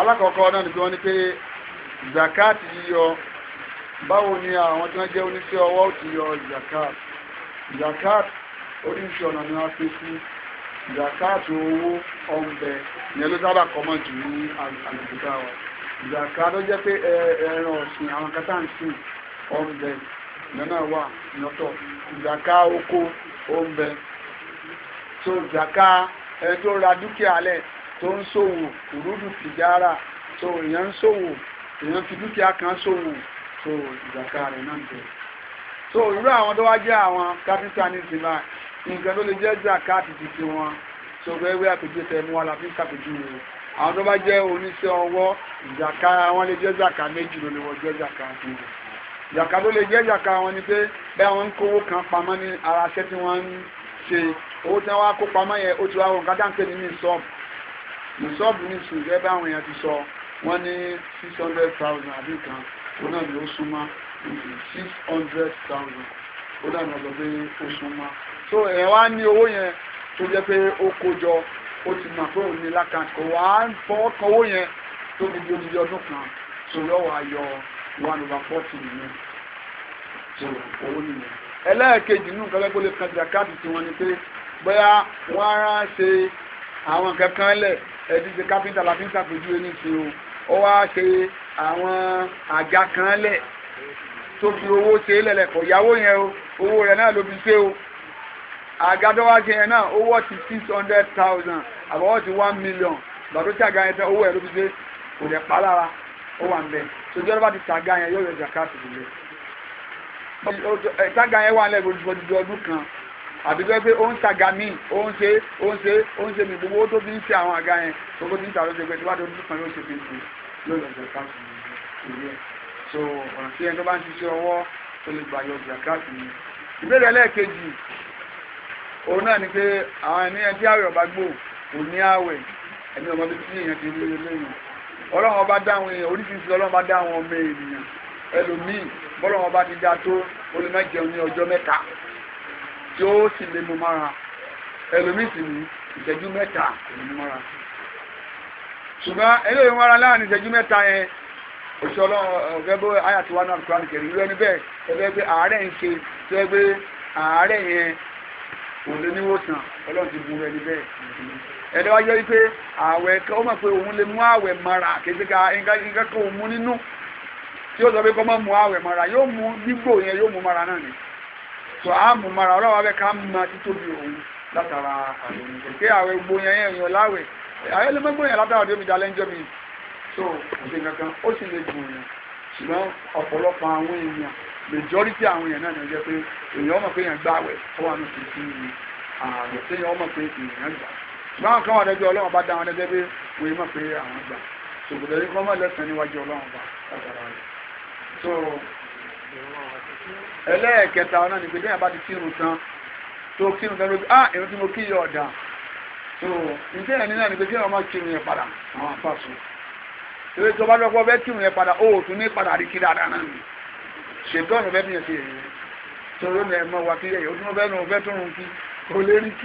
alákọ̀ọ́kọ́ náà ni pé wọ́n ní pé zakati yíyọ báwo ni àwọn tí wọ́n jẹ́ oníṣẹ́ ọwọ́ ti yọ zakat zakat oríṣi ọ̀nà ni wọ́n pín sí zakat owó ọ̀bẹ ìyẹn ló sábà kọ́mọ̀ jù ní àgbègbè wa zakat ó jẹ́ pé ẹran ọ̀sìn àwọn kátà ń sìn ọ̀bẹ ìyẹn náà wà lọ́tọ̀ zaka oko ó ń bẹ so zaka ẹni tó ra dúkìá lẹ̀ tó ń ṣòwò òrùdù tìjára so èèyàn ń ṣòwò èèyàn fi dúkìá kan ṣòwò so zaka rẹ̀ náà bẹ so irú àwọn tó wá jẹ́ àwọn kápítà ní tìmá nǹkan tó lè jẹ́ zaka ti ti wọn so wẹ́wẹ́ àpèjẹ tẹ̀ mú wa la fi ń ṣàpèjúwe àwọn tó bá jẹ́ oníṣẹ́ ọwọ́ zaka wọn lè jẹ́ zaka méjì ló lè wọ́n jẹ́ zaka tó yàkà ló lè jẹ́ yàkà wọn ni pé bẹ́ẹ̀ wọ́n ń kówó kan pamọ́ ní ara aṣẹ́ tí wọ́n ń ṣe owó tí wọ́n wá kó pamọ́ yẹn ó ti wá wọn kájà ń pè ní ní sọ́ọ̀bù ní sọ́ọ̀bù ní sùn gẹ́gẹ́ bá àwọn èèyàn ti sọ wọ́n ní six hundred thousand àbí kan òun náà ni ó súnmọ́ six hundred thousand ó dàbí ọ̀dọ̀ pé ó súnmọ́ so ẹ̀ wá ní owó yẹn tó jẹ́ pé ó kó jọ ó ti mọ̀ pé òun ní lákàtúkọ̀ wàá fọwọ́ kan owó yẹn tó fi di odidi ọdún kan sòyọ́ wàá yọ ọ́ one over forty nìyẹn so owó nìyẹn. ẹlẹ́ẹ̀kejì nínú nǹkan lẹ́gbọ́n lè kan ti àkáǹtì tiwọn ni pé bóyá wọ́n á ṣe àwọn nǹkan kan lẹ̀ ẹbí ṣe kápẹ́ńtà la fi ń ṣàpèjú ẹni ṣe o ó wá ṣe àwọn àga kan lẹ̀ tó fi owó ṣe é ìyàwó yẹn o owó rẹ̀ náà ló fi ṣe o àga tó wá ṣe yẹn náà ó wọ́ ti six hundred thousand àbọ̀wọ́ ti one million gbàdúrà tí àga yẹn tẹ owó ẹ̀ ló fi ṣe kò dẹ̀ pa lára ó wà ń bẹ̀ sojú ọlọ́ba ti tàga yẹn yóò yọ zakati nílẹ̀ tàga yẹn wà ń lẹ̀ lójúbọ̀dúdú ọdún kan àbí tó yẹ pé ó ń tàga míì ó ń ṣe ó ń ṣe ó ń ṣe mi gbogbo ó tó fi ń ṣe àwọn àga yẹn gbogbo ti ń tàbí ọdún pẹ̀lú ọdún kan yóò ṣe fi ń ṣe yóò yọ zakati nílẹ̀ so ọ̀nà tí ẹni tó bá ń ṣiṣẹ́ ọwọ́ tó lè gbà yọ zakati ni ìbéèrè ẹlẹ́ẹ̀kejì òun náà ni pé àwọn ènìyàn tí àwẹ̀ ọ̀bá gbò kò ní àwẹ̀ ẹ̀mí ọmọ bíbí èèyàn ti rí eléyìí ọlọ́run ọba dá àwọn èèyàn oríṣiríṣi ọlọ́run bá dá àwọn ọmọ ènìyàn ẹlòmíì bọ́lọ́run ọba ti dá tó ó lè má jẹun ní ọjọ́ mẹ́ta tí ó sì lè mú mára ẹlòmíì sì ní ìṣẹ́jú mẹ́ta kò ní mú mára ṣùgbọ́n eléyìí ń wára láàrin ìṣẹ́jú mẹ́ta yẹn oṣù ọlọ́run ọ̀gẹ́ bó àyà tí wà náà kúrò ní kẹrin irú ẹni bẹ́ẹ̀ ẹgbẹ́ pé àárẹ̀ ń ṣe tó ẹ̀dọ́ wájú wípé àwẹ̀ kan ó mọ̀ pé òun lè mú àwẹ̀ mara kéde ká nǹkan kan òun mú nínú tí ó sọ pé kọ́ mọ̀ mú àwẹ̀ mara yóò mú gbígbó yẹn yóò mú mara náà ni tó a mú mara ọlọ́wọ́ abẹ́ ká mọ títóbi òun látara àwẹ̀ òun pé àwẹ̀ gbó yẹn yẹn yàn láwẹ̀ àwẹ̀ lè mọ́gbó yẹn látara ọdún mi dalẹ́ ńjọ́ mi tó òde kankan ó sì lè dùn yẹn ṣùgbọ́n ọ̀pọ̀lọpọ̀ àwọn èèyàn majority àwọn èèyàn náà ni ó jẹ́ pé èèyàn ọmọ pé èèyàn gbáwẹ̀ ó wà ní tuntun ààrẹ èèyàn ọmọ pé èèyàn gbà báwọn kan wà lẹ́jọ́ ọlọ́run bá dá wọn lẹ́jọ́ pé wòye mọ̀ pé àwọn gbà ṣòkòtò yìí kọ́ mọ̀ lẹ́sàn níwájú ọlọ́run bá látara rẹ̀ so ẹlẹ́ẹ̀kẹta ọ̀nà nígbè déyàn bá ti kírun tán tó kírun tán ló ah èrò tí mo kí yọ ọ̀dà so ǹjẹ́ ẹ̀ nínú ẹ̀ nígbè déyàn máa kírun yẹn padà àwọn afáṣọ ìwé tó bá lọ́pọ̀ bẹ́ẹ̀ kírun yẹn padà ó tún ní padà rí kí dáadáa náà nì ṣètò ọ̀nà bẹ́ẹ̀ fi yẹn ti yẹn tó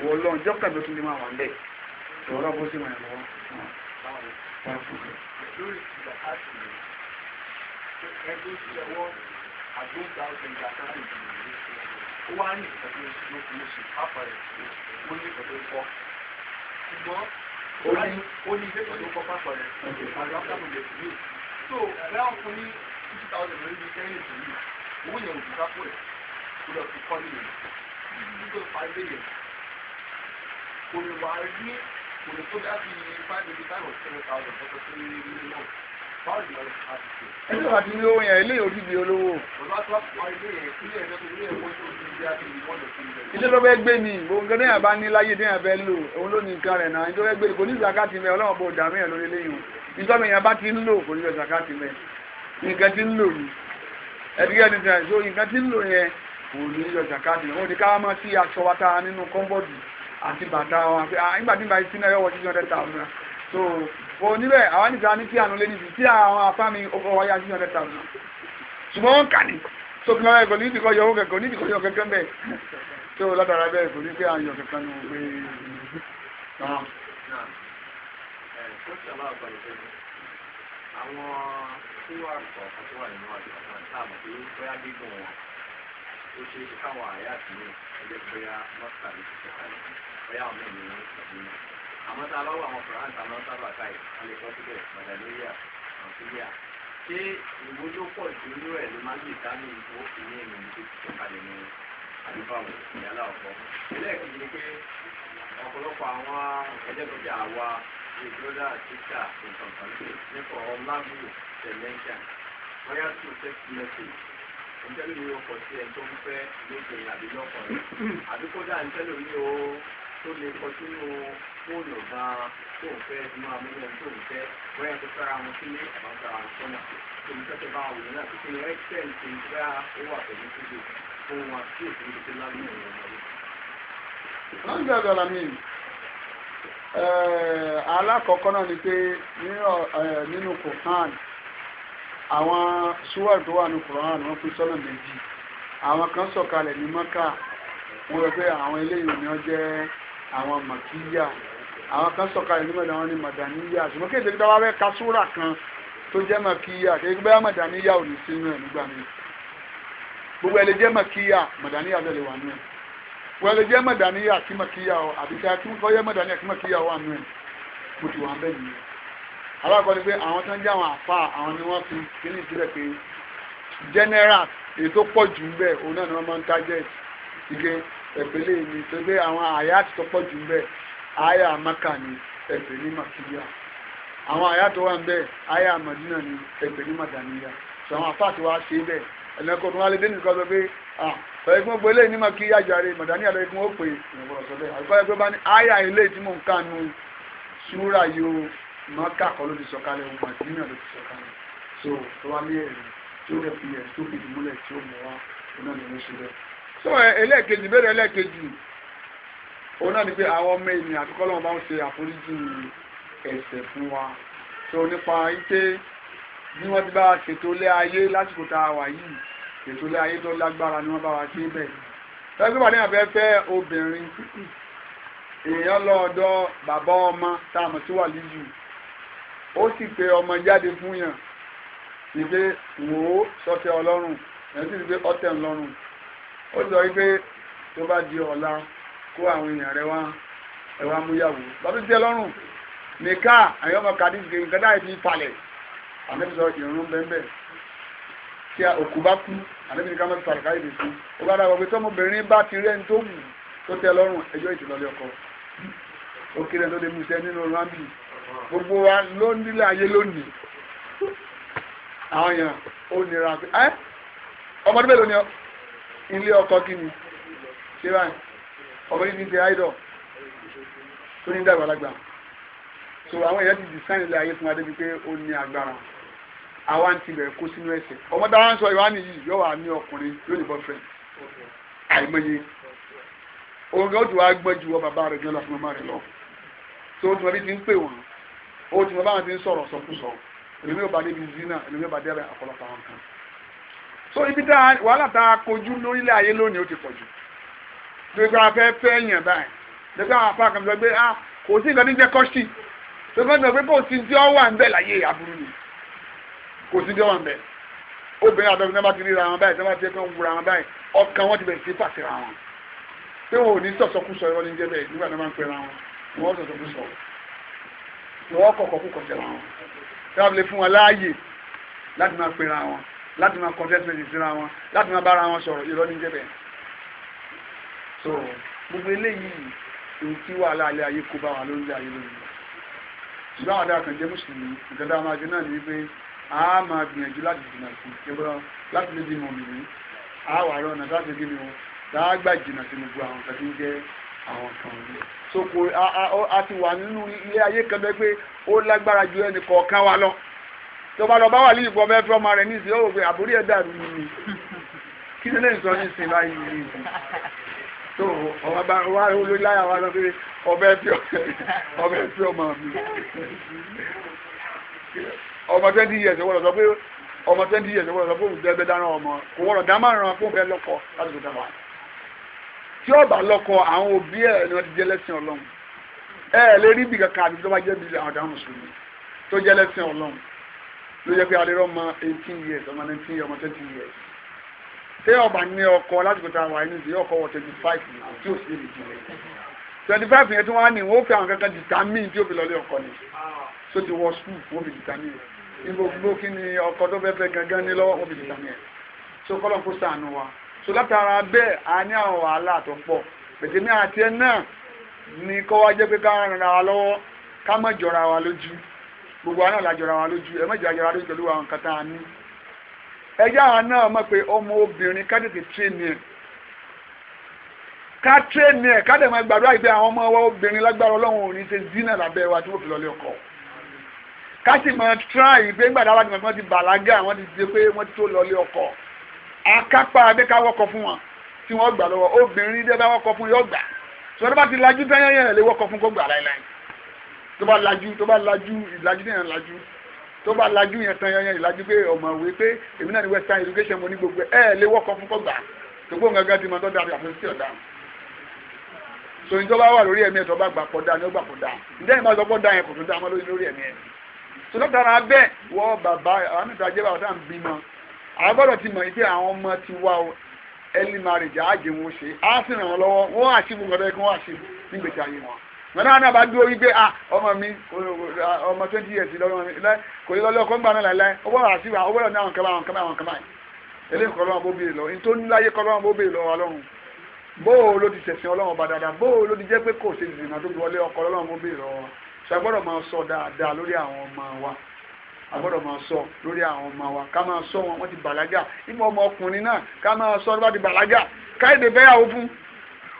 ìwọ ọlọ́run jọ́kàn tó tún lè máa wà lẹ̀ ìwọ ọlọ́run bó sì máa lọ́wọ́. ó wá ní ìtọ́jú ló fi oṣù pápáyé ó ní ìtọ́jú kọ́ ṣùgbọ́n ó ní ilé ìtọ́jú kọ́ pápáyé àgbà sábà lè fi so ẹ̀rọ fún ní two thousand lórí ní kẹ́yìn ìtọ́jú owó yẹn ò fi sápò ẹ̀ kó lọ fi kọ́ nìyẹn títí tó five million kò lè wá rí kò lè tó dábì five eighty five or seven thousand tọ́tọ́ sí ilé náà báwo ni wọ́n á ti ṣe. ẹgbẹ́ wa ti ní owó yẹn ilé òbí di olówó. bàbá tó wá ilé yẹn ilé yẹn lọ́tọ̀ ilé yẹn tó ti di àti ìwọ́n lọ sí ilé. ilé ló fẹ́ gbé ni gbogbo náà bá ní láyé déyàn fẹ́ lò òun ló ní nǹkan rẹ̀ náà nítorí gbé kò ní zakati mẹ́ ọlọ́run bò dàmí ẹ̀ lórí léyìn o nítorí èèyàn bá ti ń lò kò ní lọ zakati mẹ́ nǹkan ti ń lò ni ẹ̀dígẹ́ ni sọ nǹkan ti ń àti bàtà wọn nígbà tí bá sí náà yọ̀wọ̀ two hundred thousand so o níbẹ̀ àwọn nìkan ní tí àánú lé níbi tí àwọn afámi owó wáyà two hundred thousand ṣùgbọ́n wọ́n kà ní so kí wọ́n kò ní ìdíkọ̀ yọ owó kẹ̀kọ́ ní ìdíkọ̀ yọ kẹ̀kẹ́ bẹ́ẹ̀ tó látara bẹ́ẹ̀ kò ní pé àyọ̀ kẹ̀kẹ́ ní òwe náà. àwọn tí wàá kọ̀ọ̀kan tó wà nínú àjọ àti àmọ̀ pé bóyá gígùn wọn ó ṣe ṣe káwọn àyà àtìlẹ́yìn ẹgbẹ́ bóyá mọ́tà ní ti bóyá àwọn mẹ́rin ní ìdílé àmọ́ tá a bá wọ àwọn fúráǹtì àwọn sábà káyì wọ́n lè kọ́ síbẹ̀ màdàlóríà nàìjíríà ṣé ìwúlò pọ̀ jù nínú ẹ̀ ló máa ń lè dá ní ìwọ́ ìní ìrìn ní ti sọ̀kalẹ̀ ní àdúgbò ìyálà ọ̀pọ̀ ẹlẹ́ẹ̀kejì ni pé ọ̀pọ̀lọpọ̀ àwọn ẹlẹ́gbẹ̀jẹ̀ àwa ìtẹ́lẹ̀ mi ò kọ̀ sí ẹ̀ tó ń fẹ́ lóbìnrin àbí lọ́kùnrin àbí kódà ìtẹ́lẹ̀ mi ò tó lè kọ sínú fóònù gan-an tó ń fẹ́ inú amúlẹ̀ tó ń fẹ́ wọ́n yẹn tó fẹ́ra wọn sílé àbá fẹ́ra wọn sọ́nà tòun tẹ́tẹ́ bá wò náà tó kíni ẹ́kítẹ́ǹ ti ń fẹ́ owó àtẹ̀lé síbi fún wọn tí ò fún ìdíje alákọ̀ọ́kọ́ náà ni pé nínú kòkán àwọn ṣúwàrì tó wà ní Kùránì wọ́n pín sọ́nà méjì àwọn kan sọ̀kalẹ̀ ní Mọ́kà wọ́n rẹ̀ pé àwọn eléyìí ni wọ́n jẹ́ àwọn màkíyà àwọn kan sọ̀kalẹ̀ ní mọ̀dà wọn ni màdàníyà ṣùgbọ́n kéde gbígbá wa fẹ́ ka súrà kan tó jẹ́ màkíyà kéde gbígbá màdàníyà ò ní sínú ẹ̀ nígbà mi gbogbo ẹ̀ lè jẹ́ màkíyà màdàníyà bẹ́ẹ̀ lè wà nù ẹ̀ wọ́n lè jẹ́ màdàníyà kí màkíyà ọ àbíkẹ́ kí wọ́n jẹ́ màdàníyà kí màkíyà wà nù ẹ̀ mo ti wà bẹ́ẹ̀ nìyẹn alákọ̀ọ́ ni pé àwọn tó ń jẹ́ àwọn àfa àwọn ni wọ́n fi kíní ìsílẹ̀ pé general èyí tó pọ̀ jù ń bẹ̀ òun náà ni wọ́n máa ń target ike ẹ̀pẹ́lẹ́ mi tó gbé àwọn àyàtì tó pọ̀ jù ń bẹ̀ àyà maka ni ẹ̀pẹ́ ní makiya àwọn àyà tó wà ń bẹ̀ àyà madina ni ẹ̀pẹ́ ní madaniya sọ àwọn àfa àti wa ṣe bẹ́ẹ̀ ẹ̀lẹ́kọ̀ọ́ tó wá lé dénìkan sọ pé ah ọ̀rẹ́ mọ́kà kọ́ ló ti sọ̀kalẹ̀ ogun àti nínú ló ti sọ̀kalẹ̀ so tó wá ní ẹ̀rí tí ó lè fi ẹ̀ tó fìdí múlẹ̀ tí ó mọ̀ wá ọ̀nà ni wọ́n ṣe bẹ́ẹ̀. so ẹlẹ́ẹ̀kejì bẹ́ẹ̀ ẹlẹ́ẹ̀kejì òun náà ni pé àwọn ọmọ ènìyàn àti kọ́lọ́mù bá ń ṣe àforíjì ẹ̀ṣẹ̀ fún wa so nípa ike bí wọ́n ti bá ṣètò ilé ayé lásìkò tá a wà yìí ètò ilé ayé tó ni wọ́n bá wa ṣe bẹ́ẹ̀. tẹ́sí wà ní àfẹ́fẹ́ obìnrin èèyàn lọ́ọ̀dọ́ bàbá ọmọ táàmù tí wà líjù ó sì pé ọmọ jáde fún yàn ìgbé wò ó sọtẹ ọlọ́run ẹ̀sìn ìgbé ọtẹ ńlọ́run ó sọ wípé tó bá di ọ̀la kó àwọn èèyàn rẹ wá ẹ wá múyàwó bàbá jẹ lọ́rùn nìka àyàn ọmọ kàdí ìgbé nǹkan dáhìí ti falẹ̀ àmẹ́bí sọ ìrún bẹ́ẹ̀ tí òkú bá kú àmẹ́bí nìka mọ́ falẹ̀ káyìí sí ó bá dàgbà pé tọmọbìnrin bá ti rí ẹni tó wù tó tẹ́ lọ́rùn ẹjọ́ ìtìlọ́lẹ̀ ọkọ ó kéré tó lè mú iṣẹ́ nínú rámbì gbogbo wa ló ń nílé ayé lónìí àwọn èèyàn ó nira pé ẹ ọmọdé mélòó ni ilé ọkọ kí ni ṣé báyìí ọmọdé ní ti idol tó ní dàgbà lágbà so àwọn èèyàn ti design ilé ayé fún wa débi pé ó ní agbára àwa ń tilẹ̀ kó sínú ẹsẹ̀ ọmọ dára ń sọ ìwà nìyí yóò wà ní ọkùnrin yóò ní boyfriend àìmọye òun gan ó ti wá gbọ́n ju ọ bàbá rẹ̀ gan lọ fún ọmọ rẹ̀ lọ so ó ti wọ́n bí ti ń pè wọ́n ó ti mọ báwọn ti ń sọ̀rọ̀ sọkúsọ èmi ò bá débi zina èmi ò bá débi ọ̀pọ̀lọpọ̀ àwọn kan so ibi tá wàhálà tá a kojú lórílẹ̀ ayé lónìí ó ti pọ̀ jù gbogbo afẹ́ fẹ́ yàn báyìí gbogbo àwọn afá kan sọ pé ah kò sí nǹkan ní jẹ́ kọ́ṣì gbogbo àwọn sọ pé kò sí tí ó wà ń bẹ̀ láyé aburú ni kò sí tí ó wà ń bẹ̀ obìnrin àtọ́fin náà bá ti ríra wọn báyìí tí wọ́n bá ti ẹ̀kọ́ wura wọn báyìí ọkàn wọn ti bẹ̀rẹ̀ sí pàṣẹ ra wọn pé wọn lọ́wọ́ kọ̀ọ̀kọ̀ kú kọjá wọn tí wọ́n fi lè fún wọn láàyè láti máa pera wọn láti máa kọ́ńtẹ́tìmẹ̀tì síra wọn láti máa bára wọn sọ̀rọ̀ irọ́ ní jẹ́bẹ̀. so gbogbo eléyìí èyí tí wàhálà alẹ́ ayé kó bá wà lórí ayé lónìí ṣùgbọ́n àwọn adára kan jẹ́ mùsùlùmí nǹkan tá a máa ṣe náà ni wípé a máa gbìyànjú láti jìnnà sí ẹgbẹ́ láti lè bímọ mìíràn a wà rọ̀ ọ̀nà láti lè bímọ tá a gbà jìnnà sí gbogbo àwọn kan tí ń jẹ́ àwọn kan ọ̀lẹ́ so kò a ti wà nínú ilé ayé kan bẹ́ẹ̀ pé ó lágbára ju ẹnì kọ̀ọ̀kan wa lọ tó bá lọ bá wà líyìn bọ́ bẹ́ẹ̀ fẹ́ ọmọ rẹ̀ ní ìsìn ó wò pé àbúrí ẹ̀ dàrú ni <laughs> kí ni lẹ́yìn sọ ní ìsìn báyìí ni tó ọmọ bá wà lórí láyà wa lọ pé ọbẹ̀ fi ọbẹ̀ fi ọmọ mi ọmọ twenty years wọ́n lọ sọ pé ọmọ twenty years wọ́n lọ sọ pé òun bẹ́ẹ̀ bẹ́ẹ̀ dáná ọmọ kò wọ́n lọ dá márùn-ún fún bẹ́ẹ̀ lọ́kọ̀ọ́ láti tí ọba lọkọ àwọn òbí ẹ ni wọn ti jẹ lẹ́sìn Ọlọ́run ẹ ẹ lè rí ibi kankan àti tó bá jẹ bí àwọn ọ̀daràn mùsùlùmí tó jẹ lẹ́sìn Ọlọ́run ló jẹ pé alẹ́ ọmọ eighteen years ọmọ nineteen years ọmọ twenty years tí ọba ní ọkọ lásìkò tá a wà nínú ìyá ọkọ wọ twenty five now tí ò sí èmi jìnlẹ̀ twenty five yẹn tí wọn á ní wọn ó fi àwọn kankan determine tí ó fi lọ lé ọkọ ni so ti wọ school wọn fi determine ìgbòkúgbò kí ni ọkọ tó fẹ́ fẹ́ gangan ní lọ́wọ́ wọn fi determine so kọ́lọ́ so látara bẹ́ẹ̀ a ní àwọn wàhálà tó pọ̀ pèsè ní àti ẹ náà ní kọ́ wá jẹ́ pé ká ràn ra wa lọ́wọ́ ká má jọra wa lójú gbogbo wa náà la jọra wa lójú ẹ má jọra wa lójú pẹ̀lú àwọn nǹkan tá a ní. ẹjẹ́ àwọn náà mọ̀ pé ọmọ obìnrin ká tètè tírèèni ẹ̀ ká tírèèni ẹ̀ ká dẹ̀ máa gbàdúrà ìgbé àwọn ọmọ wa obìnrin lágbára ọlọ́run ò ní ṣe zina lábẹ́ wa tí wọ́n fi lọ́lé ọkọ ká sì máa tíráì pé gbàdúrà wa ti mọ̀ bàlágà wọ́n ti di pé wọ́n ti tó lọ́lé ọkọ akápá abẹ́ká wọ́kọ̀ fún wọn tí wọ́n gbà lọ́wọ́ obìnrin dẹ́ bá wọ́kọ̀ fún yóò gbà sọ tó bá ti lajú tẹ́yẹ́ yẹn lè wọ́kọ̀ fún kó gbà láìláì tó bá lajú tó bá lajú ìlajú tẹ́yẹ́ lajú tó bá lajú yẹn tẹ́yẹ́ yẹn ìlajú pé ọmọ ìwé pé èmi náà ní western education mo ní gbogbo ẹ̀ lè wọ́kọ̀ fún kó gbà tó gbóhùn gángan ti mọ tó dára àfẹ́ sí ọ̀dà so ní tó bá wà lórí ẹ̀mí ẹ̀ tó bá gbà pọ̀ dáa ni ó gbà pọ̀ dáa ǹjẹ́ ìmọ̀ sọ pọ̀ dáa yẹn kò tún dáa mọ́ lórí ẹ̀mí ẹ̀ so lọ́tara bẹ́ẹ̀ wọ́ bàbá àwọn àti àgbọ̀dọ̀ ti mọ̀ pé àwọn ọmọ ti wá o early marriage àjẹ wọn ṣe á sì ràn wọn lọ́wọ́ wọn á ṣìbù nǹkan tó yẹ kí wọ́n á ṣìbù nígbèsè ayé wọn wọn náà náà bá dúró wípé ah ọmọ mi ọmọ twenty years lọ́wọ́ mi kò lè lọ́lọ́ ọkọ̀ ń gbà náà láìláì ó bọ̀rọ̀ àti ó bọ̀rọ̀ ní àwọn kẹmà àwọn kẹmà àwọn kẹmà yìí eléyìí kọ́ lọ́wọ́ bó béèrè lọ ní tó ní láyé kọ́ lọ́wọ́ bó béèrè lọ́wọ́ ọlọ́run bóò ló ti ṣẹ̀sìn ọlọ́run ọba dáadáa bóò ló ti jẹ́ pé kò ṣe ìrìnà tó wọlé ọkọ̀ ọlọ́run bó béèrè lọ́wọ́ ṣàgbọ́dọ̀ máa sọ dáadáa lórí àwọn ọmọ wa agbọ́dọ̀ máa sọ lórí àwọn ọmọ wa ká máa sọ wọn wọ́n ti bàlágà ìmọ̀ ọmọ ọkùnrin náà ká máa sọ wọn bá ti bàlágà káyọ̀dé fẹ́yàwó fún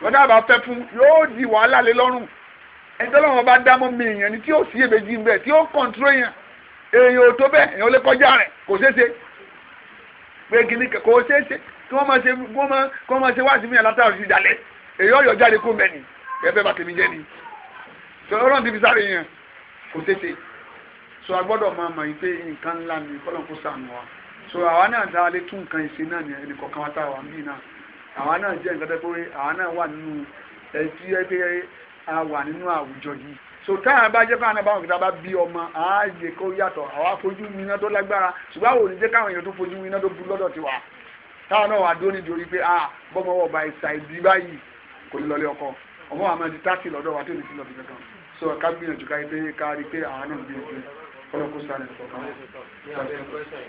wọn dábàá fẹ́ fún yóò di wàhálà lé lọ́rùn ẹni tó lọ́wọ́ bá dámọ́ mi èèyàn ni tí yóò sí èbèjì ń bẹ̀ tí yóò kọ̀ǹtúrò èèyàn èèyàn ò tó bẹ́ẹ̀ èèyàn ò lè kọjá rẹ̀ kò ṣeéṣe pé kìíní kò ṣeéṣe kí wọ́n máa ṣe kí wọ́n máa ṣe wáàsí fún yàrá látàrí ìdálẹ̀ èèyàn ọ̀yọ́ jáde kó mẹ́ni kẹ́fẹ́ bá tèmi jẹ́ ni sọ̀rọ̀ ọ̀rọ̀ ti fi sáré yẹn kò ṣeéṣe so a gbọ́dọ̀ máa mọ̀ yìí pé ńlá ni kọ́lọ̀ kó sànù wa so àwa náà dá alẹ́ tún nǹkan ìsìn náà ní ẹnì kọ̀ọ̀kan wa tá a wà ń bí náà àwa náà jẹ́ nǹkan tẹ́ pé àwa náà wà nínú ẹtí ẹgbẹ́ a wà nínú àwùjọ yìí so táwọn bá jẹ́ pé àwọn àbáwọn kìtà bá bí ọmọ àáyè kó yàtọ̀ àwa fojú winá tó lágbára ṣùgbọ́n àwọn ò ní jẹ́ káwọn èèyàn tó fojú winá tó bu lọ́dọ̀ tiwa táwọn náà wà dúró nítorí pé ah bọ́mọ wọ̀ bá ìsà ìdí báyìí kò ní lọlé ọkọ ọmọ àmọ́ di táàkì lọ́dọ̀ wa tó ní sí lọ́dọ̀ kankan so ká gbìyànjú ká rí pé àánú gbìyànjú ọlọ́kùn sí àlẹ́ ìfọ̀kàn.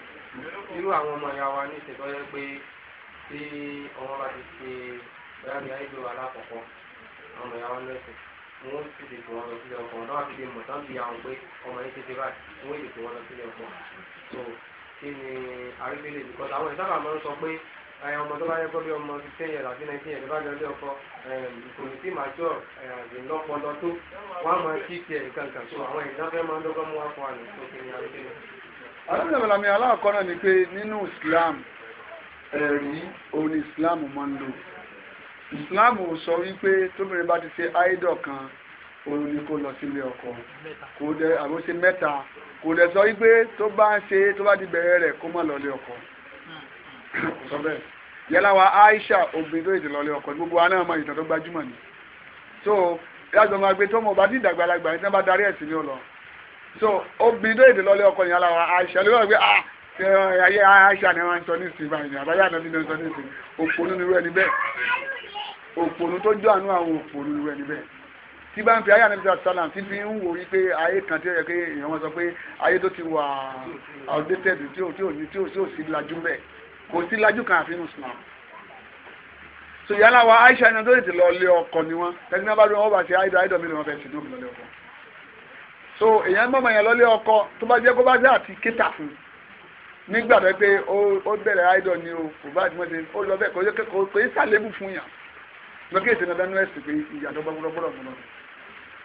irú àwọn ọmọ ìyá wa ní ìṣèjọ́ yẹ pé tí ọmọ bá ti ṣe bẹ́ẹ̀ni ayédèrú alákọ̀ọ́kọ́ àwọn ọmọ ìyá wa lẹ́sẹ̀ wọ́n ti lè fi wọn lọ sílé ọkọ̀ náà fi lè mọ̀ tán bí àwọn pé ọmọ yìí ti fi báyìí wọ́n lè fi wọn lọ sílé ọkọ̀ so kí ni àrífẹ́lẹ́ nìkan àwọn ìsábà máa ń sọ pé ọmọ tó bá yẹ kó bí ọmọ fifteen years àti nineteen years bá jọ lé ọkọ kò ní sí màjọ lọpọlọ tó wọn á máa kí tiẹ̀ nǹkan kan tó àwọn ìdáfẹ́ máa ń dọ́gbọ́n mú wá fún àná tó fi ní arúgbó náà. àdúgbò ìbàlámi aláàkọ́ náà ni pé nínú Islam ẹ̀rí òun ni Islam máa ń lò Islam ò sọ wípé tóbìnrin bá ti ṣe áídọ̀ kan òun ni kó lọ sílé ọkọ kò dẹ àbóṣe mẹ́ta kò dẹ sọ wípé tó bá ń ṣe tó bá ti bẹ̀rẹ̀ rẹ̀ kó má lọ lé ọkọ sọ bẹ́ẹ̀ yẹlá wa Aisha obìnrin tó ètò lọlé ọkọ gbogbo aná ọmọ ìtàn tó gbajúmọ̀ ni so yàtọ̀ ọmọ agbe tó mọ̀ bá dín ìdàgbàlagbà ní sábà darí ẹ̀sìn ní ọlọ so obìnrin tó ètò lọlé ọkọ yẹlá wa Aisha lórí ọgbẹ ah ayé Aisha ni wọn sọ ní ìsìn báyìí àbáyé ànábi ni wọn sọ ní ìsìn òpònú ni irú ẹni bẹ́ẹ̀ òpònú tó jọ àánú àwọn òpònú irú ẹni bẹ́ẹ̀ tí bá ń fi ayé ànábi sọ sálàm tí fi ń wò wípé ayé kan tí ó yẹ pé èèyàn wọn sọ pé ayé tó ti wà outdated tí ò sí lajú bẹ́ẹ̀ kò sí lájú kan àfihàn islam so yálà wa aisha ni ọdún ètò lọlé ọkọ ni wọn tẹgbẹ́ bá dúró wọn bá ṣe àìdọ̀ àìdọ̀ mi ni wọn fẹ́ ṣe lóbi lọlé ọkọ so èèyàn mọ̀mọ́ yẹn lọlé ọkọ tó bá jẹ́ kó bá jẹ́ àti kíta fún nígbà tó pé ó bẹ̀rẹ̀ àìdọ̀ ni o kò bá àdìmọ́ ṣe ó lọ bẹ́ẹ̀ kò yẹ kó pé sàlébù fún yàn lókè ètò ìnáwó ẹ̀sìn pé ìyàtọ̀ gbọ́dọ̀ gbọ́dọ̀ mú lọ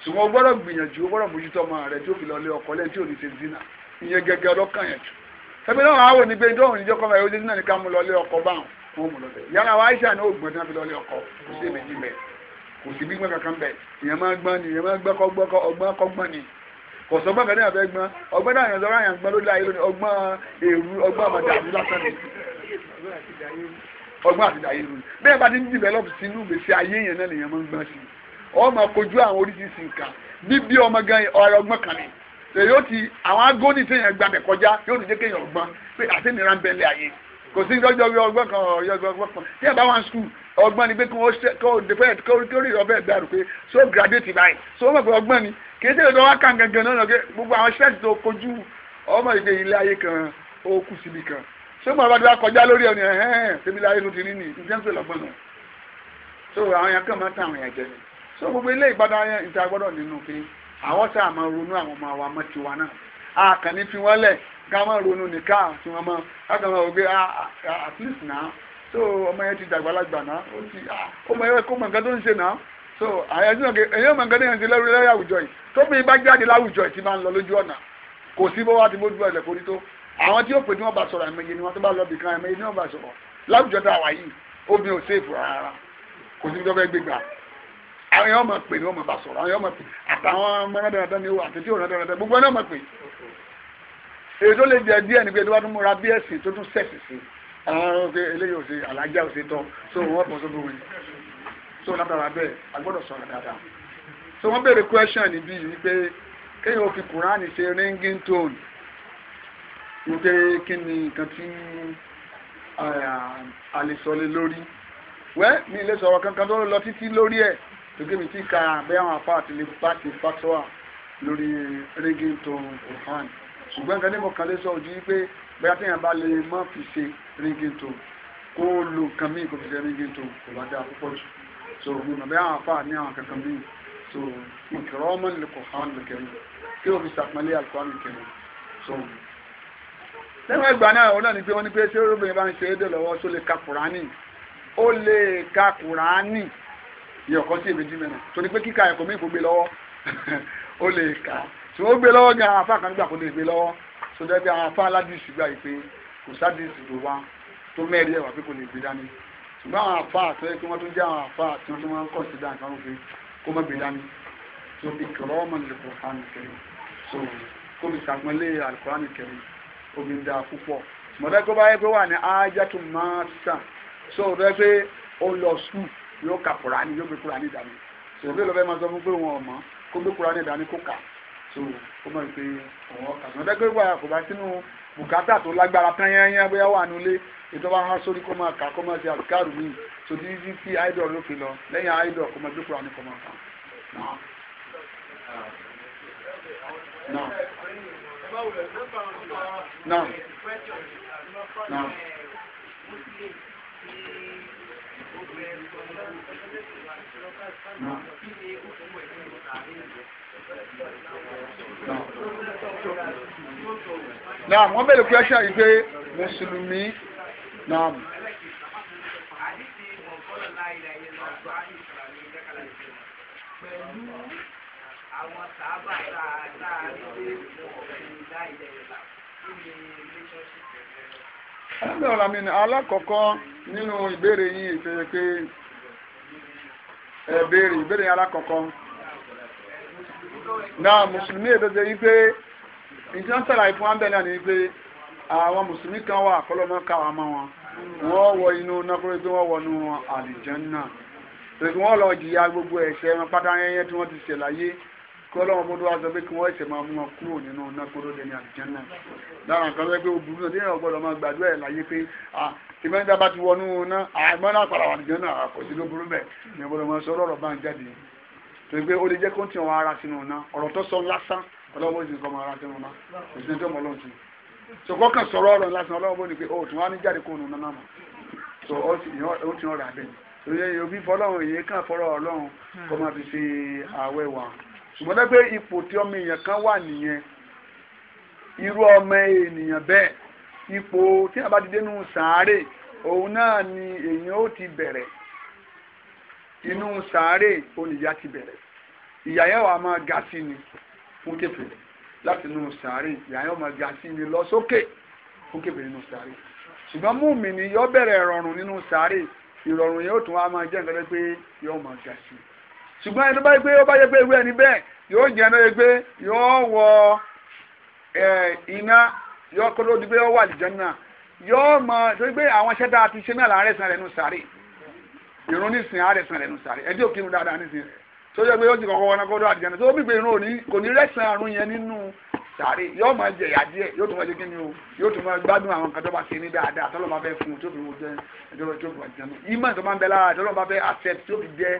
ṣùgbọ́n gbọ́dọ̀ gbìyànjú gbọ́dọ̀ mójútó ọmọ rẹ̀ tí ó fi lọlé ọkọ lẹ́yìn tí ò ní ṣe zina ìyẹn gẹ́gẹ́ ọlọ́kàn yẹn jù ẹbí náà wàá wò ní pé dóhùn níjọ́ kọ́ báyìí ó dé náà ní ká mú lọlé ọkọ báwọn wọn mú lọlé yàrá wa Aisha náà ó gbọ́n tí wọ́n fi lọlé ọkọ kò sí èméjì bẹ́ẹ̀ kò sí gbígbọ́n kankan bẹ́ẹ̀ ìyẹn máa gbọ́n ni ìyẹn máa gbọ́n kọ́ gbọ́n ọgbọ́n kọ́ gbọ́n ni kò sọ gbọ́n kẹ́ni àbẹ́ gbọ́n ọgbọ́n náà yànjọ́ ráyàn gbọ́n lórí ayé lónìí ọgbọ́n èrú ọgbọ́n àmàdàmú ni ọgbọ́n àti dàyé lónìí bẹ́ẹ̀ bá ti èyí ó ti àwọn agóni téèyàn gbàgbẹ́ kọjá yóò ti jẹ́ kéèyàn ọgbọ́n pé àti nira ń bẹ lé ayé kò sí ìjọjọ wí ọgbọ́n kan ọ̀yọ́ ọgbọ́n kan tí ẹ̀ bá wà ní skul ọgbọ́n ni pé kí wọ́n depend kí orí ọbẹ̀ gbàrú pé so graduate báyìí so wọ́n mọ̀ pé ọgbọ́n ni kì í tẹ̀lé wá kàn gangan náà pé gbogbo àwọn ṣẹ́ẹ̀tì tó kojú ọmọ ìgbé ilé ayé kan ó kù síbi kan So mo bá ti wá kọjá lórí ẹni ẹ̀hẹ́n tèmi láyé ló ti rí ni ìjẹ́ ń pè lọ́gbọ́n náà so àwọn yẹn kàn máa ń tàn àwọn yẹn jẹ ni so gbogbo ilé ìbádá yẹn ìta gbọ́dọ̀ nínú pé àwọn sáà máa ronú àwọn ọmọ wa mọ́ tiwa náà àkànní fi wọ́n lẹ̀ ká máa ronú nìkan àti wọn mọ́ káàkiri máa wọ at least náà so ọmọ yẹn ti dàgbàlagbà náà ó ti ọmọ yẹn kó mọ nǹkan tó ń ṣe náà so àyẹ̀sìn òkè èyí mọ nǹkan tó ń ṣe lẹ́rú lẹ́rú àwùjọ yìí tóbi bá jáde láwùjọ yìí ti máa ń lọ lójú ọ̀nà kò sí bó wá ti bójú ọ̀lẹ̀ forí tó àwọn tí ó pè ní wọ́n bá sọ̀rọ̀ àìmọye ni wọ́n tó bá lọ bìkan àìmọye ni wọ́n bá sọ̀rọ̀ láwùjọ tá a wà yìí obìnrin ò séèfù rárá kò sí bí wọ́n fẹ́ gbégbà àwọn yóò máa pè ní wọn máa bá sọ̀rọ̀ àwọn yóò máa pè àtàwọn ọmọ dáadáa ní wọn àtẹ̀tí òun dáadáa gbogbo náà máa pè. èyí tó lè jẹ díẹ̀ ni pé tó bá tún múra bí ẹ̀sìn tó tún sẹ̀sì sí àwọn eléyìí òsè alájà òsè tán so wọn pọ̀ sóbò wọn so látara bẹ́ẹ̀ agbọ́dọ̀ sọ̀rọ̀ dáadáa. so wọ́n béèrè question níbí yìí pé kéèyàn fi kùránì ṣe ringing tone ní pé kí ni nǹkan tí a sọ lé lórí wẹ́ẹ́ mi lè sọ̀rọ̀ kankan tó lọ títí lórí ẹ̀ tókè mi ti ka bẹ́ẹ̀ àwọn afá àti lè pàtì fatuwa lórí régi tó Quran ṣùgbọ́n nǹkan ní mo kàn lè sọ ojú pé bẹ́ẹ̀ àti ìyàmbá lè mọ́ fi ṣe régi tó kó lo nǹkan míì kò fi ṣe régi tó kò bá dáa púpọ̀ jù so mo mọ̀ bẹ́ẹ̀ àwọn afá ní àwọn kankan míì so ìkìrọ̀ ọmọ ní Quran nìkẹ́rin kí o fi ṣàpẹ́lẹ́ Al-Quran nìkẹ́rin so lẹ́nu ẹgbà náà òun náà ni pé wọ́n ní pé ṣé olóbìnrin bá ń ṣe é dè lọ́wọ́ ní ọkọ sí èmi jìnnà torí pé kíka ẹ̀kọ́ mi kò gbé lọ́wọ́ <laughs> ó lè kà tí ó gbé lọ́wọ́ gan afá kan gbà kó lè gbé lọ́wọ́ so dẹ́bi àwọn afá aládìsí gbà yìí pé kò sádìsí tó wá tó mẹ́rin ẹ̀wà pé kò lè gbé dání ṣùgbọ́n àwọn afá àtọ́ yẹ kí wọ́n tún jẹ́ àwọn afá àti wọ́n tún máa ń kọ̀ sí dáa kan fún kó má gbé dání so ìkọ̀rọ̀ ọmọ ní Al-Qur'an Karim so kó mi sàpọ́nlé Al-Qur'an Karim omi dáa púpọ̀ mọ̀lẹ́kọ́ bá yẹ pé wà ní ájá tó máa sà so rẹ́ pé ó lọ sùkúù yóò ka kurani yóò gbé kurani dání sòrò bí lọ́bẹ̀ máa sọ fún pé wọn ò mọ̀ kó gbé kurani dání kó kà so ó mọ̀ pé ọ̀wọ́ kà sọ bẹ́ẹ̀ gbé kò bá sínú bùkátà tó lágbára tán yányá bóyá wà nulẹ̀ ètò bá hán sórí kó máa kà kó máa ṣe àbíkárù mi so tí tí tí idol ló fi lọ lẹ́yìn idol kó máa gbé kurani kó máa kà náà. náà náà náà wọ́n bẹ̀rẹ̀ pé ṣáà yìí pé mùsùlùmí náà. àwọn sábà tá a rí pé wọ́n ọ̀fẹ́ ní láìlẹ̀ ìlà kí ni relationship rẹ̀ ẹgbẹ̀rún mi alákọ̀ọ́kọ́ nínú ìbéèrè yín ìṣẹ̀yẹ pé ẹ̀bẹ̀rẹ̀ ìbéèrè yín alákọ̀ọ́kọ́ náà mùsùlùmí èdè ṣe yí pé ìjọ sàlàyé fún abẹ́ náà ni pé àwọn mùsùlùmí kan wà kọ́lọ́mọ́ káwà mọ́ wọn wọ́n wọ inú nákúrẹ́ tí wọ́n wọnú àlìjẹ́ náà pẹ̀lú wọ́n lọ jìyà gbogbo ẹ̀ṣẹ̀ wọn pátá yẹn tí wọ́n ti ṣẹlàyé kọ́lọ́wọ́n bó dọ́wọ́ sọ pé kí wọ́n ṣe máa mú wọn kúrò nínú iná kóró dẹni àlùjánnà lára nǹkan tó yẹ pé obìnrin náà déyàn gbọ́dọ̀ máa gbàdúrà ẹ̀ láyé pé ìmọ̀lẹ́ta bá ti wọnú iná àìmọ́ náà padà wà àlùjánnà àkọsí ló burú bẹ́ẹ̀ ni gbọ́dọ̀ máa sọ ọ̀rọ̀ bá ń jáde tó yẹ pé ó lè jẹ́ kó ń tiwọn ara sínú iná ọ̀rọ̀ tó sọ lásán ọlọ́wọ́ sì kọ́ máa ara sínú iná òṣìṣẹ́ tó mọ̀ lọ́n ti sọkọ́ kan sọ̀rọ̀ ọ̀rọ̀ lásán ni pé ó tún wá ní jáde kó nù náà mọ̀ so ó ti ọ̀rọ̀ àbẹ̀ òṣìṣẹ́ yòóbí fọlọ́run èyí kàn fọ́rọ̀ ọlọ́run kó máa fi ṣùgbọ́n dẹ́gbẹ́ ipò tí ọmọ èèyàn kan wà nìyẹn irú ọmọ ènìyàn bẹ́ẹ̀ ipò tí a bá ti dénú sàárè òun náà ni èèyàn ó ti bẹ̀rẹ̀ inú sàárè oníyà ti bẹ̀rẹ̀ ìyà yẹn wàá máa ga sí ni fún kẹfìrì láti inú sàárè ìyà yẹn wàá máa ga sí ni lọ sókè fún kẹfìrì inú sàárè ṣùgbọ́n mú mi ni yọ bẹ̀rẹ̀ ìrọ̀rùn nínú sàárè ìrọ̀rùn yẹn ó tún wá máa jẹ́ nǹkan pé yọ máa ga sí i ṣùgbọ́n ẹni bá yẹ pé ó bá yẹ pé ewé ẹni bẹ́ẹ̀ yóò jẹ́ ẹni pé yóò wọ iná yóò kó ló di pé ó wà àlìjánnà yóò mọ torí pé àwọn iṣẹ́ tá a ti ṣe náà láàárẹ̀ sàn rẹ̀ nù sáré ìrún nísìn àárẹ̀ sàn rẹ̀ nù sáré ẹjọ́ òkè irun dáadáa nísìn rẹ̀ tó yẹ pé yóò ti kọ́kọ́ wọnà kọ́dọ̀ àdìjẹ́nà tó bí pé irun kò ní rẹ́sàn àrùn yẹn nínú sáré yóò máa jẹ̀yà díẹ̀ yóò tún máa jẹ́ kíni o yóò tún máa gbádùn àwọn nǹkan tó bá ṣe ní dáadáa tọ́lọ́ máa fẹ́ fún un tó fi wo jẹ́ ẹjọ́ tó fi wà jẹ́nu ìmọ̀ tó máa ń bẹ lára tọ́lọ́ máa fẹ́ accept tó fi jẹ́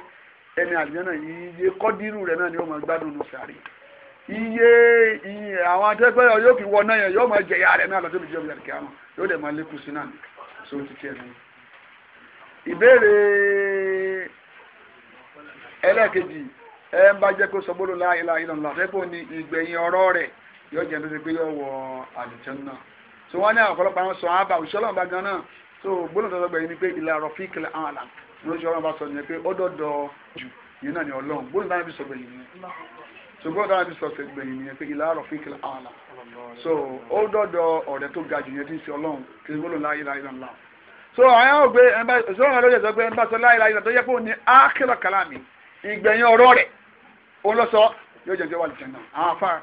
ẹni àlùjànnà yìí iye kọ́dírù rẹ̀ náà ni ó máa gbádùn ní sàárì iye iye àwọn atẹ́gbẹ́ yóò kí wọ náà yẹn yóò máa jẹ̀yà rẹ̀ náà lọ́dún ìjọba ìjọba ìkẹ́ àwọn yóò dẹ̀ máa lékún sí náà so ti tiẹ̀ nù. ìbéèrè ẹlẹ́ẹ̀kejì ẹ ń bá jẹ́ kó sọ bọ́dọ̀ láàyè láàyè lọ́nà àfẹ́pọ̀ ni ìgbẹ̀yìn ọ̀rọ̀ rẹ̀ yóò jẹ́ nítorí pé yóò wọ àlùjànnà so wọ́n ní àwọn ọ̀pọ̀lọpọ̀ àwọn sọ̀ ló ṣe ọlọ́run bá sọ nìyẹn pé ó dọ́dọ̀ jù yìí náà ni ọlọ́run bóyá dáná bí sọ gbẹ̀yìn nìyẹn ṣùgbọ́n dáná bí sọ gbẹ̀yìn nìyẹn pé ìlà àrọ̀ fíkìlà àlà so ó dọ́dọ̀ ọ̀rẹ́ tó ga jù yẹn tí ń ṣe ọlọ́run kí ló ń láyé láyé ńlá so àwọn ògbé ṣọ́nà ló yẹ sọ pé ń bá sọ láyé láyé tó yẹ pé ó ní ákìlọ̀ kàlámì ìgbẹ̀yìn ọ̀rọ̀ rẹ̀ òun lọ sọ yóò jẹ́ wà lùtẹ̀ náà àwọn afá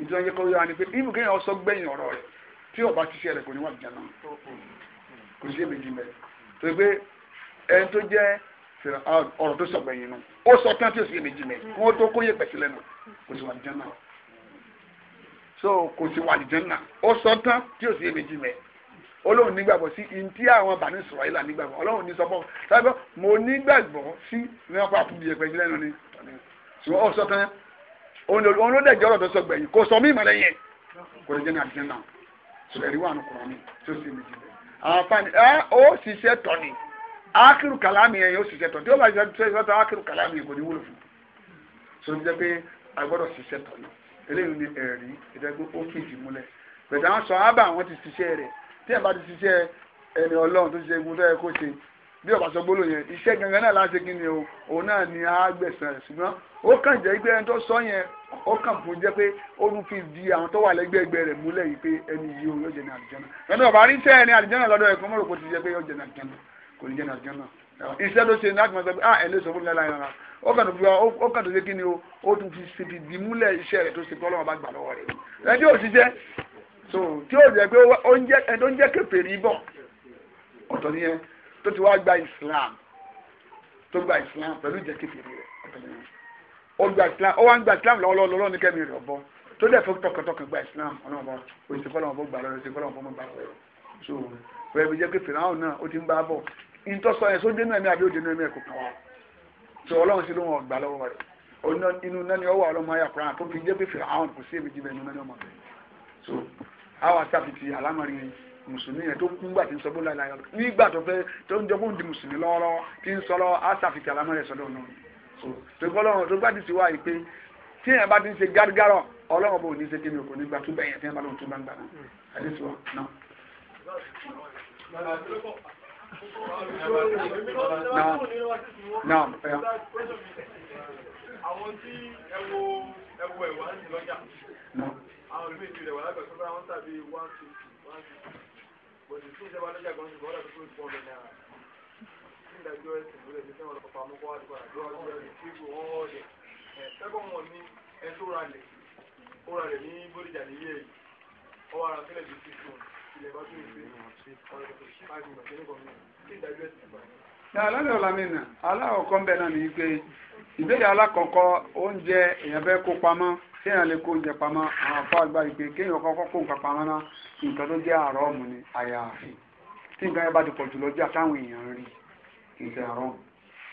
ìdúró yẹ kó yára ni pé ibùgbé yẹn ọsọ gbẹ̀yìn ọ̀rọ̀ rẹ̀ tí ò bá ti ṣe rẹ̀ kò ní wà lùtẹ̀ náà kò sí èmi jìnbẹ̀ tó yẹ pé ẹni tó jẹ́ ọ̀rọ̀ tó sọ̀gbẹ̀yìn nù ó sọ tán tí ó sì yé méjì mẹ́ wọ́n tó kó yẹ pẹ̀sí lẹ́nu kò sí wà lìjẹ́ náà so kò sí wà lìjẹ́ náà ó sọ tán tí ó sì yé méjì mẹ́ olóhùn nígbàgbọ́ sí ntí àwọn bàní sọ̀rọ̀ yìí là nígbàgbọ́ olóhùn ní sọ́kọ́ sábẹ́ mo nígbàgbọ́ sí ní wọ́n pa àtúndì yẹ pẹ̀sí lẹ́nu ni ṣùgbọ́n ó sọ tán òun ló dẹ̀ jẹ́ ọ̀rọ̀ tó sọ̀gbẹ̀yìn kò sọ mí ìmọ̀lẹ́ yẹn kò lè jẹ́ ní àdìjẹ́ náà wà nù kùrọ̀ àwọn fani ó ṣiṣẹ́ tọ́ ni Akiru kàlámì yẹn yóò ṣiṣẹ́ tọ̀ tí ó bá ṣiṣẹ́ tó ṣiṣẹ́ tọ̀ ákìrù kàlámì yẹn kò ní wúlò fún un so jẹ́ pé a gbọ́dọ̀ ṣiṣẹ́ tọ̀ ní eléyìí ni ẹ̀rí ìdẹ́gbẹ́ ó fìdí múlẹ̀ bẹ̀tẹ̀ àwọn sọ ábà wọn ti ṣiṣẹ́ rẹ̀ tí ẹ̀ bá ti ṣiṣẹ́ ẹni ọlọ́run tó ṣiṣẹ́ egun tó yẹ kó ṣe bí ọ̀bá sọ gbóló yẹn iṣẹ́ gangan náà láti kí ni o òun náà ni a gbẹ̀sán rẹ̀ ṣùgbọ́n ó kàn jẹ́ pé ẹni tó sọ yẹn ó kàn fún jẹ́ pé ó ń fi di àwọn tó wà lẹ́gbẹ̀ẹ́gbẹ́ rẹ̀ múlẹ̀ yìí pé ẹni yìí o yóò jẹ́ ní àlùjànnà ẹni ọ̀bá rí sẹ́ẹ̀ ní àlùjànnà lọ́dọ̀ ẹ̀kọ́ mọ́rò kó ti jẹ́ pé yóò jẹ́ ní àlùjànnà kò ní jẹ́ ní àjọ náà iṣẹ́ tó ṣe ní láti máa sọ pé ah ẹ̀ lè sọ fún mi láyé rárá ó kàn tó fi ó kàn tó ṣe kí ni o ó tún fi ṣe ti di múlẹ̀ iṣẹ́ rẹ̀ tó ṣe pé ọlọ́run bá gbà lọ́wọ́ rẹ̀ ẹ tí ò ṣiṣẹ́ so tí ò jẹ́ pé ẹ tó ń jẹ́ kèfèrí bọ̀ ọ̀tọ̀ nìyẹn tó ti wá gba Islam tó gba Islam pẹ̀lú ìjẹ́ kèfèrí rẹ̀ ọ̀tọ̀ nìyẹn ó gba Islam ó wá ń gba Islam lọ́wọ́lọ́wọ́ ní kẹ́mi rẹ̀ ọ̀bọ tó dẹ̀ fún tọkàntọkàn gba Islam ọlọ́mọba òṣìṣẹ́ fọlọ́mọba gbà lọ́wọ́ òṣìṣẹ́ fọlọ́mọba gbà lọ́wọ́ so pẹ̀lú ìjẹ́ kèfèrí àwọn náà ó ti ń bá bọ̀ ìtọ́sọ ẹ̀ sójú inú ẹ̀mí àbí òdì inú ẹ̀mí ẹ̀kọ́ kan wá tí ọlọ́run sí ló wọn gbà lọ́wọ́ rẹ̀ ọ̀nà inú nání ọwọ́ ọlọ́mọ ayé àkùrán tó fi jẹ́ pé fìlà àwọn kò sí èmi jìbẹ̀ inú nání ọmọ rẹ̀ so àwọn àtàfi ti àlámọ̀rin mùsùlùmí yẹn tó nígbà tí ń sọ bó láyé láyé nígbà tó fẹ́ tó ń jọ́gbọ́n di mùsùlùmí lọ́wọ́lọ́wọ́ tí ń sọ lọ́wọ́ àtàfi ti àlámọ̀rin sọ́dọ̀ so tó kọ́ lọ́run tó gbádùn sí wa yìí pé tí èèyàn bá ti ń ṣe gárgárọ̀ ọlọ́run bò náà fẹ́. àwọn tí ẹ wo ẹ wo ẹ̀wà ń lọ́jà àwọn ìlú ìlú ẹ̀wà lágbàá tó bá wọn tàbí one two one two kò sì tún ìjọba lọ́jà gan lálẹ́ ọ̀la mi nà aláwọ̀kọ́ ń bẹ̀ náà ní pé ìbéèrè alákọ̀ọ́kọ́ oúnjẹ èèyàn fẹ́ kó pamọ́ kéèyàn lè kó oúnjẹ pamọ́ àwọn afọ àgbà ìpè kéèyàn kọ́kọ́ kó nǹkan pamọ́ náà nǹkan tó jẹ́ àárọ̀ ọ̀mù ni àyàfi tí nǹkan yẹn bá ti pọ̀ jù lọ́jà táwọn èèyàn rí kì í ṣe àárọ̀ ọ̀mù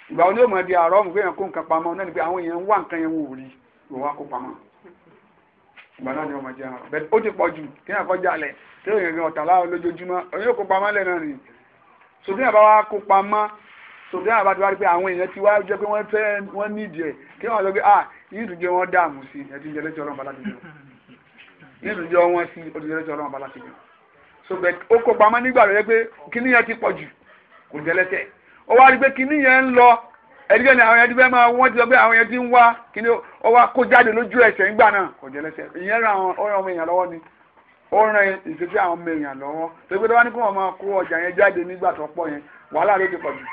ìgbà wo ni yóò mọ̀ di àárọ̀ ọ̀mù kéèyàn kó nǹkan pamọ́ náà ni pé àwọn èèyàn ń wá nǹkan yẹn wò rí lọ́wọ́ kó pamọ́ ìgbà náà ni ọmọ jẹ hàn bẹ́ẹ̀ ó ti pọ̀ jù kí náà kọjá alẹ̀ kí èèyàn ní ọ̀tàlá lójoojúmọ́ òun yóò kópa mọ́lẹ̀ náà nì sòfin àbá wa kópa mọ́ sòfin àbá ti wá rí pé àwọn èèyàn ti wá jẹ́ pé wọ́n fẹ́ wọ́n nídìí ẹ̀ kí wọ́n sọ pé ah yìí tún jẹ́ wọ́n dààmú sí ẹ̀ ti ń jẹ́lẹ́sì ọlọ́run bala ti jù yìí tún jẹ́ wọ́n sí ó ti jẹ́lẹ́sì ọlọ́run bala ti jù so bẹ́ẹ̀ ó kópa mọ́ nígbà rẹ̀ pé kíní yẹn ti pọ̀ jù kò jẹ́lẹ́sẹ̀ ó wá rí pé kíní yẹn ń lọ ẹ̀dígbẹ́ ni àwọn ẹ̀dígbẹ́ máa wọ́n ti sọ pé àwọn yẹn ti ń wá kí ni ó wá kó jáde lójú ẹsẹ̀ ńgbà náà kò jẹ́ lẹ́sẹ̀ ìyẹn ran àwọn ọ̀rọ̀ ọmọ èèyàn lọ́wọ́ ni ó ran ìṣesí àwọn ọmọ èèyàn lọ́wọ́ pé tó bá ní kí wọ́n máa kó ọjà yẹn jáde nígbà tó pọ̀ yẹn wàhálà ló ti pọ̀ jù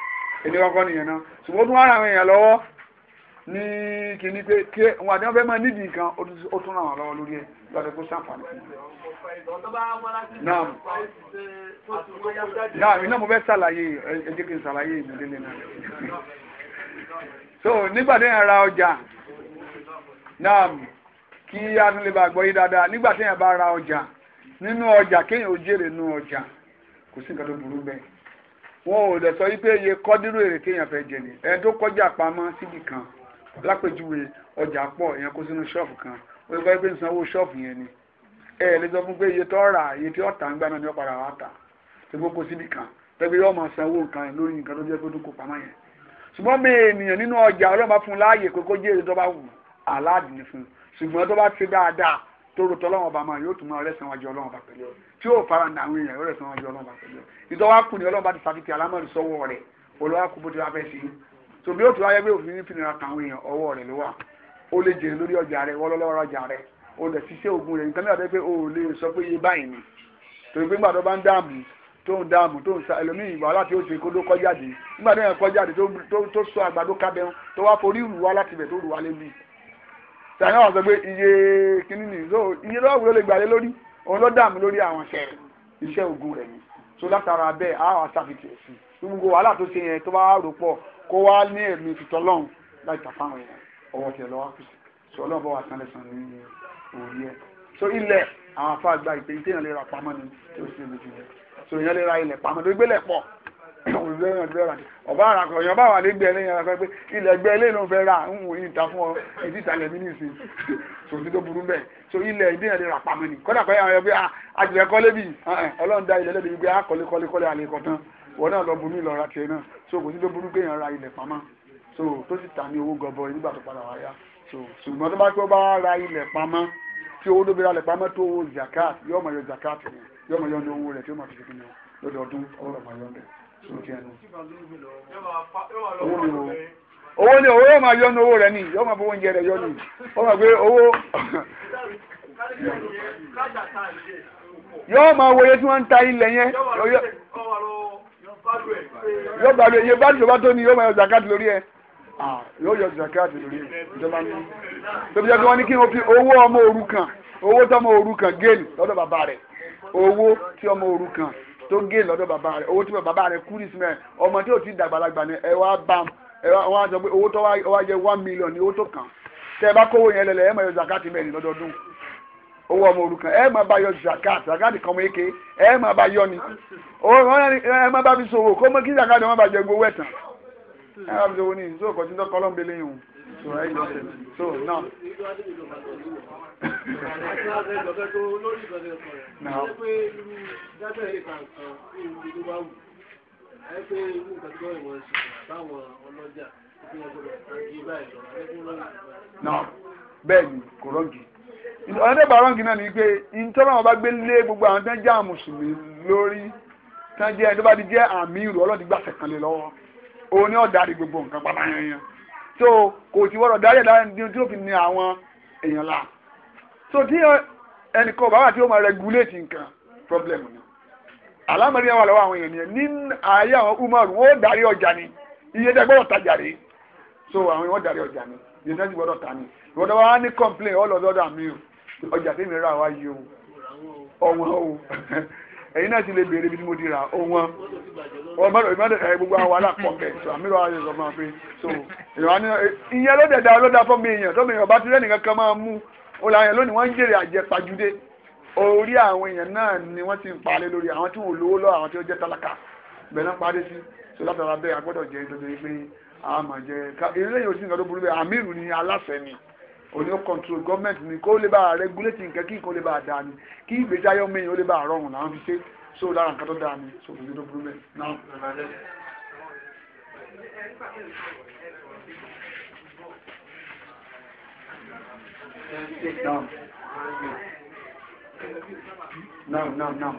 èmi kọ́kọ́ nìyẹn náà ṣùgbọ́n ó wá ran àwọn èèyàn lọ́wọ́ ní kìíní pé kí wọn àti wọn fẹ́ máa nídìí nǹkan ó tún ràn wọn lọ́wọ́ lórí ẹ̀ lọ́dọ̀ tó ṣàǹfààní fún un. náà iná mo fẹ́ ṣàlàyé ẹ jẹ́ kí n ṣàlàyé ìmúdélé náà. so nígbà tí yẹn ra ọjà náà kí a tún lè bá gbọ́ yí dáadáa nígbà tí yẹn bá ra ọjà nínú ọjà kéèyàn ó jèrè nínú ọjà kò sí nǹkan tó burú bẹ́ẹ̀ wọn ò lè sọ yí pé iye èrè téèyàn fẹ́ jẹ ẹni kan lápèjúwe ọjà pọ̀ kó kan ó yẹ kọ́ pé sanwó ṣọ́ọ̀fù ni ẹ lè iye tó rà iye tí ọ̀tá ń gbà náà ni kan tẹ́gbẹ́ sanwó nǹkan lórí nǹkan tó jẹ́ pé ó ṣùgbọ́n bí ènìyàn nínú ọjà ọlọ́run bá fún láàyè pé kó jèrè tó bá wù aláàdì ní fún ṣùgbọ́n tó bá ti dáadáa tó ro tọ́lọ́wọ́n ọba máa yóò tún máa rẹ́sàn wájú ọlọ́run bá pẹ̀lú tí yóò fara ní àwọn èèyàn yóò rẹ́sàn wájú ọlọ́run bá pẹ̀lú ìtọ́wá kù ní ọlọ́run bá ti sàfitì alámọ̀lù sọ́wọ́ rẹ̀ olówá kú bó ti wá fẹ́ sí i tó bí ó ti wáyé òfin ní fìnnira káwọn èèyàn ọwọ́ rẹ̀ ló ó lè jèrè lórí ọjà rẹ̀ wọ́n lọ́wọ́ ọjà rẹ̀ ó lè ṣiṣẹ́ ògùn rẹ̀ nǹkan náà dẹ́ pé ó lè sọ pé iye báyìí ni torí pé ń tó ń dààmú tó ń sa ẹlòmíì ìwà láti ó ṣe kó ló kọjáde nígbà tó yẹn kọjáde tó sọ àgbàdo kábẹ́hún tó wá forí rù wá láti bẹ̀ tó rù wá lébi. sàyẹn wà sọ pé iye kíní nì so iye lọ́wọ́ wo ló lè gbà lé lórí òun ló dààmú lórí àwọn iṣẹ́ iṣẹ́ ògùn rẹ̀ ni so látara bẹ́ẹ̀ á wà sàfitì ẹ̀sìn gbogbo wàhálà tó ṣe yẹn tó bá rò pọ̀ kó wá ní ẹ̀mí fìtọ́lọ́hún láì tàfáwọn yẹn ọwọ́ tiẹ̀ lọ́wọ́ so ọlọ́run bá wà sàn lẹ́sàn ní òun yẹn so ilẹ̀ àwọn afá àgbà ìpè ní téèyàn lè ra pamọ́ ni tí ó sì ń lójú yẹn so ìyẹn lè ra ilẹ̀ pamọ́ tó gbélẹ̀ pọ̀ ọba àràkọ̀ ìyẹn bá wà lẹ́gbẹ̀ẹ́ lẹ́yìn ara pé ilẹ̀ ẹgbẹ́ ilé ló fẹ́ ra ń wò yín ta fún ọ èdè ìtàlẹ̀ mí nìsín so ti tó burú bẹ́ẹ̀ so ilẹ̀ ìdí yẹn lè ra pamọ́ ni kọ́dà pé àwọn ẹgbẹ́ àjẹ̀rẹ̀ kọ́lé bì ọlọ́run dá ilẹ̀ lẹ́bi gbé akọ́lé ah, kọ́lé kọ́lé àlè kọ̀tán wọn náà lọ bu mí lọ́ra tiẹ̀ náà so kò sí tó burú pé èèyàn ra ilẹ̀ pamọ́ so tó sì ta ní owó gọbọi nígbà tó padà yóò máa yọ ní owó rẹ̀ tí ó máa fi ṣèkínní lọ́dọọdún ọlọ́rọ̀ máa yọ bẹ́ẹ̀ sórí kí ẹnu. owó ni owó owó ni owó yóò máa yọ ní owó rẹ̀ ni yóò máa bọ́ oúnjẹ rẹ̀ yọ ni ó máa gbé owó yóò máa wòye tí wọ́n ń ta ilẹ̀ yẹn yóò gbàgbé iye bá tìjọba tó ni yóò máa yọ zakati lórí ẹ̀ yóò yọ zakati lórí ìjọba ní. tóbi jẹ́ pé wọ́n ní kí n fi owó ọmọ òrukàn owó tọmọ òrukàn géèlì lọ́dọ̀ bàbá rẹ̀ owó tí ọmọ òrukàn tó gé lọ́dọ̀ bàbá rẹ̀ owó tí bàbá rẹ̀ kú ní sinmi rẹ̀ ọmọ tí ò ti dàgbàlagbà ni ẹ wá bá ẹ wá sọ pé owó tó wá jẹ one million ni owó tó kàn tẹ ẹ bá kówó yẹn lẹlẹ ẹ máa yọ zakati mẹ́rin lọ́dọọdún owó ọmọ òrukàn ẹ máa bá yọ zakati zakati kan mọ eke ẹ máa bá yọ ni ẹ máa bá fi sòwò kó mọ kí zakati wọn bá jẹ gbowó ẹ̀tàn ẹ máa fi sòwò ní ìṣòkòtì tó kọ́ lọ́nbẹ̀lẹ́yìn o. Ṣùgbọ́n ìlú ọ̀sẹ̀. So now. Àti láti ẹgbẹ̀ẹ́ tó lórí ìgbẹ̀lẹ̀ ọ̀sẹ̀. Náà. Ṣé pé irú dájọ́ ìbàn kan ní ìlú bá wù? Ẹ pé irú nǹkan tó ìwọ̀n ṣe báwọn ọlọ́jà ní ọgbọ̀dọ̀ kí báyìí lọ. Ẹ kún lọ́yìn. Náà bẹ́ẹ̀ ni kò rọ́ǹgì ọ̀nà tẹ́bà rọ́ǹgì náà ni pé ìtọ́nà ọba gbé lé gbogbo àwọn tán jẹ́ àwọn mùsùlùmí lórí tán jẹ́ ẹni tó bá ti jẹ́ àmì ìrù ọlọ́dìgbàsẹ̀ kan lè lọ́wọ́ òun ni gbogbo nǹkan pátá yẹn so kò sí wọ́rọ̀ dárí ẹ̀dá ẹni tí ó fi ní àwọn èèyàn la so tí ẹnì kan bàbá tí ó máa regulate nǹkan problem ni alámọ̀rí àwọn àlọ́wọ́ àwọn èèyàn nìyẹn ní ayé àwọn umaru wọn ó darí ọjà ni iye tẹ gbọ́dọ̀ tajà rèé so àwọn èèyàn ó darí ọjà ni iye tẹ gbọ́dọ̀ ta ni ìwọ́dọ̀ wa ní complain ọlọ́dọọdọ àmì ọjà tí mi ra wa yìí o ọ̀wọ́n o <laughs> ẹ̀yin náà ti lè béèrè bí mo ti rà ó wọn ọmọdé ìmọ̀dé ẹ̀ gbogbo àwọn alápọ̀kẹ́ so àmìlò ayé sọ máa fi so ìyẹn ló dẹ̀ da ló da fún mi èèyàn tó mi èèyàn bá ti rẹ́nìkan kan máa mú ó la yẹn lónìí wọ́n ń jèrè àjẹpajúdé orí àwọn èèyàn náà ni wọ́n ti ń palẹ̀ lórí àwọn tí wọ́n lówó lọ́wọ́ àwọn tí ó jẹ́ tálákà bẹ́ẹ̀ náà parí sí so látara bẹ́ẹ̀ agbọ́dọ̀ jẹ́ nítorí pé àmọ̀ jẹ́ eléyìí ò sí nǹkan tó burú bẹ́ẹ̀ àmírù ni aláṣẹ ni òní ó control gọ́ọ̀mẹ̀ntì ni kó lè bá regulate nǹkan kí nǹkan lè bá dáa ni kí ìgbésí ayé ọmọ èèyàn lè bá rọrùn làwọn fi ṣe so lára nǹkan tó dáa ni so kò ní tó burú bẹ́ẹ̀ náà. Náà náà náà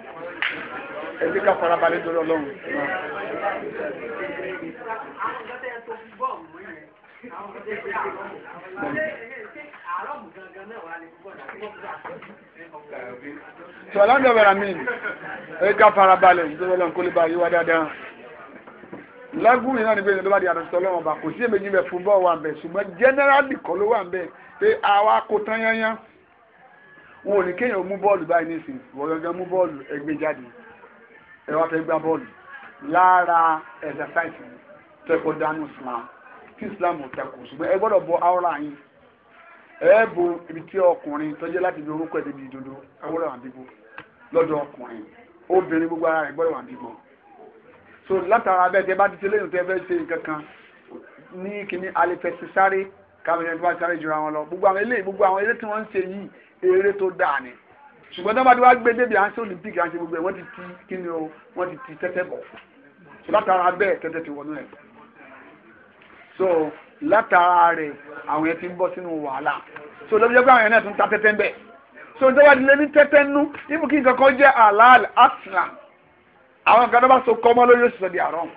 ẹ jẹ́ ká farabalẹ̀ dọ́rọ̀ tọ́lá ń dọ̀bẹ̀rẹ̀ mi ẹ ká fara balẹ̀ ìjọba ọlọ́run kó lè bá yíwá dáadáa lágùn mi náà ni pé ìjọba bá di àtọ̀tọ̀ ọlọ́run ọba kò sí èméjì bẹ̀ fún bọ́ọ̀ wà ń bẹ̀ ṣùgbọ́n jẹ́nẹ́rálì kọ́ ló wà ń bẹ̀ pé àwa kò tán yányán wọn ò ní kéèyàn mú bọ́ọ̀lù báyìí nísìnyí wọ́n gangan mú bọ́ọ̀lù ẹgbẹ́ jáde ẹ wá fẹ́ gbá bọ́ọ̀lù lára exercise tẹ́kọ̀ọ́ dánú sùn tí islam ò takò ṣùgbọ́n ẹ gbọ́dọ̀ bọ awra yín ẹ bo ibi tí ọkùnrin tọ́jú láti bí orúkọ ẹ̀dẹ́bí ìdodo ẹ gbọ́dọ̀ wà bíbo lọ́dọ̀ ọkùnrin obìnrin gbogbo ara rẹ̀ gbọ́dọ̀ wà bíbo so látara abẹ́ tẹ bá ti ṣe lẹ́yìn tẹ fẹ́ ṣe nǹkan kan ní kíní alifẹsí sáré kábíyẹn tó bá sáré jura wọn lọ gbogbo àwọn eléyìí gbogbo àwọn eré tí wọ́n ń ṣe yìí eré tó dáa ni ṣùgbọ́n tó bá ti wá gbé débi à ń ṣe olympic à ń ṣe gbogbo ẹ̀ wọ́n ti ti kíni o wọ́n ti ti tẹ́tẹ́ bọ̀ so látara abẹ́ tẹ́tẹ́ ti wọnú ẹ̀ so látara rẹ̀ àwọn yẹn ti ń bọ́ sínú wàhálà so lọ́bi jẹ́ pé àwọn yẹn náà tún ta tẹ́tẹ́ ń bẹ̀ so ìjọba ìdílé ní tẹ́tẹ́ nú ibù kí nǹkan kan jẹ́ halal asna àwọn nǹkan tó bá so kọ́ mọ́ lórí oṣù sọ di haram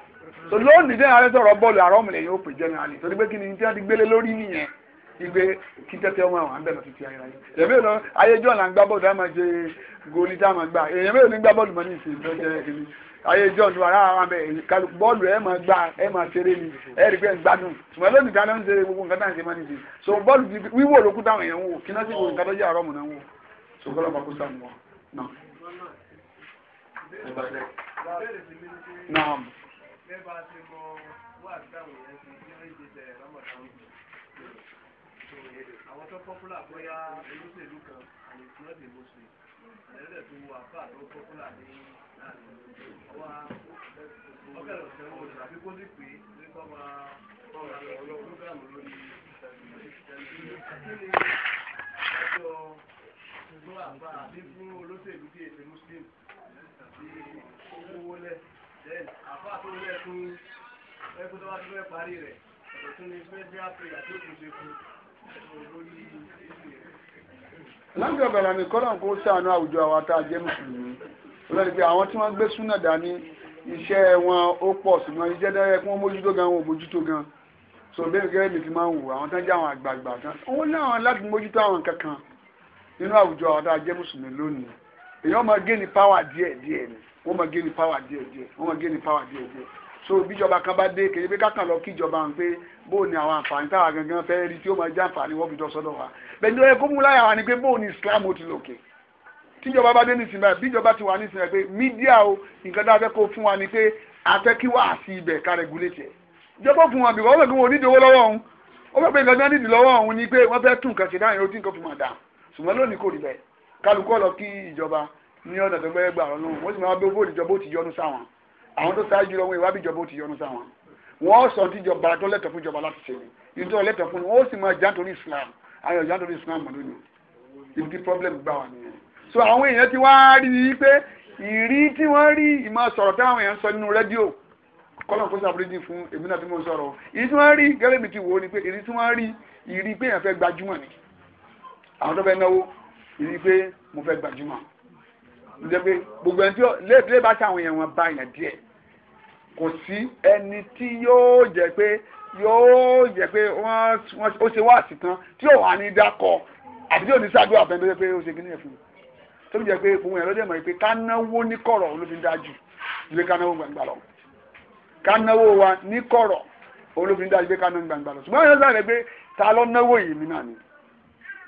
so lónìí dẹ́n àrẹ sọ̀rọ̀ bọ́ọ̀lù haram lẹ́yìn òpè jẹ́ nàá ni torí pé kí ni tí wọ́n ti gbélé lórí nìyẹn igbe kí tẹ́tẹ́ ọmọ àwọn àbẹ̀lọ ti ti ayé ayé èmi ò lọ ayé jọ̀ọ́ là ń gbá bọ́ọ̀lù dáhùn máa ṣe gòlì dáhùn máa gbà èèyàn mélòó ní gbá bọ́ọ̀lù mọ́ ní ìsìn ìjọ́jẹ́ ayé john wà lára wa bẹ́ẹ̀ kálukú máa gbá ẹ̀ máa ṣeré ni ẹ̀ rí pé ń gbádùn ṣùgbọ́n lónìí dáná ń ṣeré gbogbo nǹkan tá ṣe máa ń ṣe so bọ́ọ̀lù wíwò lókù táwọn èèyàn ń wò kí náà sì wo nǹkan tó jẹ́ àárọ̀ mọ̀ náà wò so kọ́lọ́ bá kó sàmù wọn náà. Àwọn tó pọ́pùlà bóyá olóṣèlú kan àyè tí wọ́n àbí fún olóṣèlú bíi èsè muslim àti owó lẹ then àfa tó lẹ fún ẹkú tó wá tó fẹ́ parí rẹ̀ ọ̀tún ni fẹ́ jẹ́ àpè àti òkú ṣe fún lórí ìlú rẹ̀ láti ọ̀bẹ̀rẹ̀ mi kọ́lọ̀ kó ṣàánú àwùjọ àwa tá a jẹ́ mùsùlùmí lọ́dí pé àwọn tí wọ́n gbé súnà dání iṣẹ́ wọn ó pọ̀ ṣùgbọ́n iṣẹ́ dẹ́rẹ́ kí mójútó gan wọn mójútó gan so bẹ́ẹ̀ gẹ́gẹ́ mi fi máa ń wò àwọn tán jẹ́ àwọn àgbààgbà kan òun náà láti mójútó àwọn kankan nínú àwùjọ àwa tá a jẹ́ mùsùlùmí lónìí èèyàn máa gé ní páwà díẹ̀ díẹ̀ ni wọ́n máa gé ní páwà díẹ̀ wọ́n máa gé ní páwà díẹ̀ so bíjọba kan bá dé kéde pé kákan lọ kíjọba ń pé bóò ni àwọn àǹfààní táwa gangan fẹ́ rí tí ó máa jẹ́ wọ́n fi jọ sọ́dọ̀ wa bẹ́ẹ̀ ni ó yẹ kó mú láyà wa ni pé bóò ni Islam ó ti lòkè tíjọba bá dé nísìnyí báyìí bíjọba ti wà nísìnyí pé mídíà o nǹkan tá a fẹ́ kó fún wa ni pé a fẹ́ kí wàá sí ibẹ̀ ká rẹ̀gúlétì ẹ̀ ìjọba fún wa bìbọ̀ ọlọ́gbìn wo nídìí owó lọ́wọ́ òun ó fẹ́ pé nǹkan wọ́n nídìí lọ́wọ́ òun ni pé wọ́n fẹ́ tún nǹkan tó àwọn tó ṣáájú lọ wọn ìwà bíjọba ó ti yọnu sáwọn wọn ó sọ tíjọba tó lẹ́tọ̀ọ́ fún ìjọba láti ṣe ni ìjọba lẹ́tọ̀ọ́ fún wọn ó sì máa já nítorí Islam àwọn ìjà nítorí Islam mọ̀ lónìí ibi tí problem gbà wà nìyẹn so àwọn èèyàn ti wá rí i pé ìrí tí wọ́n rí ìmọ̀ sọ̀rọ̀ táwọn èèyàn sọ nínú rédíò kọ́lọ̀ kó sàbúrídì fún èmi náà tí mo sọ̀rọ̀ ìrí tí wọ́n rí gẹ́gẹ́ bí ti wò ó ni pé ìrí tí wọ́n rí ìrí pé èèyàn fẹ́ gbajúmọ̀ ni àwọn tó fẹ́ náwó ìrí pé mo fẹ́ gbajúmọ̀ ló jẹ́ pé gbogbo ẹni tí lè bá ṣàwọn èèyàn wọn bá èèyàn díẹ̀ kò sí ẹni tí yóò jẹ pé yóò jẹ pé wọ́n ó ṣe wáàsí kan tí ò wá ní dákọ̀ àti tí ò ní ṣàdúrà fẹ́ tó jẹ pé ó ṣe kíní ẹ̀ fún mi tó ń jẹ pé gbogbo ẹ̀ lọ́dẹ̀ mọ̀ pé ká náwó ní kọ̀rọ̀ ló fi ń dájú ilé ká náwó gbàngbà lọ ká náwó wa ní kọ̀rọ̀ olófin dájú pé ká náwó gbàngbà lọ ṣùgbọ́n ẹ̀yọ́ sáré pé ta ló náwó yìí mí náà ni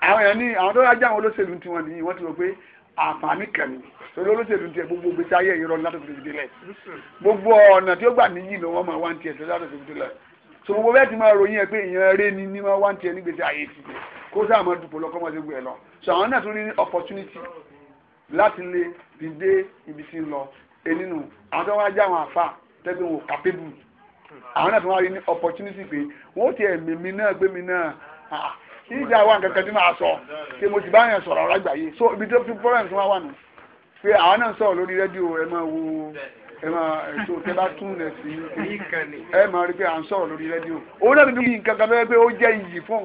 àwọn èèyàn ní àwọn tó rájà àwọn olóṣèlú tiwọn nìyí wọ́n ti rò pé àǹfààní kẹ̀mí torí olóṣèlú tiẹ̀ gbogbo gbèsè ayé ìrọ̀ látòkè tó fi délẹ̀ gbogbo ọ̀nà tí ó gbà níyì ló wọ́n máa wá ń tiẹ̀ tó látòkè tó délẹ̀ so gbogbo bẹ́ẹ̀ ti máa ròyìn ẹ pé èèyàn rẹ ni ní máa wá ń tiẹ̀ ní gbèsè ayé ti tẹ̀ kó sáà máa dùpọ̀ lọ́kọ́ máa ṣe gbé ẹ lọ so àwọn náà tún rí opportunity láti lè dìde ibi tí ń lọ ẹnìnú àwọn tó wá já àwọn àfa tẹ́gbẹ́ wọn capable àwọn náà tún wá rí opportunity pé wọ́n ti ẹ̀mí mi náà gbé mi náà kí ìjà wà nǹkankan tí máa sọ kí mo sì bá yẹn sọ̀rọ̀ ọ̀rọ̀ àgbáyé so ibi tó fi problem tí wọ́n wà nù pé àwọn náà sọ̀rọ̀ lórí rédíò ẹ máa wo ẹ máa ètò tẹ bá tún lẹ̀ sí ẹ máa rí pé à ń sọ̀rọ̀ lórí rédíò òun náà níbi nǹkan kan bẹ́ẹ̀ pé ó jẹ́ iyì fún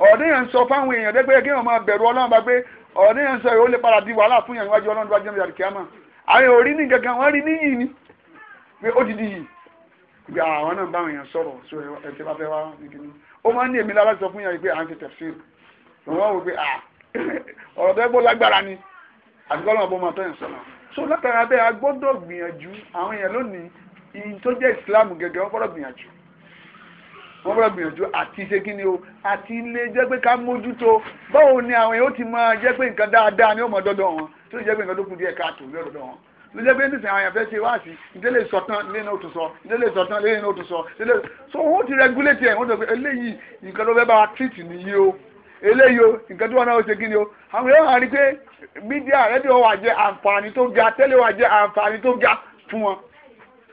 ọ̀dẹ́ yẹn sọ fáwọn èèyàn dẹ́gbẹ́ kí wọ́n máa bẹ̀rù ọlọ́run bá pé ọ̀dẹ́ yẹn sọ ó lè padà di wàhálà fún yàn ọlọ́run tó bá jẹ́ mi àdìkí àwọn èèyàn ní gangan wọ́n rí ní ni pé ó ti di yìí àwọn náà bá èèyàn sọ̀rọ̀ so ẹ ti bá fẹ́ wá nìkan ó máa ń ní èmi lára sọ fún yàrá pé à ń ṣe tẹ̀síìrì ṣùgbọ́n wò pé ọ̀rọ̀ tó ẹ gbó lágbára ni àti kọ́ lọ́wọ́ bó máa tọ́yìn sọ́nà so látara bẹ́ẹ̀ a gbọ́dọ̀ gbìyànjú àwọn èèyàn lónìí ìyìn tó jẹ́ ìsìláàmù gẹ́gẹ́ wọ́n gbọ́dọ̀ gbìyànjú wọ́n gbọ́dọ̀ gbìyànjú àti ṣe kí ni o àti ilé jẹ́ pé ká mójútó báwo ni àwọn èèyàn ó ti máa jẹ́ pé nǹkan dáadáa ni ó mọ̀ dọ́dọ̀ wọn tó jẹ́ pé nǹkan tó kù díẹ̀ káàtó lọ́dọ̀ wọn ló jẹ́ pé nísìnyí àwọn èèyàn fẹ́ ṣe wá sí ìdílé sọ̀tàn lẹ́yìn náà ó tún sọ ìdílé sọ̀tàn lẹ́yìn náà ó tún sọ ìdílé so wọ́n ti regulate ẹ̀ wọ́n sọ pé eléyìí nǹkan tó fẹ́ bá wa treat nìyí o eléyìí o nǹkan tí wọ́n náà ó ṣe kíni o àwọn èèyàn wà ní pé mídíà rédíò wà jẹ́ àǹfààní tó ga tẹ́lẹ̀ wà jẹ́ àǹfààní tó ga fún wọn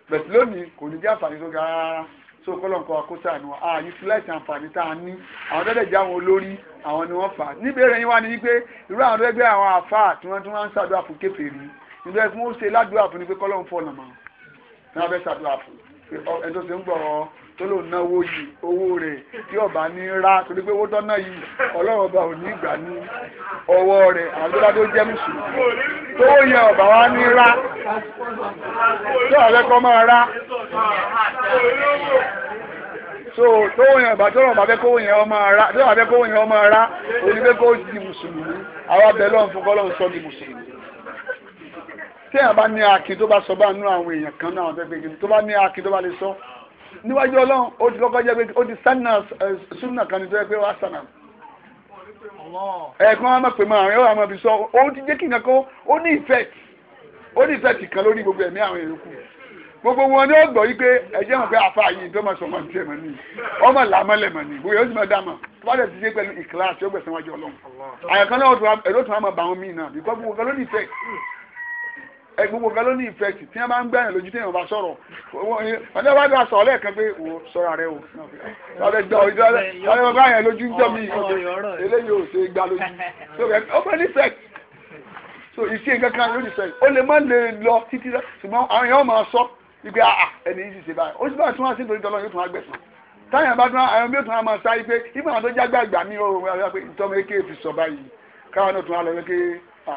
bẹ̀sí lónìí kò ní jẹ́ àǹfààní tó ga rárá so kọ́lọ̀kọ́ akóta ni wọn a utilize àǹfààní tá a ní àwọn tó dẹ̀ jẹ́ olórí àwọn ni wọ́n fà á níbẹ̀rẹ̀ yín wá ní wípé irú àwọn tó gbé àwọn àfáà tí wọ́n tún wá ń ṣàdúrà fún kèfèrí nígbà tí wọ́n ṣe ládùúgbà fún ni pé kọ́lọ́hún fọ́ ọ̀nà máa ní abẹ́ ṣàdúrà fún ẹni tó ṣe ń gbọ̀rọ̀ tó lò náwó yìí owó rẹ̀ tí ọba ní rà torí pé owó tọ́nà yìí ọlọ́run ọba ò ní ìgbà ní ọwọ́ rẹ̀ àdúrà tó jẹ́ mùsùlùmí tó yẹ ọba wa ní rà tó àbẹ́ kọ́ máa rà so tó yẹ ọba tó ọba bẹ́ kó yẹ ọmọ rà tó àbẹ́ kó yẹ ọmọ rà oníbẹ́ kó di mùsùlùmí àwọn abẹ́ fún kọ́ sọ́ di mùsùlùmí téèyàn bá ní akin tó bá sọ bá nú àwọn èèyàn kan náà tó gbégi tó bá ní akin tó bá lè sọ níwájú ọlọ́run ó ti kọ́kọ́ jẹ́ pé ó ti sánà súnà kan ní tó yẹ pé wàá sànà ẹ̀ẹ̀kan wọn máa pè mọ́ àwọn ẹ̀rọ àwọn ibiṣọ́ ó ti jẹ́ kí nǹkan kó ó ní effect ó ní effect kan lórí gbogbo ẹ̀mí àwọn èèyàn kù gbogbo wọn ni ó gbọ́ yí pé ẹ̀jẹ̀ wọn pé afa yìí tó máa sọ ọmọ ti ẹ̀ mọ́ ni ọmọ làmọ́lẹ̀ mọ́ ni bóyá ó sì máa dá mọ́ tó bá dẹ̀ ti dé pẹ̀lú ìkíláàsì ó gbẹ̀sán wájú ọlọ́run àyàkán náà ẹ̀rọ tó máa bá wọn míì náà bíkọ́ gbogbo kan ló ní ẹ gbogbo nǹkan ló ní ìfẹ́tì tí wọ́n bá ń gbẹ̀yìn lójú tí èèyàn bá sọ̀rọ̀ wọ́n ní wọ́n bá sọ̀rọ̀ pé wò sọ̀rọ̀ rẹ o ọ̀rẹ́ gbà ọ̀rẹ́ ọ̀rẹ́ bá yẹn lójú jọ mi eléyìí ò ṣe gbà lójú ó fẹ́ ní so ìṣe nǹkan kan ló ní fẹ́t ó lè má lè lọ títí ṣùgbọ́n àwọn èèyàn máa sọ wípé ah, ah, ẹni yìí sì ṣe báyìí ó sì bá tún wá sí ìtòrí tọ́lọ́ yóò tún wá gbẹ̀sán táyà bá tún àwọn mẹ́tún á máa sáré pé ibà tó jágbàgbà ní òun ìtọ́mọ eke fi sọ báyìí káwọn náà tún wá lọ lókè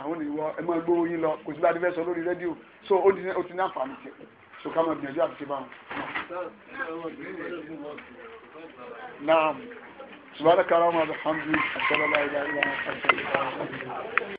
àwọn ènìyàn ẹ máa gbówó yín lọ kò sí bá a ti fẹ́ sọ lórí rédíò so ó ti ní àǹfààní tiẹ̀ so ká máa gbìyànjú àti ṣe báwọn. naam subhanaka allahumma wa bihamdika ashhadu an la ilaha illa anta astaghfiruka wa atubu ilayk